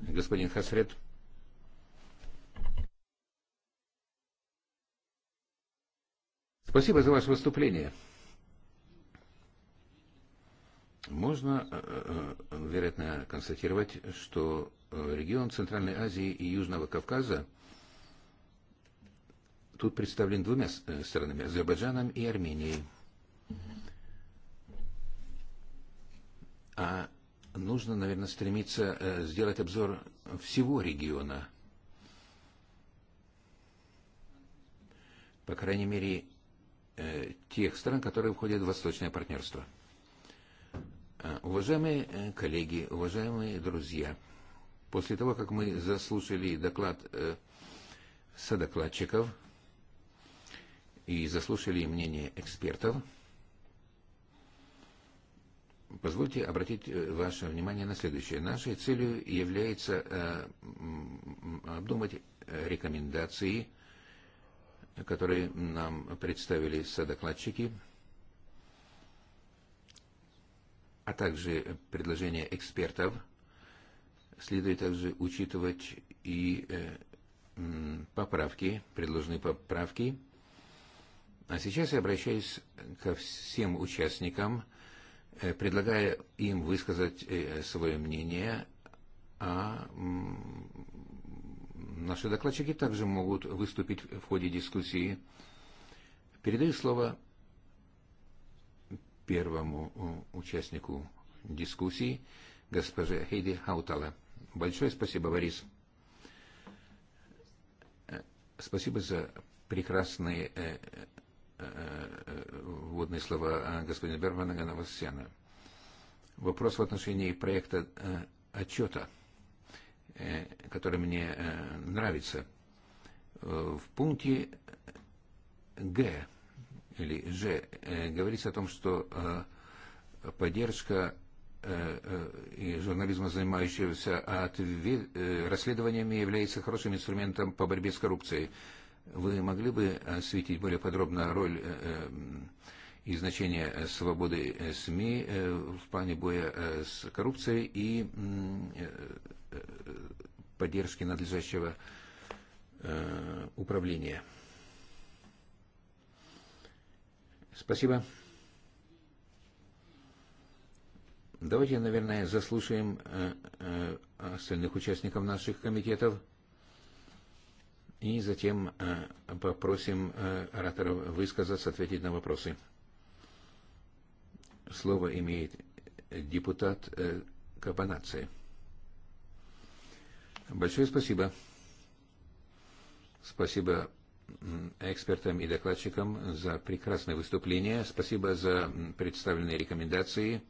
господин Хасред. Спасибо за ваше выступление. Можно, э, э, вероятно, констатировать, что э, регион Центральной Азии и Южного Кавказа – тут представлен двумя э, странами – Азербайджаном и Арменией. А нужно, наверное, стремиться э, сделать обзор всего региона. По крайней мере, э, тех стран, которые входят в восточное партнерство. Уважаемые коллеги, уважаемые друзья, после того, как мы заслушали доклад содокладчиков, и заслушали мнение экспертов, позвольте обратить э, ваше внимание на следующее. Нашей целью является э, обдумать э, рекомендации, которые нам представили содокладчики, а также предложения экспертов. Следует также учитывать и поправки, предложенные поправки – А сейчас я обращаюсь ко всем участникам, э, предлагая им высказать э, свое мнение, а наши докладчики также могут выступить в ходе дискуссии. Передаю слово первому э, участнику дискуссии, госпоже Хейди Хаутала. Большое спасибо, Борис. Спасибо за прекрасные вводные слова э, господина Бермана Ганавасяна. Вопрос в отношении проекта э, отчета, э, который мне нравится. В пункте Г или Ж говорится о том, что поддержка и журнализма, занимающегося расследованиями, является хорошим инструментом по борьбе с коррупцией. Вы могли бы осветить более подробно роль э, э, и значение э, свободы СМИ в плане боя с коррупцией и поддержки надлежащего управления. Спасибо. Давайте, наверное, заслушаем остальных участников наших комитетов. И затем э, попросим э, оратора высказаться, ответить на вопросы. Слово имеет депутат э, Капанации. Большое спасибо. Спасибо экспертам и докладчикам за прекрасное выступление. Спасибо за представленные рекомендации.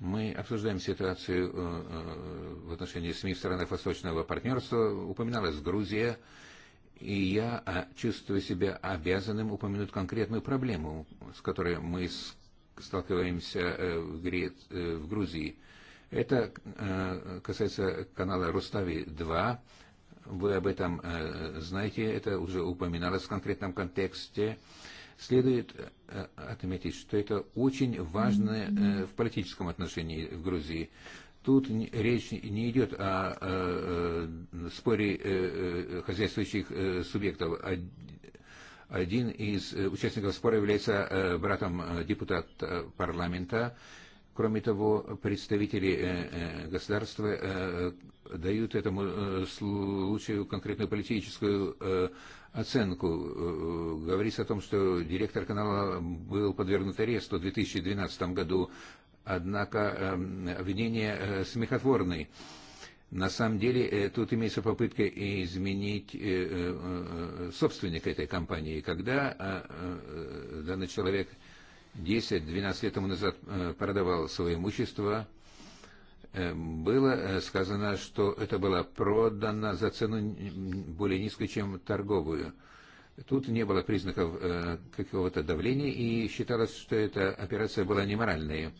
Мы обсуждаем ситуацию э, э, в отношении СМИ в странах Восточного партнерства. Упоминалась Грузия, и я чувствую себя обязанным упомянуть конкретную проблему, с которой мы сталкиваемся э, в Грузии. Это касается канала Рустави-2. Вы об этом знаете, это уже упоминалось в конкретном контексте. Следует э, э, отметить, что это очень важно э, в политическом отношении в Грузии. Тут речь не идет о споре хозяйствующих субъектов. Один из участников спора является братом депутата парламента, Кроме того, представители э, э, государства э, дают этому случаю конкретную политическую оценку. Говорится о том, что директор канала был подвергнут аресту в 2012 году, однако обвинение смехотворное. На самом деле тут имеется попытка изменить собственника этой компании. Когда данный человек 10-12 лет тому назад э, продавал свое имущество, э, было э, сказано, что это было продано за цену более низкую, чем торговую. Тут не было признаков какого-то давления, и считалось, что эта операция была неморальной.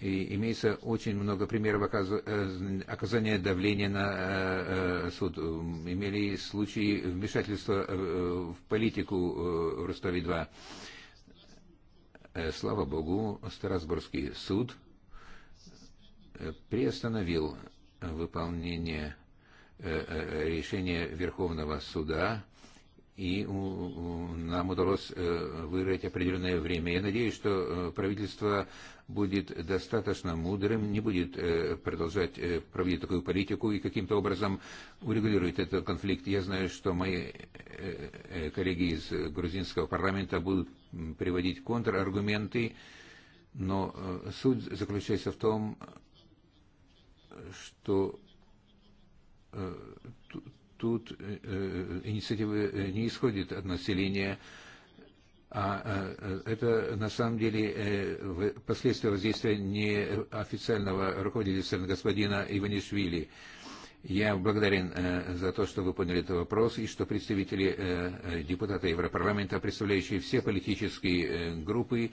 И имеется очень много примеров оказания давления на суд. Имели случаи вмешательства в политику Ростове-2. Э, слава Богу, Страсбургский суд э, приостановил выполнение э, решения Верховного суда, и нам удалось вырыть определенное время. Я надеюсь, что правительство будет достаточно мудрым, не будет продолжать проводить такую политику и каким-то образом урегулирует этот конфликт. Я знаю, что мои коллеги из грузинского парламента будут приводить контраргументы, но э, суть заключается в том, что э, тут э, инициатива не исходит от населения, а это на самом деле последствия воздействия неофициального руководителя господина Иванишвили. Я благодарен э, за то, что вы поняли этот вопрос, и что представители э, э, депутата Европарламента, представляющие все политические группы,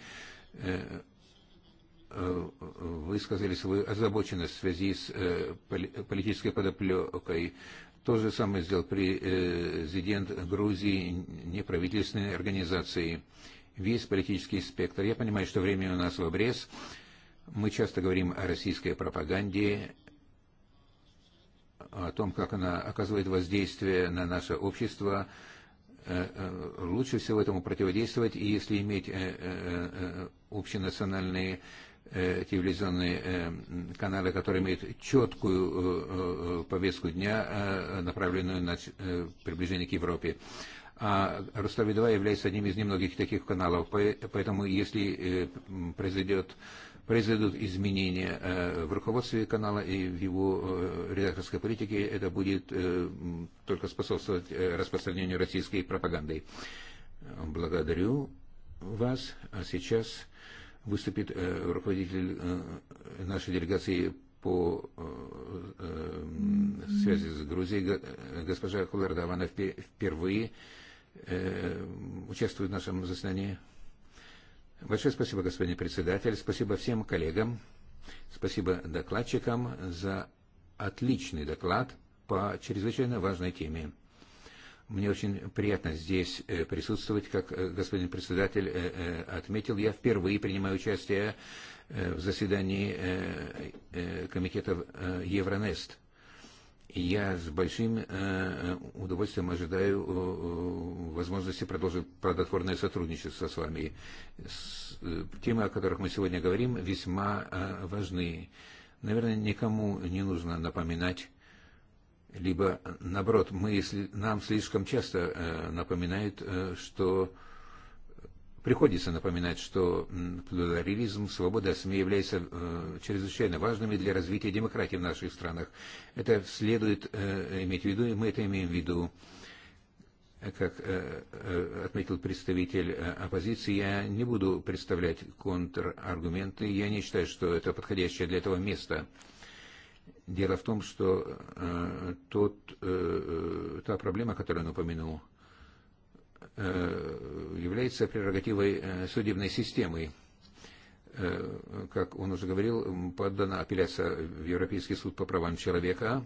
высказали свою озабоченность в связи с политической подоплекой. То же самое сделал президент Грузии неправительственной организации. Весь политический спектр. Я понимаю, что время у нас в обрез. Мы часто говорим о российской пропаганде о том, как она оказывает воздействие на наше общество, э, э, лучше всего этому противодействовать, и если иметь э, общенациональные телевизионные каналы, которые имеют четкую повестку дня, направленную на приближение к Европе. А Рустави 2 является одним из немногих таких каналов, поэтому если произойдет произойдут изменения э, в руководстве канала и в его э, редакторской политике, это будет э, только способствовать распространению российской пропаганды. Благодарю вас. А сейчас выступит руководитель нашей делегации по связи с Грузией, госпожа Кулардавана впервые участвует в нашем заседании. Большое спасибо, господин председатель. Спасибо всем коллегам. Спасибо докладчикам за отличный доклад по чрезвычайно важной теме. Мне очень приятно здесь э, присутствовать, как э, господин председатель э, отметил. Я впервые принимаю участие в заседании комитета Евронест. Я с большим э, э, удовольствием ожидаю э, возможности продолжить плодотворное сотрудничество с вами. Темы, о которых мы сегодня говорим, весьма важны. Наверное, никому не нужно напоминать, либо наоборот, мы, нам слишком часто напоминают, что Приходится напоминать, что плюрализм, свобода СМИ являются э, чрезвычайно важными для развития демократии в наших странах. Это следует э, иметь в виду, и мы это имеем в виду. Как э, отметил представитель оппозиции, я не буду представлять контраргументы. Я не считаю, что это подходящее для этого место. Дело в том, что тот, та проблема, которую он упомянул, Э, является прерогативой э, судебной системы. Э, как он уже говорил, подана апелляция в Европейский суд по правам человека.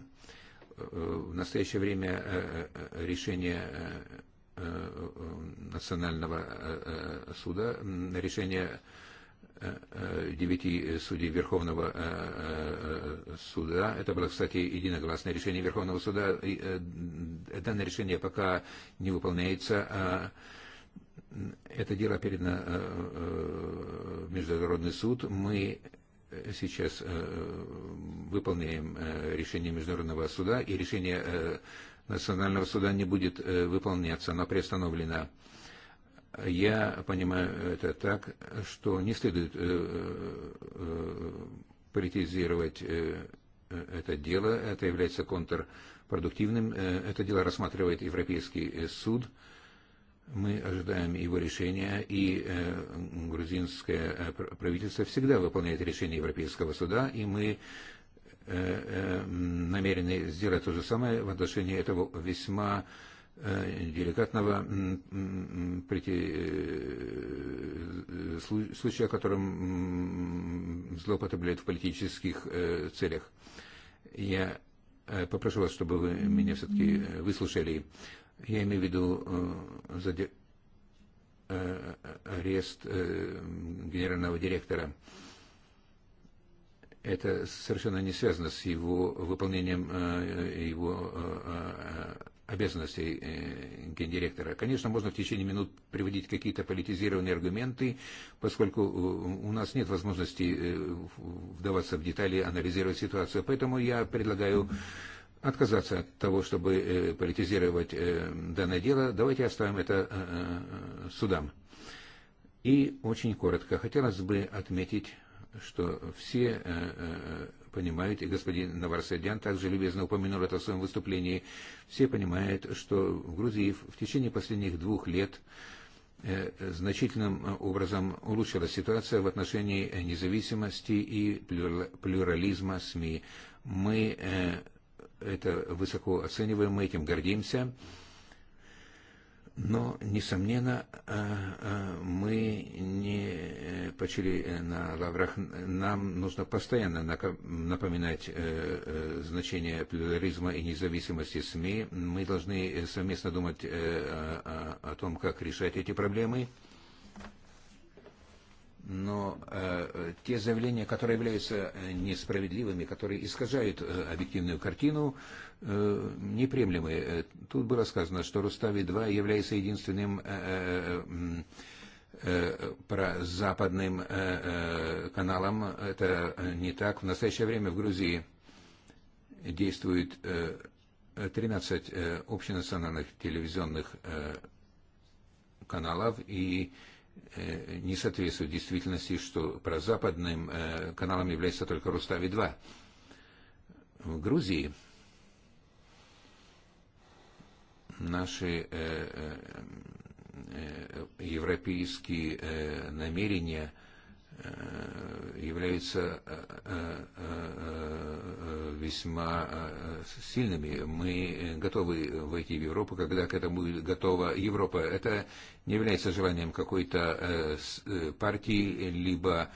В настоящее время решение Национального суда, решение девяти судей Верховного э, э, суда. Это было, кстати, единогласное решение Верховного суда. Э, данное решение пока не выполняется. Это дело передано в Международный суд. Мы сейчас выполняем решение Международного суда, и решение Национального суда не будет выполняться, оно приостановлено. Я понимаю это так, что не следует э, э, политизировать э, это дело, это является контрпродуктивным, это дело рассматривает Европейский суд, мы ожидаем его решения, и грузинское правительство всегда выполняет решение Европейского суда, и мы намерены сделать то же самое в отношении этого весьма э, Э, деликатного э, случая, которым злоупотребляют в политических э, целях. Я попрошу вас, чтобы вы меня все-таки выслушали. Я имею в виду заде... арест генерального директора. Это совершенно не связано с его выполнением его обязанностей э, гендиректора. Конечно, можно в течение минут приводить какие-то политизированные аргументы, поскольку э, у нас нет возможности э, вдаваться в детали, анализировать ситуацию. Поэтому я предлагаю отказаться от того, чтобы политизировать данное дело. Давайте оставим это судам. И очень коротко хотелось бы отметить, что все понимают, и господин Наварсадян также любезно упомянул это в своем выступлении, все понимают, что в Грузии в течение последних двух лет э, значительным образом улучшилась ситуация в отношении независимости и плюрализма СМИ. Мы э, это высоко оцениваем, мы этим гордимся. Но, несомненно, э, э, мы не э, почили на лаврах. Нам нужно постоянно напоминать значение плюрализма и независимости СМИ. Мы должны совместно думать о том, как решать эти проблемы. Но э, те заявления, которые являются несправедливыми, которые искажают э, объективную картину, э, Э, неприемлемые. Э, тут было сказано, что Рустави-2 является единственным э, западным каналом. Это не так. В настоящее время в Грузии действует 13 общенациональных телевизионных каналов и не соответствует действительности, что про западным каналом является только Рустави-2. В Грузии наши европейские намерения являются весьма сильными. Мы готовы войти в Европу, когда к этому готова Европа. Это не является желанием какой-то э, э, партии, либо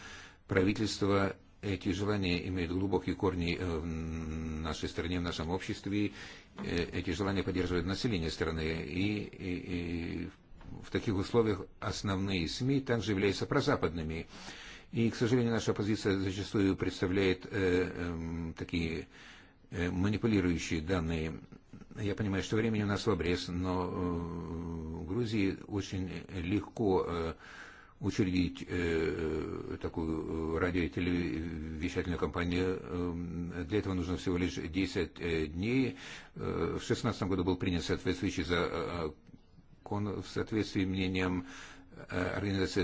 правительства. Эти желания имеют глубокие корни э, в нашей стране, в нашем обществе. Э, эти желания поддерживают население страны. И, и, и в таких условиях основные СМИ также являются прозападными. И, к сожалению, наша оппозиция зачастую представляет э, э, такие э, манипулирующие данные. Я понимаю, что времени у нас в обрез, но э, в Грузии очень легко э, учредить э, э такую э, радио- и телевещательную компанию. Э, для этого нужно всего лишь 10 э, дней. Э, в 2016 году был принят соответствующий э, закон в соответствии с мнением организации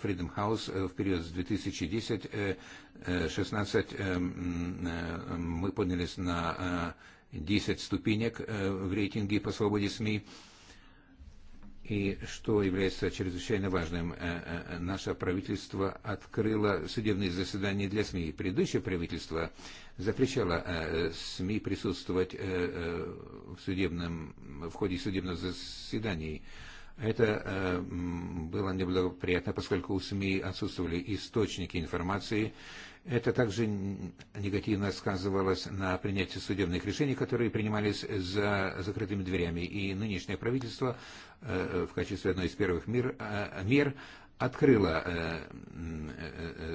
Freedom House в период с 2010-16 мы поднялись на 10 ступенек в рейтинге по свободе СМИ. И что является чрезвычайно важным, э, э, наше правительство открыло судебные заседания для СМИ. Предыдущее правительство запрещало э, СМИ присутствовать в, судебном, в ходе судебных заседаний. Это было неблагоприятно, поскольку у СМИ отсутствовали источники информации, Это также негативно сказывалось на принятии судебных решений, которые принимались за закрытыми дверями. И нынешнее правительство э, в качестве одной из первых мер, э, мер открыло э,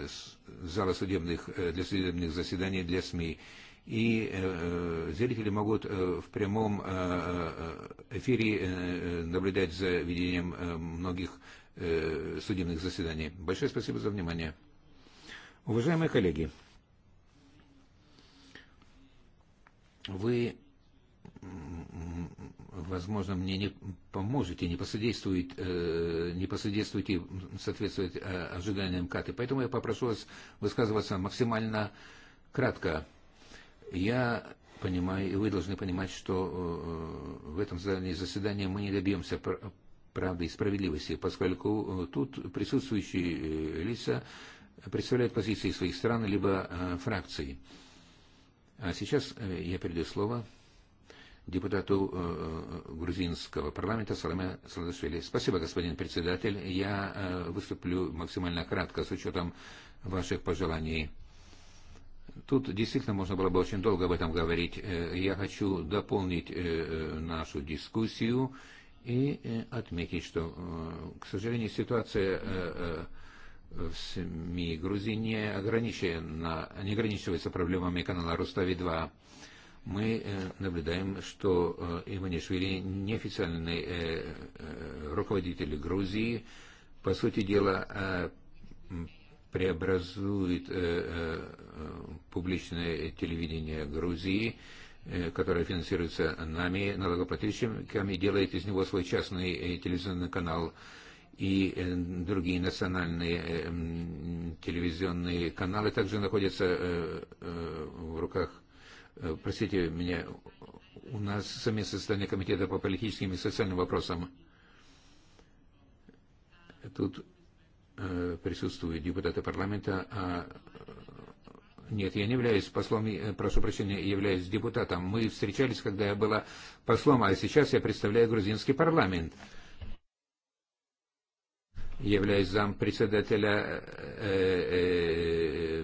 залы судебных, для судебных заседаний для СМИ. И э, зрители могут э, в прямом э, эфире э, наблюдать за ведением э, многих э, судебных заседаний. Большое спасибо за внимание. Уважаемые коллеги, вы, возможно, мне не поможете, не посодействуете, э, не посодействуете соответствовать э, ожиданиям КАТы, поэтому я попрошу вас высказываться максимально кратко. Я понимаю, и вы должны понимать, что э, в этом заседании мы не добьемся правды и справедливости, поскольку тут присутствующие лица представляют позиции своих стран, либо э, фракций. А сейчас э, я передаю слово депутату э, э, грузинского парламента Саламе Саладашвили. Спасибо, господин председатель. Я э, выступлю максимально кратко с учетом ваших пожеланий. Тут действительно можно было бы очень долго об этом говорить. Э, я хочу дополнить э, нашу дискуссию и отметить, что, к сожалению, ситуация в СМИ Грузии не, ограничена, не ограничивается проблемами канала Рустави-2. Мы э, наблюдаем, что э, Иванишвили, неофициальный э, руководитель Грузии, по сути дела, преобразует публичное телевидение Грузии, которое финансируется нами, налогоплательщиками, делает из него свой частный телевизионный канал и другие национальные телевизионные каналы также находятся в руках, простите меня, у нас совместное состояние комитета по политическим и социальным вопросам. Тут присутствуют депутаты парламента, а Нет, я не являюсь послом, э, прошу прощения, являюсь депутатом. Мы встречались, когда я была послом, а сейчас я представляю грузинский парламент являюсь председателя э, э,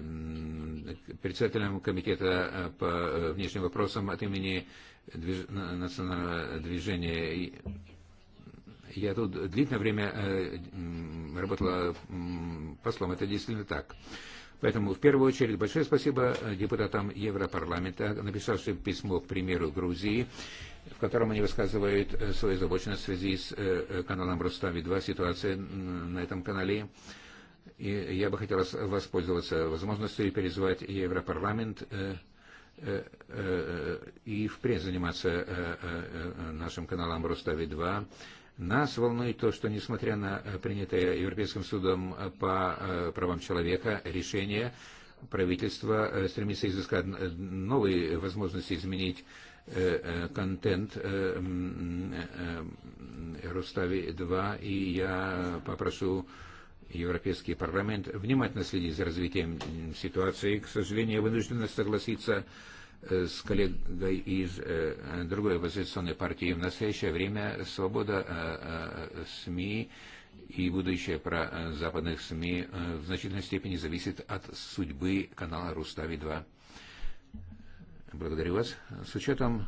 э, председателем комитета по внешним вопросам от имени движ... национального движения. Я тут длительное время работала послом. Это действительно так. Поэтому в первую очередь большое спасибо депутатам Европарламента, написавшим письмо к примеру Грузии в котором они высказывают э, свою озабоченность в связи с э, э, каналом Рустави-2, ситуация на этом канале. И я бы хотел воспользоваться возможностью и перезвать Европарламент и впредь заниматься нашим каналом Рустави-2. Нас волнует то, что несмотря на принятое Европейским судом по правам человека решение, правительство стремится изыскать новые возможности изменить контент Рустави 2, и я попрошу Европейский парламент внимательно следить за развитием ситуации. К сожалению, я вынужден согласиться с коллегой из другой оппозиционной партии. В настоящее время свобода СМИ и будущее про западных СМИ в значительной степени зависит от судьбы канала Рустави 2. Благодарю вас. С учетом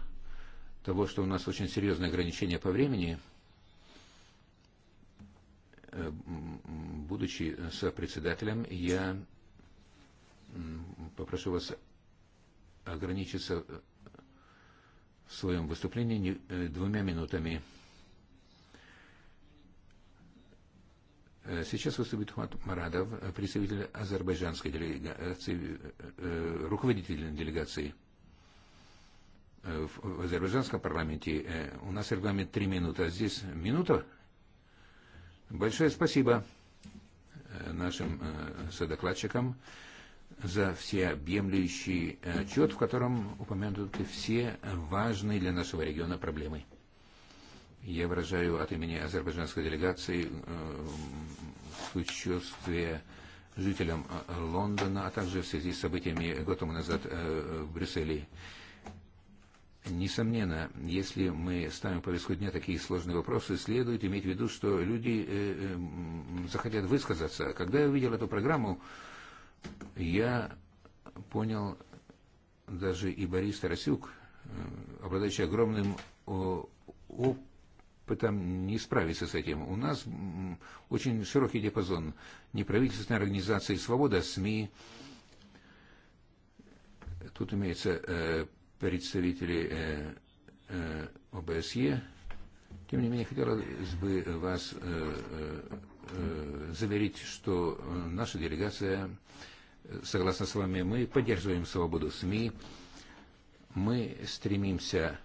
того, что у нас очень серьезные ограничения по времени, э, будучи сопредседателем, я попрошу вас ограничиться э, в своем выступлении э, двумя минутами. Сейчас выступит Хмат Марадов, представитель азербайджанской делегации, руководитель делегации в азербайджанском парламенте э, у нас регламент три минуты, а здесь минута. Большое спасибо э, нашим э, содокладчикам за всеобъемлющий отчет, в котором упомянуты все важные для нашего региона проблемы. Я выражаю от имени азербайджанской делегации сочувствие жителям Лондона, а также в связи с событиями год тому назад в Брюсселе. Несомненно, если мы ставим повестку дня такие сложные вопросы, следует иметь в виду, что люди э, э, захотят высказаться. Когда я увидел эту программу, я понял даже и Борис Тарасюк, э, обладающий огромным опытом, не справится с этим. У нас очень широкий диапазон неправительственной организации «Свобода», СМИ, тут имеется э, представители э, э, ОБСЕ. Тем не менее, хотелось бы вас э, заверить, что наша делегация, согласно с вами, мы поддерживаем свободу СМИ, мы стремимся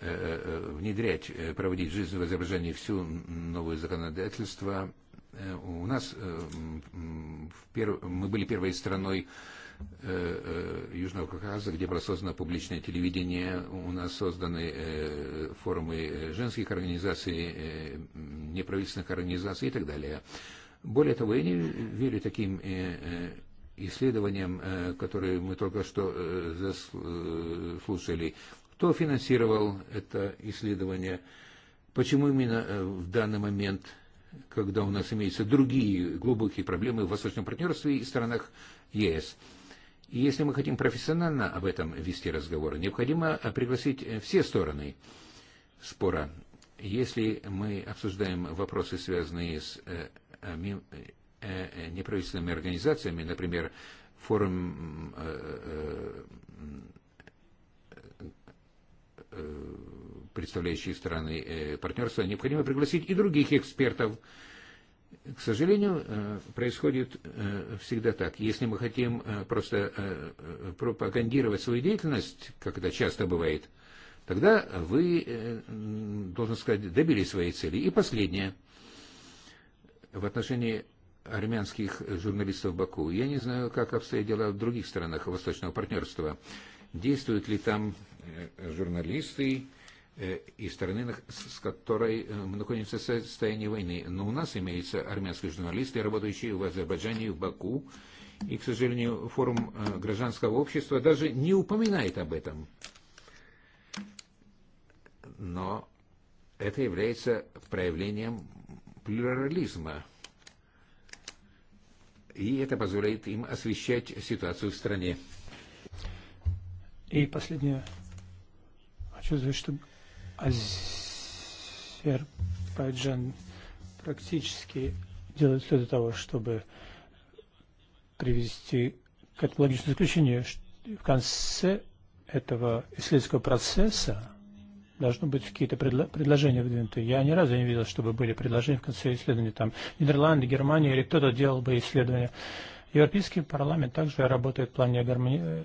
внедрять, проводить жизнь в изображении всю новое законодательство. У нас в перв... мы были первой страной, Э, э, Южного Кавказа, где было создано публичное телевидение, у нас созданы э, форумы женских организаций, неправительственных организаций и так далее. Более того, я не верю таким исследованиям, которые мы только что слушали. Кто финансировал это исследование? Почему именно в данный момент, когда у нас имеются другие глубокие проблемы в восточном партнерстве и странах ЕС? Если мы хотим профессионально об этом вести разговор, необходимо э, пригласить э, все стороны спора. Если мы обсуждаем вопросы, связанные с э, неправительственными организациями, например, форум представляющие страны партнерства, необходимо пригласить и других экспертов, К сожалению, э, происходит э, всегда так. Если мы хотим э, просто пропагандировать свою деятельность, как это часто бывает, тогда вы, должен сказать, добились своей цели. И последнее. В отношении армянских журналистов Баку. Я не знаю, как обстоят дела в других странах Восточного партнерства. Действуют ли там журналисты, Э, и страны, с которой э, мы находимся в состоянии войны. Но у нас имеются армянские журналисты, работающие в Азербайджане и в Баку. И, к сожалению, форум э, гражданского общества даже не упоминает об этом. Но это является проявлением плюрализма. И это позволяет им освещать ситуацию в стране. И последнее. Хочу сказать, что Азербайджан практически делает все для того, чтобы привести к этому логичному заключению, что в конце этого исследовательского процесса должно быть какие-то предло предложения выдвинуты. Я ни разу не видел, чтобы были предложения в конце исследования. Там Нидерланды, Германия или кто-то делал бы исследования. Европейский парламент также работает в плане гармонии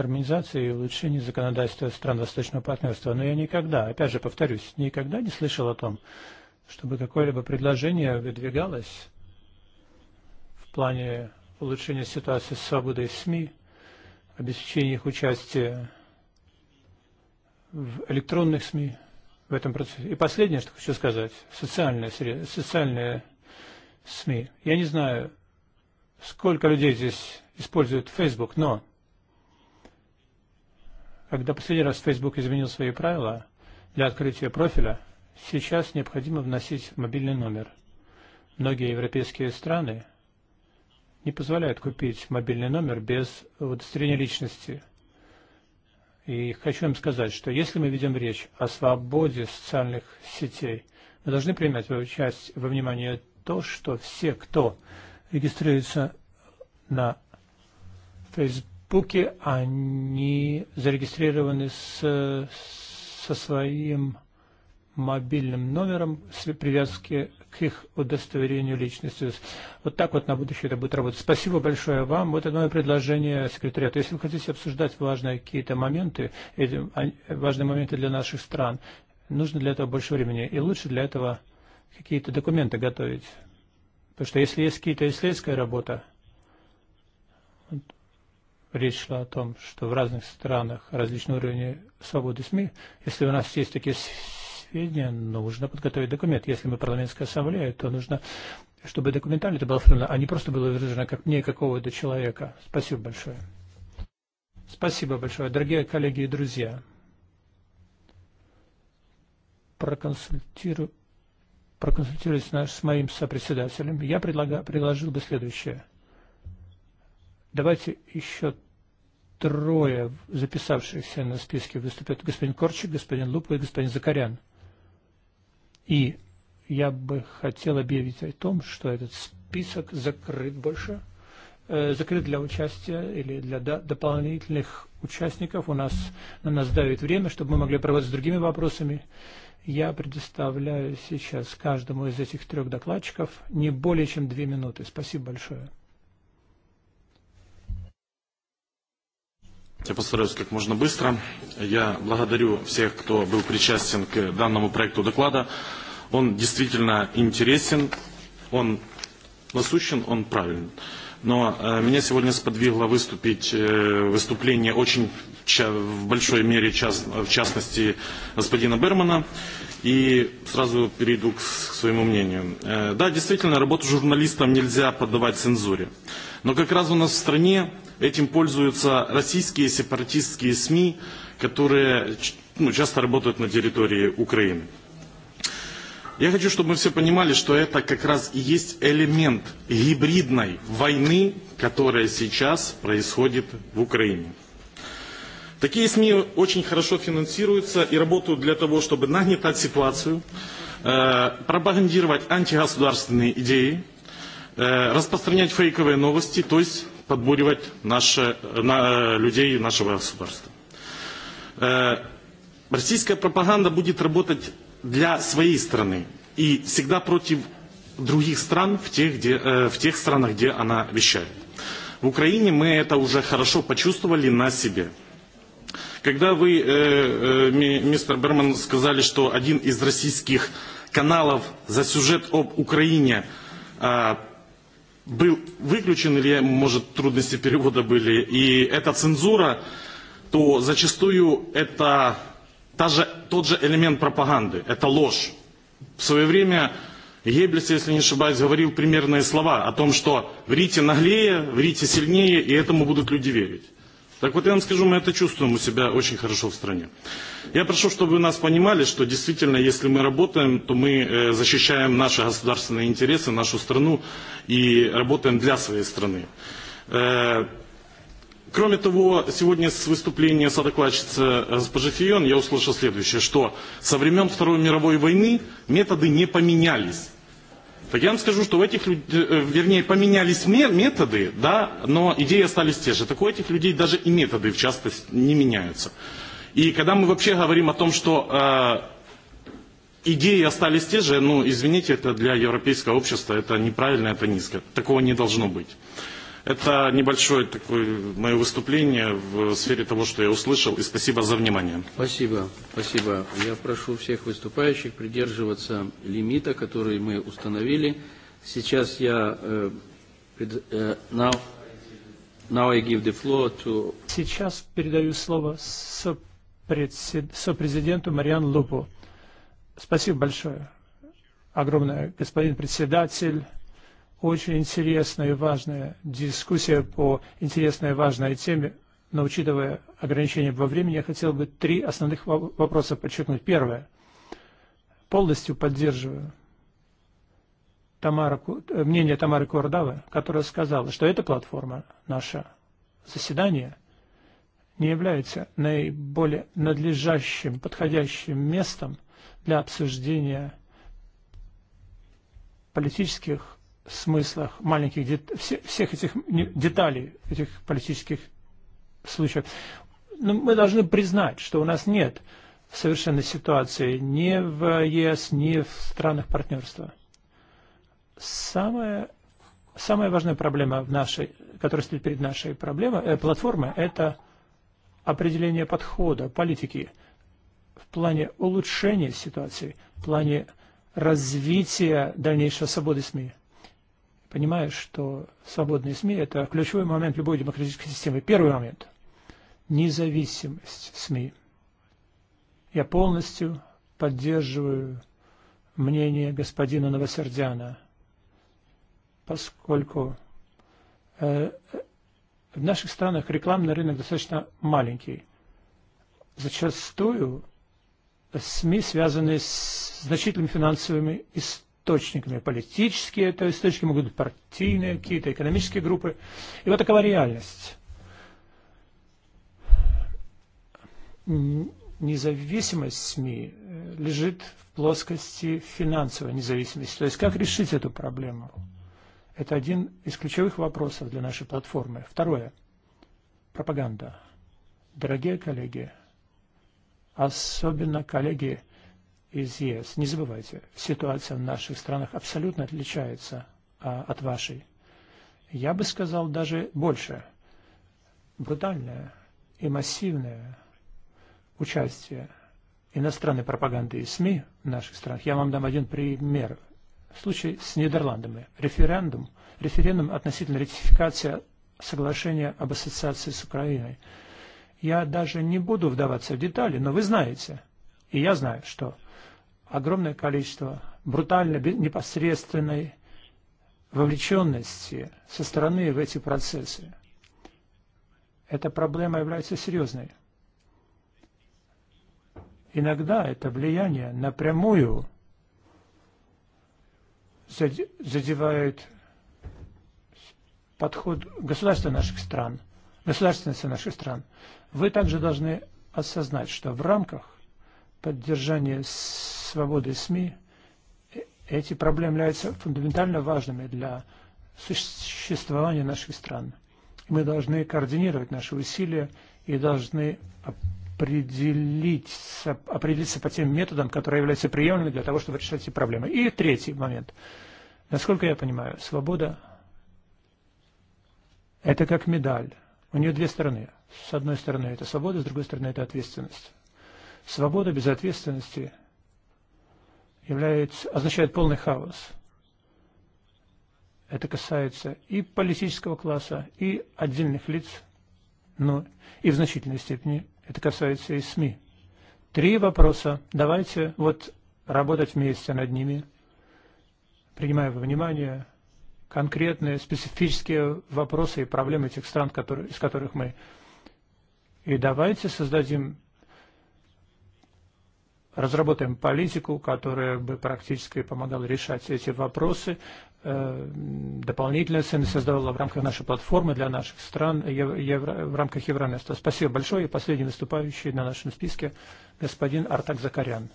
гармонизации и улучшении законодательства стран Восточного партнерства, но я никогда, опять же повторюсь, никогда не слышал о том, чтобы какое-либо предложение выдвигалось в плане улучшения ситуации с свободой СМИ, обеспечения их участия в электронных СМИ в этом процессе. И последнее, что хочу сказать, социальные, среды, социальные СМИ. Я не знаю, сколько людей здесь используют Facebook, но Когда последний раз Facebook изменил свои правила для открытия профиля, сейчас необходимо вносить мобильный номер. Многие европейские страны не позволяют купить мобильный номер без удостоверения личности. И хочу им сказать, что если мы ведем речь о свободе социальных сетей, мы должны принимать часть во внимание то, что все, кто регистрируется на Facebook, Пуки они зарегистрированы с, со своим мобильным номером с привязки к их удостоверению личности. Вот так вот на будущее это будет работать. Спасибо большое вам. Вот это мое предложение секретариату. Если вы хотите обсуждать важные какие-то моменты, эти, важные моменты для наших стран, нужно для этого больше времени. И лучше для этого какие-то документы готовить. Потому что если есть какие-то исследовательская работа, речь шла о том, что в разных странах различные уровни свободы СМИ. Если у нас есть такие сведения, нужно подготовить документ. Если мы парламентская ассамблея, то нужно, чтобы документально это было оформлено, а не просто было выражено как мне какого-то человека. Спасибо большое. Спасибо большое, дорогие коллеги и друзья. Проконсультирую проконсультировались с моим сопредседателем, я предлагаю, предложил бы следующее. Давайте еще трое записавшихся на списке выступят. Господин Корчик, господин Лупа и господин Закарян. И я бы хотел объявить о том, что этот список закрыт больше, э, закрыт для участия или для до дополнительных участников. У нас на нас давит время, чтобы мы могли проводить с другими вопросами. Я предоставляю сейчас каждому из этих трех докладчиков не более чем две минуты. Спасибо большое. Я постараюсь как можно быстро. Я благодарю всех, кто был причастен к данному проекту доклада. Он действительно интересен, он насущен, он правилен. Но э, меня сегодня сподвигло выступить э, выступление очень в большой мере, част в частности, господина Бермана. И сразу перейду к, к своему мнению. Э, да, действительно, работу журналистам нельзя поддавать цензуре. Но как раз у нас в стране Этим пользуются российские сепаратистские СМИ, которые ну, часто работают на территории Украины. Я хочу, чтобы мы все понимали, что это как раз и есть элемент гибридной войны, которая сейчас происходит в Украине. Такие СМИ очень хорошо финансируются и работают для того, чтобы нагнетать ситуацию, э, пропагандировать антигосударственные идеи, э, распространять фейковые новости, то есть подбуривать наши, на, людей нашего государства. Э, российская пропаганда будет работать для своей страны и всегда против других стран в тех, где, э, в тех странах, где она вещает. В Украине мы это уже хорошо почувствовали на себе. Когда вы, э, э, мистер Берман, сказали, что один из российских каналов за сюжет об Украине э, был выключен или, может, трудности перевода были, и эта цензура, то зачастую это та же, тот же элемент пропаганды, это ложь. В свое время Геббельс, если не ошибаюсь, говорил примерные слова о том, что врите наглее, врите сильнее, и этому будут люди верить. Так вот я вам скажу, мы это чувствуем у себя очень хорошо в стране. Я прошу, чтобы вы нас понимали, что действительно, если мы работаем, то мы э, защищаем наши государственные интересы, нашу страну и работаем для своей страны. Э, кроме того, сегодня с выступления садокладчицы госпожи э, Фион я услышал следующее, что со времен Второй мировой войны методы не поменялись так я вам скажу, что у этих людей, э, э, вернее, поменялись методы, да, но идеи остались те же. Так у этих людей даже и методы, в частности, не меняются. И когда мы вообще говорим о том, что э, идеи остались те же, ну, извините, это для европейского общества, это неправильно, это низко. Такого не должно быть. Это небольшое такое мое выступление в сфере того, что я услышал, и спасибо за внимание. Спасибо, спасибо. Я прошу всех выступающих придерживаться лимита, который мы установили. Сейчас я... Uh, now, now I give the floor to... Сейчас передаю слово сопрезиденту Мариан Лупу. Спасибо большое. Огромное, господин председатель Очень интересная и важная дискуссия по интересной и важной теме, но учитывая ограничения во времени, я хотел бы три основных вопроса подчеркнуть. Первое. Полностью поддерживаю Тамара, э, мнение Тамары Курдавы, которая сказала, что эта платформа, наше заседание, не является наиболее надлежащим, подходящим местом для обсуждения политических смыслах маленьких дет, все, всех этих деталей, этих политических случаев. Но мы должны признать, что у нас нет совершенной ситуации ни в ЕС, ни в странах партнерства. Самая, самая важная проблема, в нашей, которая стоит перед нашей проблемой, э, платформой, это определение подхода политики в плане улучшения ситуации, в плане развития дальнейшего свободы СМИ понимаешь, что свободные СМИ – это ключевой момент любой демократической системы. Первый момент – независимость СМИ. Я полностью поддерживаю мнение господина Новосердяна, поскольку э, э, в наших странах рекламный рынок достаточно маленький. Зачастую СМИ связаны с значительными финансовыми историями источниками. Политические есть источники могут быть партийные, какие-то экономические группы. И вот такова реальность. Независимость СМИ э, лежит в плоскости финансовой независимости. То есть как решить эту проблему? Это один из ключевых вопросов для нашей платформы. Второе. Пропаганда. Дорогие коллеги, особенно коллеги из ЕС. Не забывайте, ситуация в наших странах абсолютно отличается а, от вашей. Я бы сказал даже больше. Брутальное и массивное участие иностранной пропаганды и СМИ в наших странах. Я вам дам один пример. Случай с Нидерландами. Референдум, референдум относительно ратификации соглашения об ассоциации с Украиной. Я даже не буду вдаваться в детали, но вы знаете, и я знаю, что огромное количество брутальной, непосредственной вовлеченности со стороны в эти процессы. Эта проблема является серьезной. Иногда это влияние напрямую задевает подход государства наших стран, государственности наших стран. Вы также должны осознать, что в рамках поддержания свободы СМИ, э, эти проблемы являются фундаментально важными для существования наших стран. Мы должны координировать наши усилия и должны определиться, определиться по тем методам, которые являются приемлемыми для того, чтобы решать эти проблемы. И третий момент. Насколько я понимаю, свобода – это как медаль. У нее две стороны. С одной стороны это свобода, с другой стороны это ответственность. Свобода без ответственности является, означает полный хаос. Это касается и политического класса, и отдельных лиц, но и в значительной степени это касается и СМИ. Три вопроса. Давайте вот работать вместе над ними, принимая во внимание конкретные, специфические вопросы и проблемы тех стран, которые, из которых мы. И давайте создадим разработаем политику, которая бы практически помогала решать эти вопросы, э, дополнительно создавала в рамках нашей платформы для наших стран э, евро, в рамках Евроместа. Спасибо большое. И последний выступающий на нашем списке господин Артак Закарян,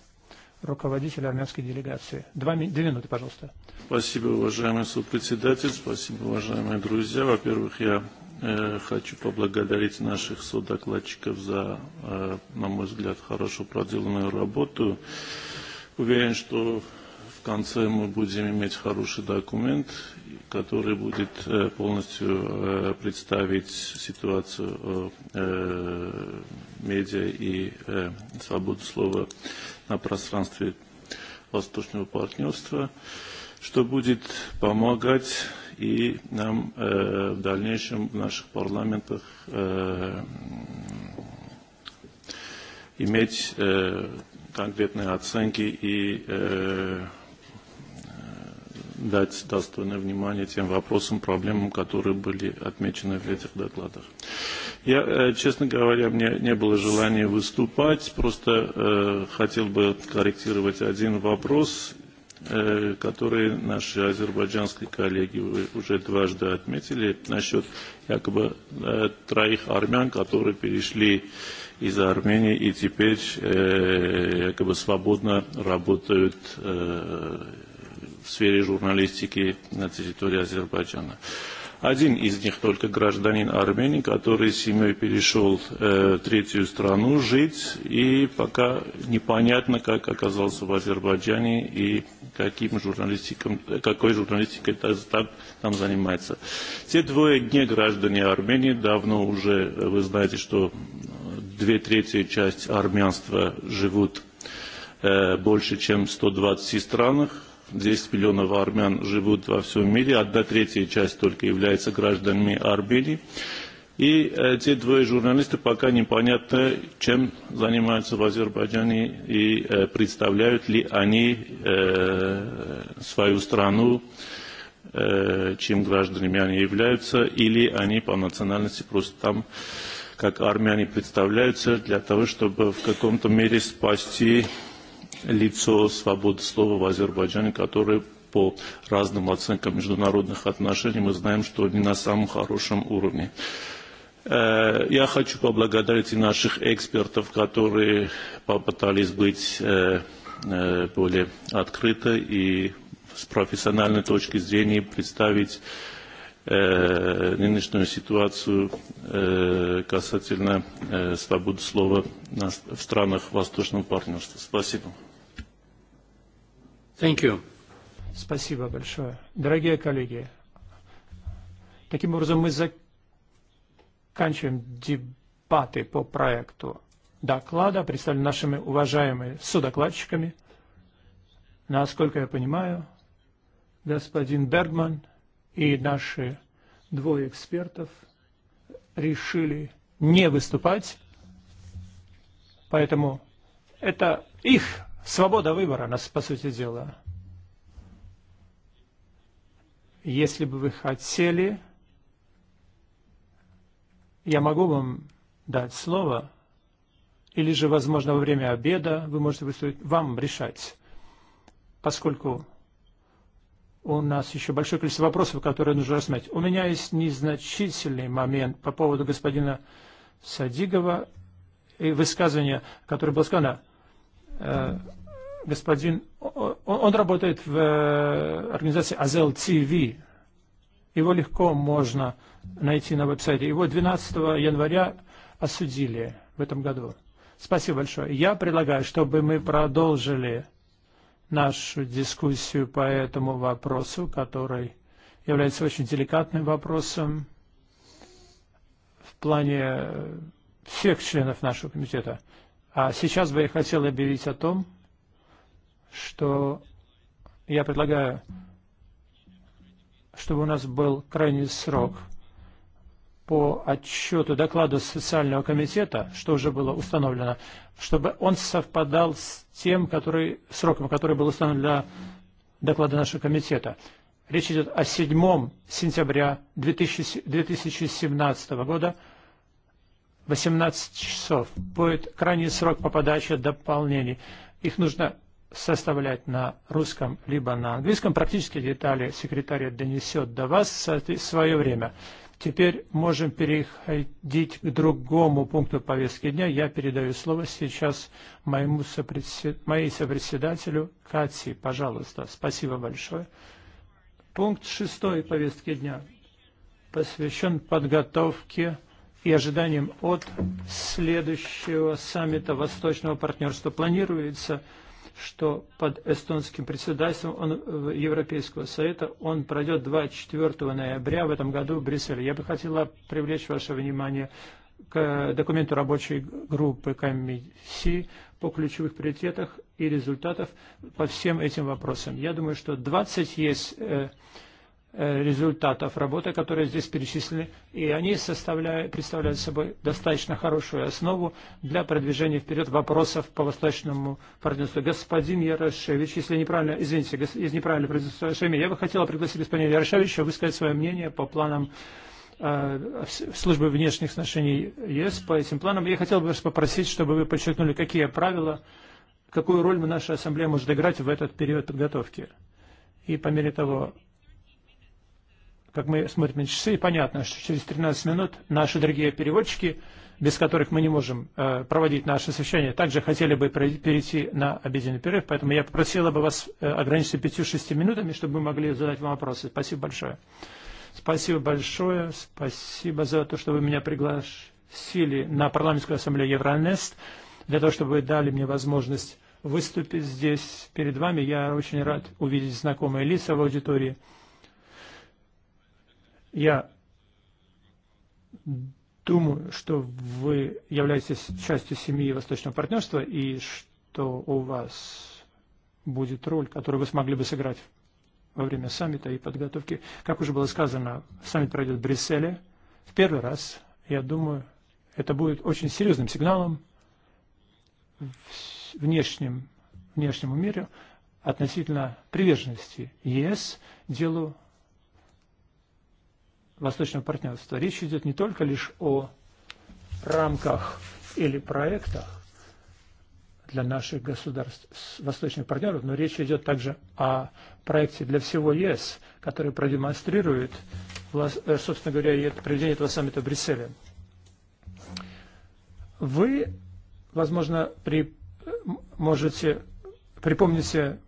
руководитель армянской делегации. Два, две минуты, пожалуйста. Спасибо, уважаемый сопредседатель. Спасибо, уважаемые друзья. Во-первых, я Э, хочу поблагодарить наших судокладчиков за, э, на мой взгляд, хорошо проделанную работу. Уверен, что в конце мы будем иметь хороший документ, который будет э, полностью представить ситуацию медиа и свободу слова на пространстве Восточного партнерства, что будет помогать и нам э, в дальнейшем в наших парламентах э, иметь э, конкретные оценки и э, э дать достойное внимание тем вопросам, проблемам, которые были отмечены в этих докладах. Я, э, честно говоря, мне не было желания выступать, просто э, хотел бы корректировать один вопрос Э, которые наши азербайджанские коллеги уже дважды отметили насчет якобы э, троих армян, которые перешли из Армении и теперь э, якобы свободно работают в сфере журналистики на территории Азербайджана. Один из них только гражданин Армении, который с семьей перешел э, третью страну жить, и пока непонятно, как оказался в Азербайджане и каким журналистиком, какой журналистикой так, там занимается. Те двое не граждане Армении, давно уже, э, вы знаете, что две трети часть армянства живут э, больше, чем в 120 странах, 10 миллионов армян живут во всем мире, одна третья часть только является гражданами Армении. И э, те двое журналисты пока непонятно, чем занимаются в Азербайджане и э, представляют ли они э, свою страну, чем гражданами они являются, или они по национальности просто там как армяне представляются для того, чтобы в каком-то мере спасти лицо свободы слова в Азербайджане, которое по разным оценкам международных отношений мы знаем, что не на самом хорошем уровне. Э, я хочу поблагодарить и наших экспертов, которые попытались быть э, э, более открыто и с профессиональной точки зрения представить нынешнюю ситуацию касательно свободы слова в странах Восточного партнерства. Спасибо. Thank you. Спасибо большое. Дорогие коллеги, таким образом мы заканчиваем дебаты по проекту доклада, представлены нашими уважаемыми судокладчиками. Насколько я понимаю, господин Бергман и наши двое экспертов решили не выступать, поэтому это их Свобода выбора нас, по сути дела. Если бы вы хотели, я могу вам дать слово, или же, возможно, во время обеда вы можете выступить, вам решать, поскольку у нас еще большое количество вопросов, которые нужно рассмотреть. У меня есть незначительный момент по поводу господина Садигова и высказывания, которое было сказано. Э, господин, он работает в э, организации Азел ТВ. Его легко можно найти на веб-сайте. Его 12 января осудили в этом году. Спасибо большое. Я предлагаю, чтобы мы продолжили нашу дискуссию по этому вопросу, который является очень деликатным вопросом в плане э, всех членов нашего комитета. А сейчас бы я хотел объявить о том, что я предлагаю, чтобы у нас был крайний срок по отчету доклада социального комитета, что уже было установлено, чтобы он совпадал с тем который, сроком, который был установлен для доклада нашего комитета. Речь идет о 7 сентября 2017 года, 18 часов. Будет крайний срок по подаче дополнений. Их нужно составлять на русском либо на английском. Практически детали секретарь донесет до вас в свое время. Теперь можем переходить к другому пункту повестки дня. Я передаю слово сейчас моему сопредсед... моей сопредседателю Кати. Пожалуйста, спасибо большое. Пункт шестой повестки дня посвящен подготовке и ожиданиям от следующего саммита Восточного партнерства. Планируется что под эстонским председательством он, э, Европейского совета он пройдет 24 ноября в этом году в Брюсселе. Я бы хотела привлечь ваше внимание к документу рабочей группы комиссии по ключевых приоритетах и результатов по всем этим вопросам. Я думаю, что 20 есть э, Э, результатов работы, которые здесь перечислены, и они составляют, представляют собой достаточно хорошую основу для продвижения вперед вопросов по восточному партнерству. Господин Ярошевич, если неправильно, извините, если неправильно ваше имя, я бы хотела пригласить господина Ярошевича высказать свое мнение по планам э, службы внешних отношений ЕС по этим планам. Я хотел бы вас попросить, чтобы вы подчеркнули, какие правила, какую роль наша ассамблея может играть в этот период подготовки. И по мере того, как мы смотрим на часы, понятно, что через 13 минут наши дорогие переводчики, без которых мы не можем э, проводить наше совещание, также хотели бы перейти на обеденный перерыв, поэтому я попросила бы вас э, ограничиться 5-6 минутами, чтобы мы могли задать вам вопросы. Спасибо большое. Спасибо большое, спасибо за то, что вы меня пригласили на парламентскую ассамблею Евронест, для того, чтобы вы дали мне возможность выступить здесь перед вами. Я очень рад увидеть знакомые лица в аудитории. Я думаю, что вы являетесь частью семьи Восточного партнерства и что у вас будет роль, которую вы смогли бы сыграть во время саммита и подготовки. Как уже было сказано, саммит пройдет в Брюсселе в первый раз. Я думаю, это будет очень серьезным сигналом внешним, внешнему миру относительно приверженности ЕС делу Восточного партнерства. Речь идет не только лишь о рамках или проектах для наших государств восточных партнеров, но речь идет также о проекте для всего ЕС, который продемонстрирует, э, собственно говоря, и это проведение этого саммита в Брюсселе. Вы, возможно, при, э, можете припомните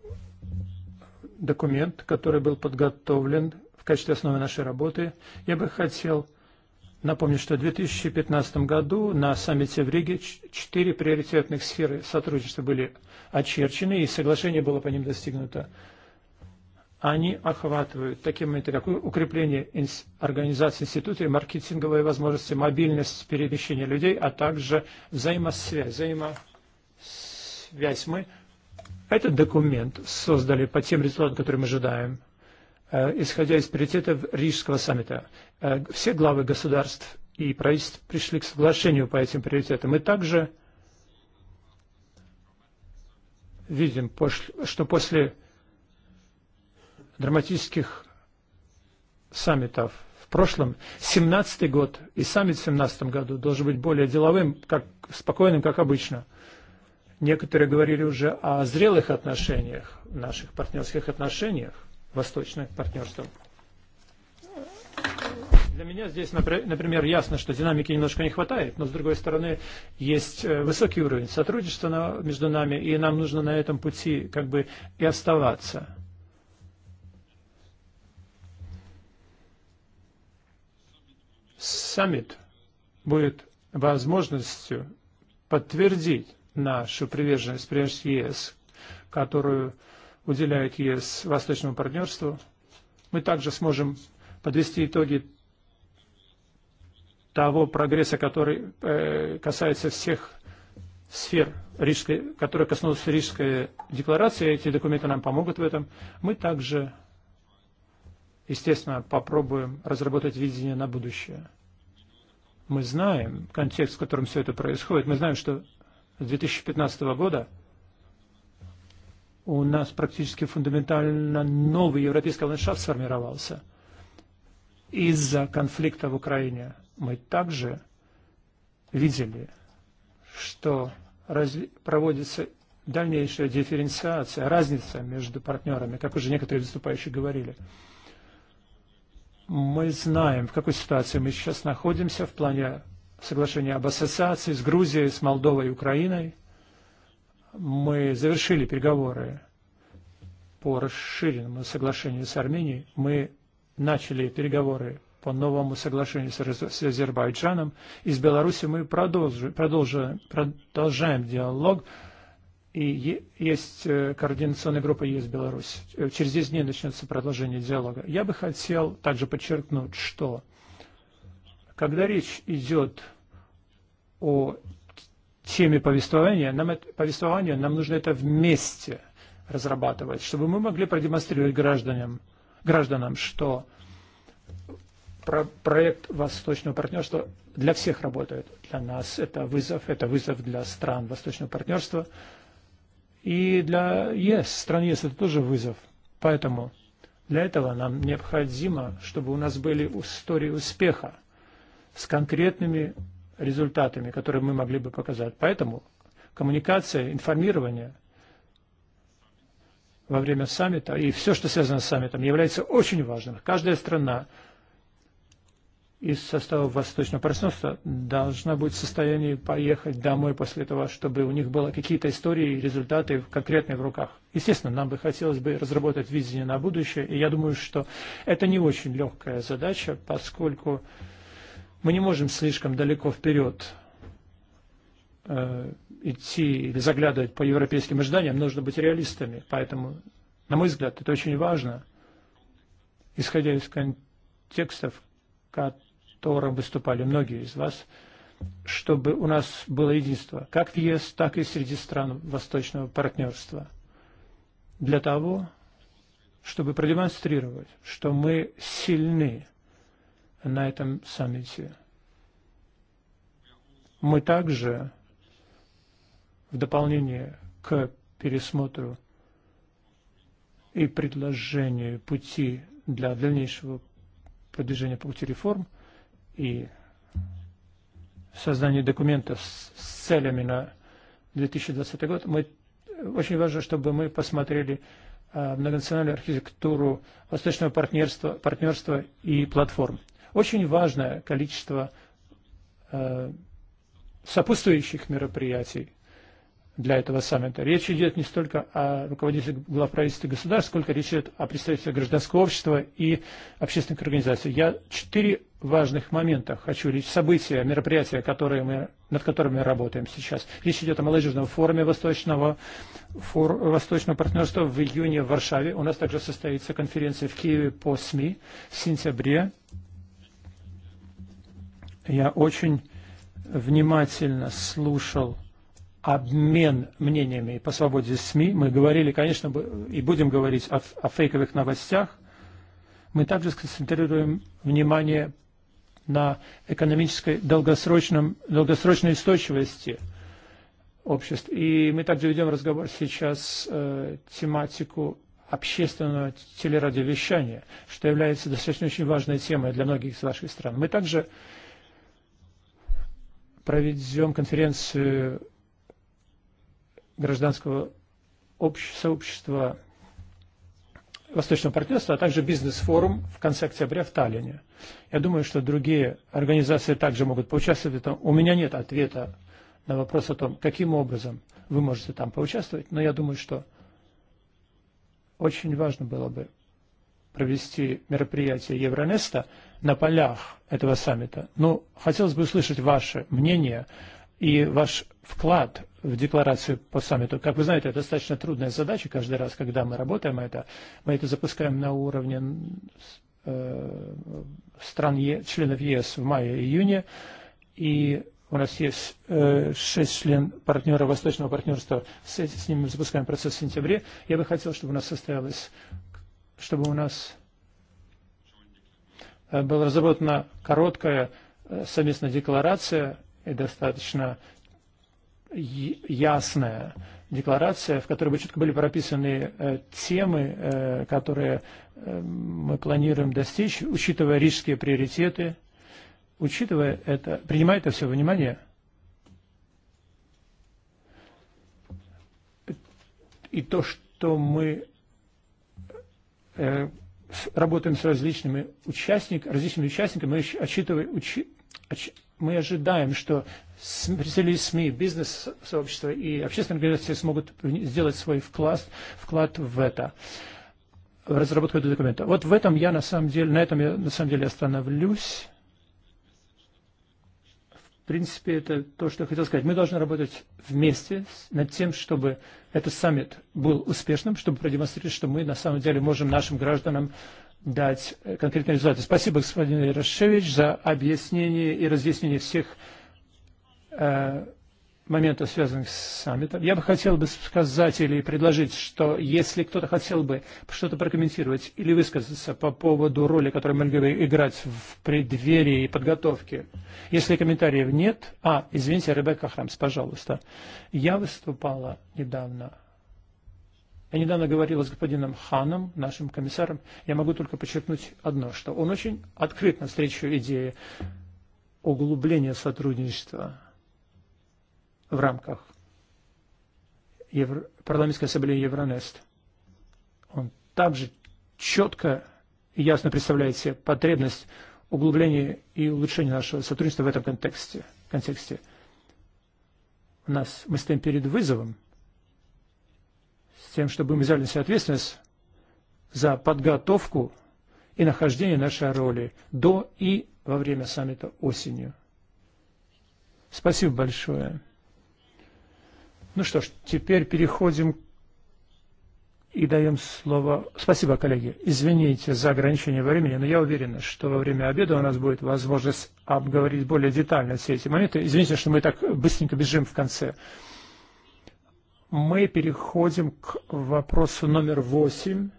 документ, который был подготовлен качестве основы нашей работы. Я бы хотел напомнить, что в 2015 году на саммите в Риге четыре приоритетных сферы сотрудничества были очерчены, и соглашение было по ним достигнуто. Они охватывают такие моменты, как укрепление организации института, маркетинговые возможности, мобильность перемещения людей, а также взаимосвязь. взаимосвязь. Мы этот документ создали по тем результатам, которые мы ожидаем Э, исходя из приоритетов Рижского саммита. Э, все главы государств и правительств пришли к соглашению по этим приоритетам. Мы также видим, что после драматических саммитов в прошлом, 17-й год и саммит в 17 году должен быть более деловым, как, спокойным, как обычно. Некоторые говорили уже о зрелых отношениях, наших партнерских отношениях Восточное партнерство. Для меня здесь, например, ясно, что динамики немножко не хватает, но, с другой стороны, есть э, высокий уровень сотрудничества между нами, и нам нужно на этом пути как бы и оставаться. Саммит будет возможностью подтвердить нашу приверженность прежде ЕС, которую уделяет ЕС Восточному партнерству. Мы также сможем подвести итоги того прогресса, который э, касается всех сфер, Рижской, которые коснулась Рижской декларации. Эти документы нам помогут в этом. Мы также, естественно, попробуем разработать видение на будущее. Мы знаем контекст, в котором все это происходит. Мы знаем, что с 2015 года у нас практически фундаментально новый европейский ландшафт сформировался. Из-за конфликта в Украине мы также видели, что проводится дальнейшая дифференциация, разница между партнерами, как уже некоторые выступающие говорили. Мы знаем, в какой ситуации мы сейчас находимся в плане соглашения об ассоциации с Грузией, с Молдовой и Украиной – мы завершили переговоры по расширенному соглашению с Арменией, мы начали переговоры по новому соглашению с Азербайджаном, и с Беларусью мы продолжим, продолжим, продолжаем диалог, и есть э, координационная группа ЕС Беларусь. Э, через 10 дней начнется продолжение диалога. Я бы хотел также подчеркнуть, что когда речь идет о теме повествования, нам, это, повествования, нам нужно это вместе разрабатывать, чтобы мы могли продемонстрировать гражданам, гражданам что про проект Восточного партнерства для всех работает. Для нас это вызов, это вызов для стран Восточного партнерства. И для ЕС, стран ЕС это тоже вызов. Поэтому для этого нам необходимо, чтобы у нас были истории успеха с конкретными результатами, которые мы могли бы показать. Поэтому коммуникация, информирование во время саммита и все, что связано с саммитом, является очень важным. Каждая страна из состава Восточного партнерства должна быть в состоянии поехать домой после того, чтобы у них были какие-то истории и результаты конкретные в руках. Естественно, нам бы хотелось бы разработать видение на будущее, и я думаю, что это не очень легкая задача, поскольку Мы не можем слишком далеко вперед э, идти или заглядывать по европейским ожиданиям, нужно быть реалистами. Поэтому, на мой взгляд, это очень важно, исходя из контекстов, в котором выступали многие из вас, чтобы у нас было единство как в ЕС, так и среди стран восточного партнерства. Для того, чтобы продемонстрировать, что мы сильны – на этом саммите. Мы также в дополнение к пересмотру и предложению пути для дальнейшего продвижения пути реформ и создания документа с, с целями на 2020 год, мы, очень важно, чтобы мы посмотрели э, многонациональную архитектуру восточного партнерства, партнерства и платформ очень важное количество э, сопутствующих мероприятий для этого саммита. Речь идет не столько о руководителях глав правительства государств, сколько речь идет о представителях гражданского общества и общественных организаций. Я четыре важных момента хочу речь события, мероприятия, которые мы, над которыми мы работаем сейчас. Речь идет о молодежном форуме Восточного, фор, Восточного партнерства в июне в Варшаве. У нас также состоится конференция в Киеве по СМИ в сентябре Я очень внимательно слушал обмен мнениями по свободе СМИ. Мы говорили, конечно, и будем говорить о, о фейковых новостях. Мы также сконцентрируем внимание на экономической долгосрочном, долгосрочной устойчивости обществ. И мы также ведем разговор сейчас э, тематику общественного телерадиовещания, что является достаточно очень важной темой для многих из ваших стран. Мы также проведем конференцию гражданского сообщества Восточного партнерства, а также бизнес-форум в конце октября в Таллине. Я думаю, что другие организации также могут поучаствовать в этом. У меня нет ответа на вопрос о том, каким образом вы можете там поучаствовать, но я думаю, что очень важно было бы провести мероприятие Евронеста – на полях этого саммита. Но хотелось бы услышать ваше мнение и ваш вклад в декларацию по саммиту. Как вы знаете, это достаточно трудная задача каждый раз, когда мы работаем это. Мы это запускаем на уровне э, стран е, членов ЕС в мае-июне. И у нас есть э, шесть член партнера Восточного партнерства. С, с ними запускаем процесс в сентябре. Я бы хотел, чтобы у нас состоялось, чтобы у нас Э, была разработана короткая э, совместная декларация и достаточно ясная декларация, в которой бы четко были прописаны э, темы, которые мы планируем достичь, учитывая рижские приоритеты, учитывая это, принимая это все во внимание. И то, что мы работаем с различными участниками, различными участниками, мы, отчитываем, мы ожидаем, что представители СМИ, бизнес-сообщества и общественные организации смогут сделать свой вклад, вклад в это разработку этого документа. Вот в этом я на самом деле, на этом я на самом деле остановлюсь. В принципе, это то, что я хотел сказать. Мы должны работать вместе над тем, чтобы этот саммит был успешным, чтобы продемонстрировать, что мы на самом деле можем нашим гражданам дать э, конкретные результаты. Спасибо, господин Ярошевич, за объяснение и разъяснение всех э, моментов, связанных с саммитом. Я бы хотел бы сказать или предложить, что если кто-то хотел бы что-то прокомментировать или высказаться по поводу роли, которую мы могли играть в преддверии и подготовке, если комментариев нет... А, извините, Ребекка Храмс, пожалуйста. Я выступала недавно Я недавно говорила с господином Ханом, нашим комиссаром. Я могу только подчеркнуть одно, что он очень открыт на встречу идеи углубления сотрудничества в рамках Евро... парламентской ассамблеи Евронест. Он также четко и ясно представляет себе потребность углубления и улучшения нашего сотрудничества в этом контексте. контексте. У нас мы стоим перед вызовом с тем, чтобы мы взяли на себя ответственность за подготовку и нахождение нашей роли до и во время саммита осенью. Спасибо большое. Ну что ж, теперь переходим и даем слово. Спасибо, коллеги. Извините за ограничение времени, но я уверен, что во время обеда у нас будет возможность обговорить более детально все эти моменты. Извините, что мы так быстренько бежим в конце. Мы переходим к вопросу номер восемь.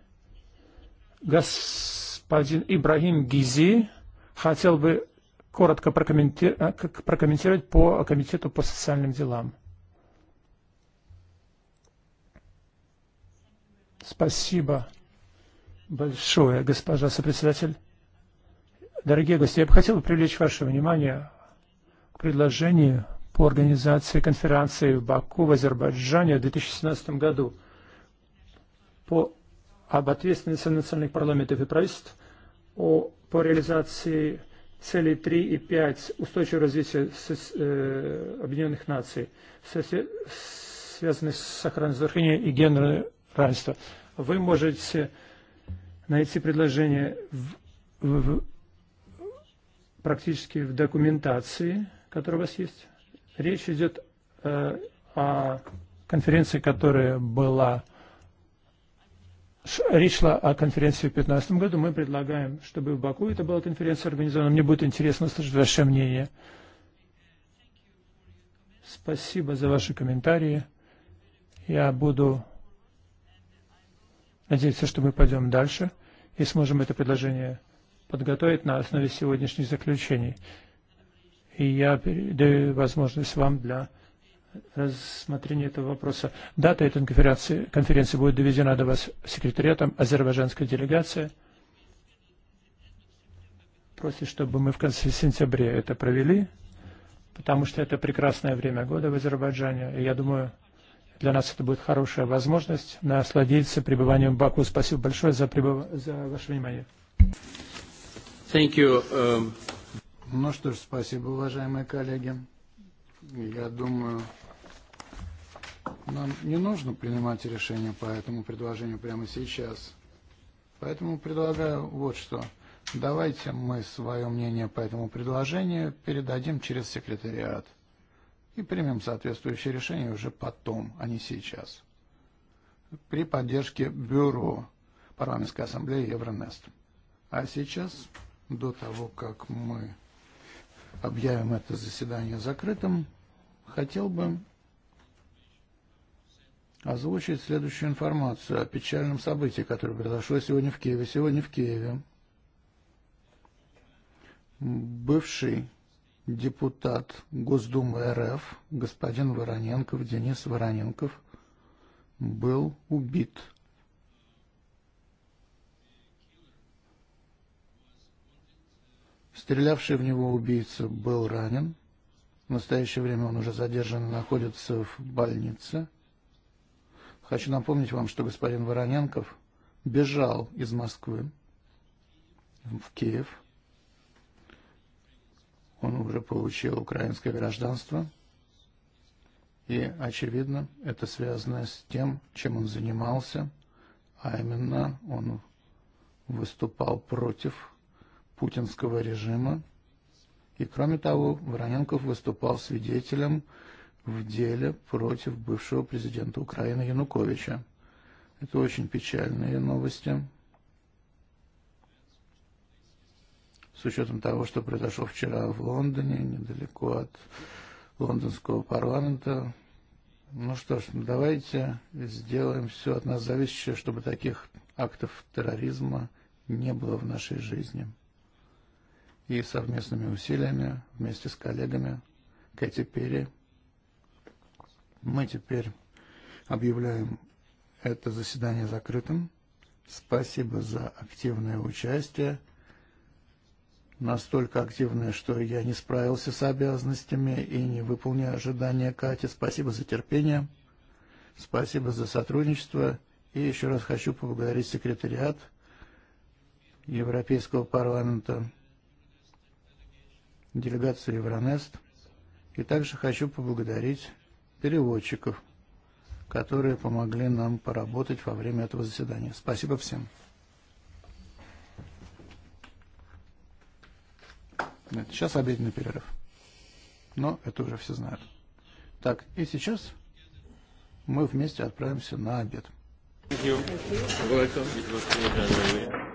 Господин Ибрагим Гизи хотел бы коротко э, прокомментировать по комитету по социальным делам. Спасибо большое, госпожа сопредседатель. Дорогие гости, я бы хотел привлечь ваше внимание к предложению по организации конференции в Баку в Азербайджане в 2017 году по об ответственности национальных парламентов и правительств о, по реализации целей 3 и 5 устойчивого развития с, э, Объединенных Наций, связанных с сохранением здоровья и гендерного равенства вы можете найти предложение в, в, практически в документации, которая у вас есть. Речь идет э, о конференции, которая была... Речь шла о конференции в 2015 году. Мы предлагаем, чтобы в Баку это была конференция организована. Мне будет интересно услышать ваше мнение. Спасибо за ваши комментарии. Я буду Надеемся, что мы пойдем дальше и сможем это предложение подготовить на основе сегодняшних заключений. И я передаю возможность вам для рассмотрения этого вопроса. Дата этой конференции, конференции будет доведена до вас секретариатом азербайджанской делегации. Просит, чтобы мы в конце сентября это провели, потому что это прекрасное время года в Азербайджане, и я думаю, Для нас это будет хорошая возможность насладиться пребыванием в Баку. Спасибо большое за, прибыв... за ваше внимание. Thank you. Um... Ну что ж, спасибо, уважаемые коллеги. Я думаю, нам не нужно принимать решение по этому предложению прямо сейчас. Поэтому предлагаю вот что. Давайте мы свое мнение по этому предложению передадим через секретариат и примем соответствующее решение уже потом, а не сейчас. При поддержке Бюро Парламентской Ассамблеи Евронест. А сейчас, до того, как мы объявим это заседание закрытым, хотел бы озвучить следующую информацию о печальном событии, которое произошло сегодня в Киеве. Сегодня в Киеве бывший депутат Госдумы РФ господин Вороненков, Денис Вороненков, был убит. Стрелявший в него убийца был ранен. В настоящее время он уже задержан и находится в больнице. Хочу напомнить вам, что господин Вороненков бежал из Москвы в Киев – Он уже получил украинское гражданство. И, очевидно, это связано с тем, чем он занимался, а именно он выступал против путинского режима. И, кроме того, Вороненков выступал свидетелем в деле против бывшего президента Украины Януковича. Это очень печальные новости. с учетом того, что произошло вчера в Лондоне, недалеко от лондонского парламента. Ну что ж, давайте сделаем все от нас зависящее, чтобы таких актов терроризма не было в нашей жизни. И совместными усилиями, вместе с коллегами Кэти Перри, мы теперь объявляем это заседание закрытым. Спасибо за активное участие настолько активная, что я не справился с обязанностями и не выполняю ожидания Кати. Спасибо за терпение, спасибо за сотрудничество. И еще раз хочу поблагодарить секретариат Европейского парламента, делегацию Евронест. И также хочу поблагодарить переводчиков, которые помогли нам поработать во время этого заседания. Спасибо всем. Нет, сейчас обеденный перерыв. Но это уже все знают. Так, и сейчас мы вместе отправимся на обед. Thank you. Welcome. It was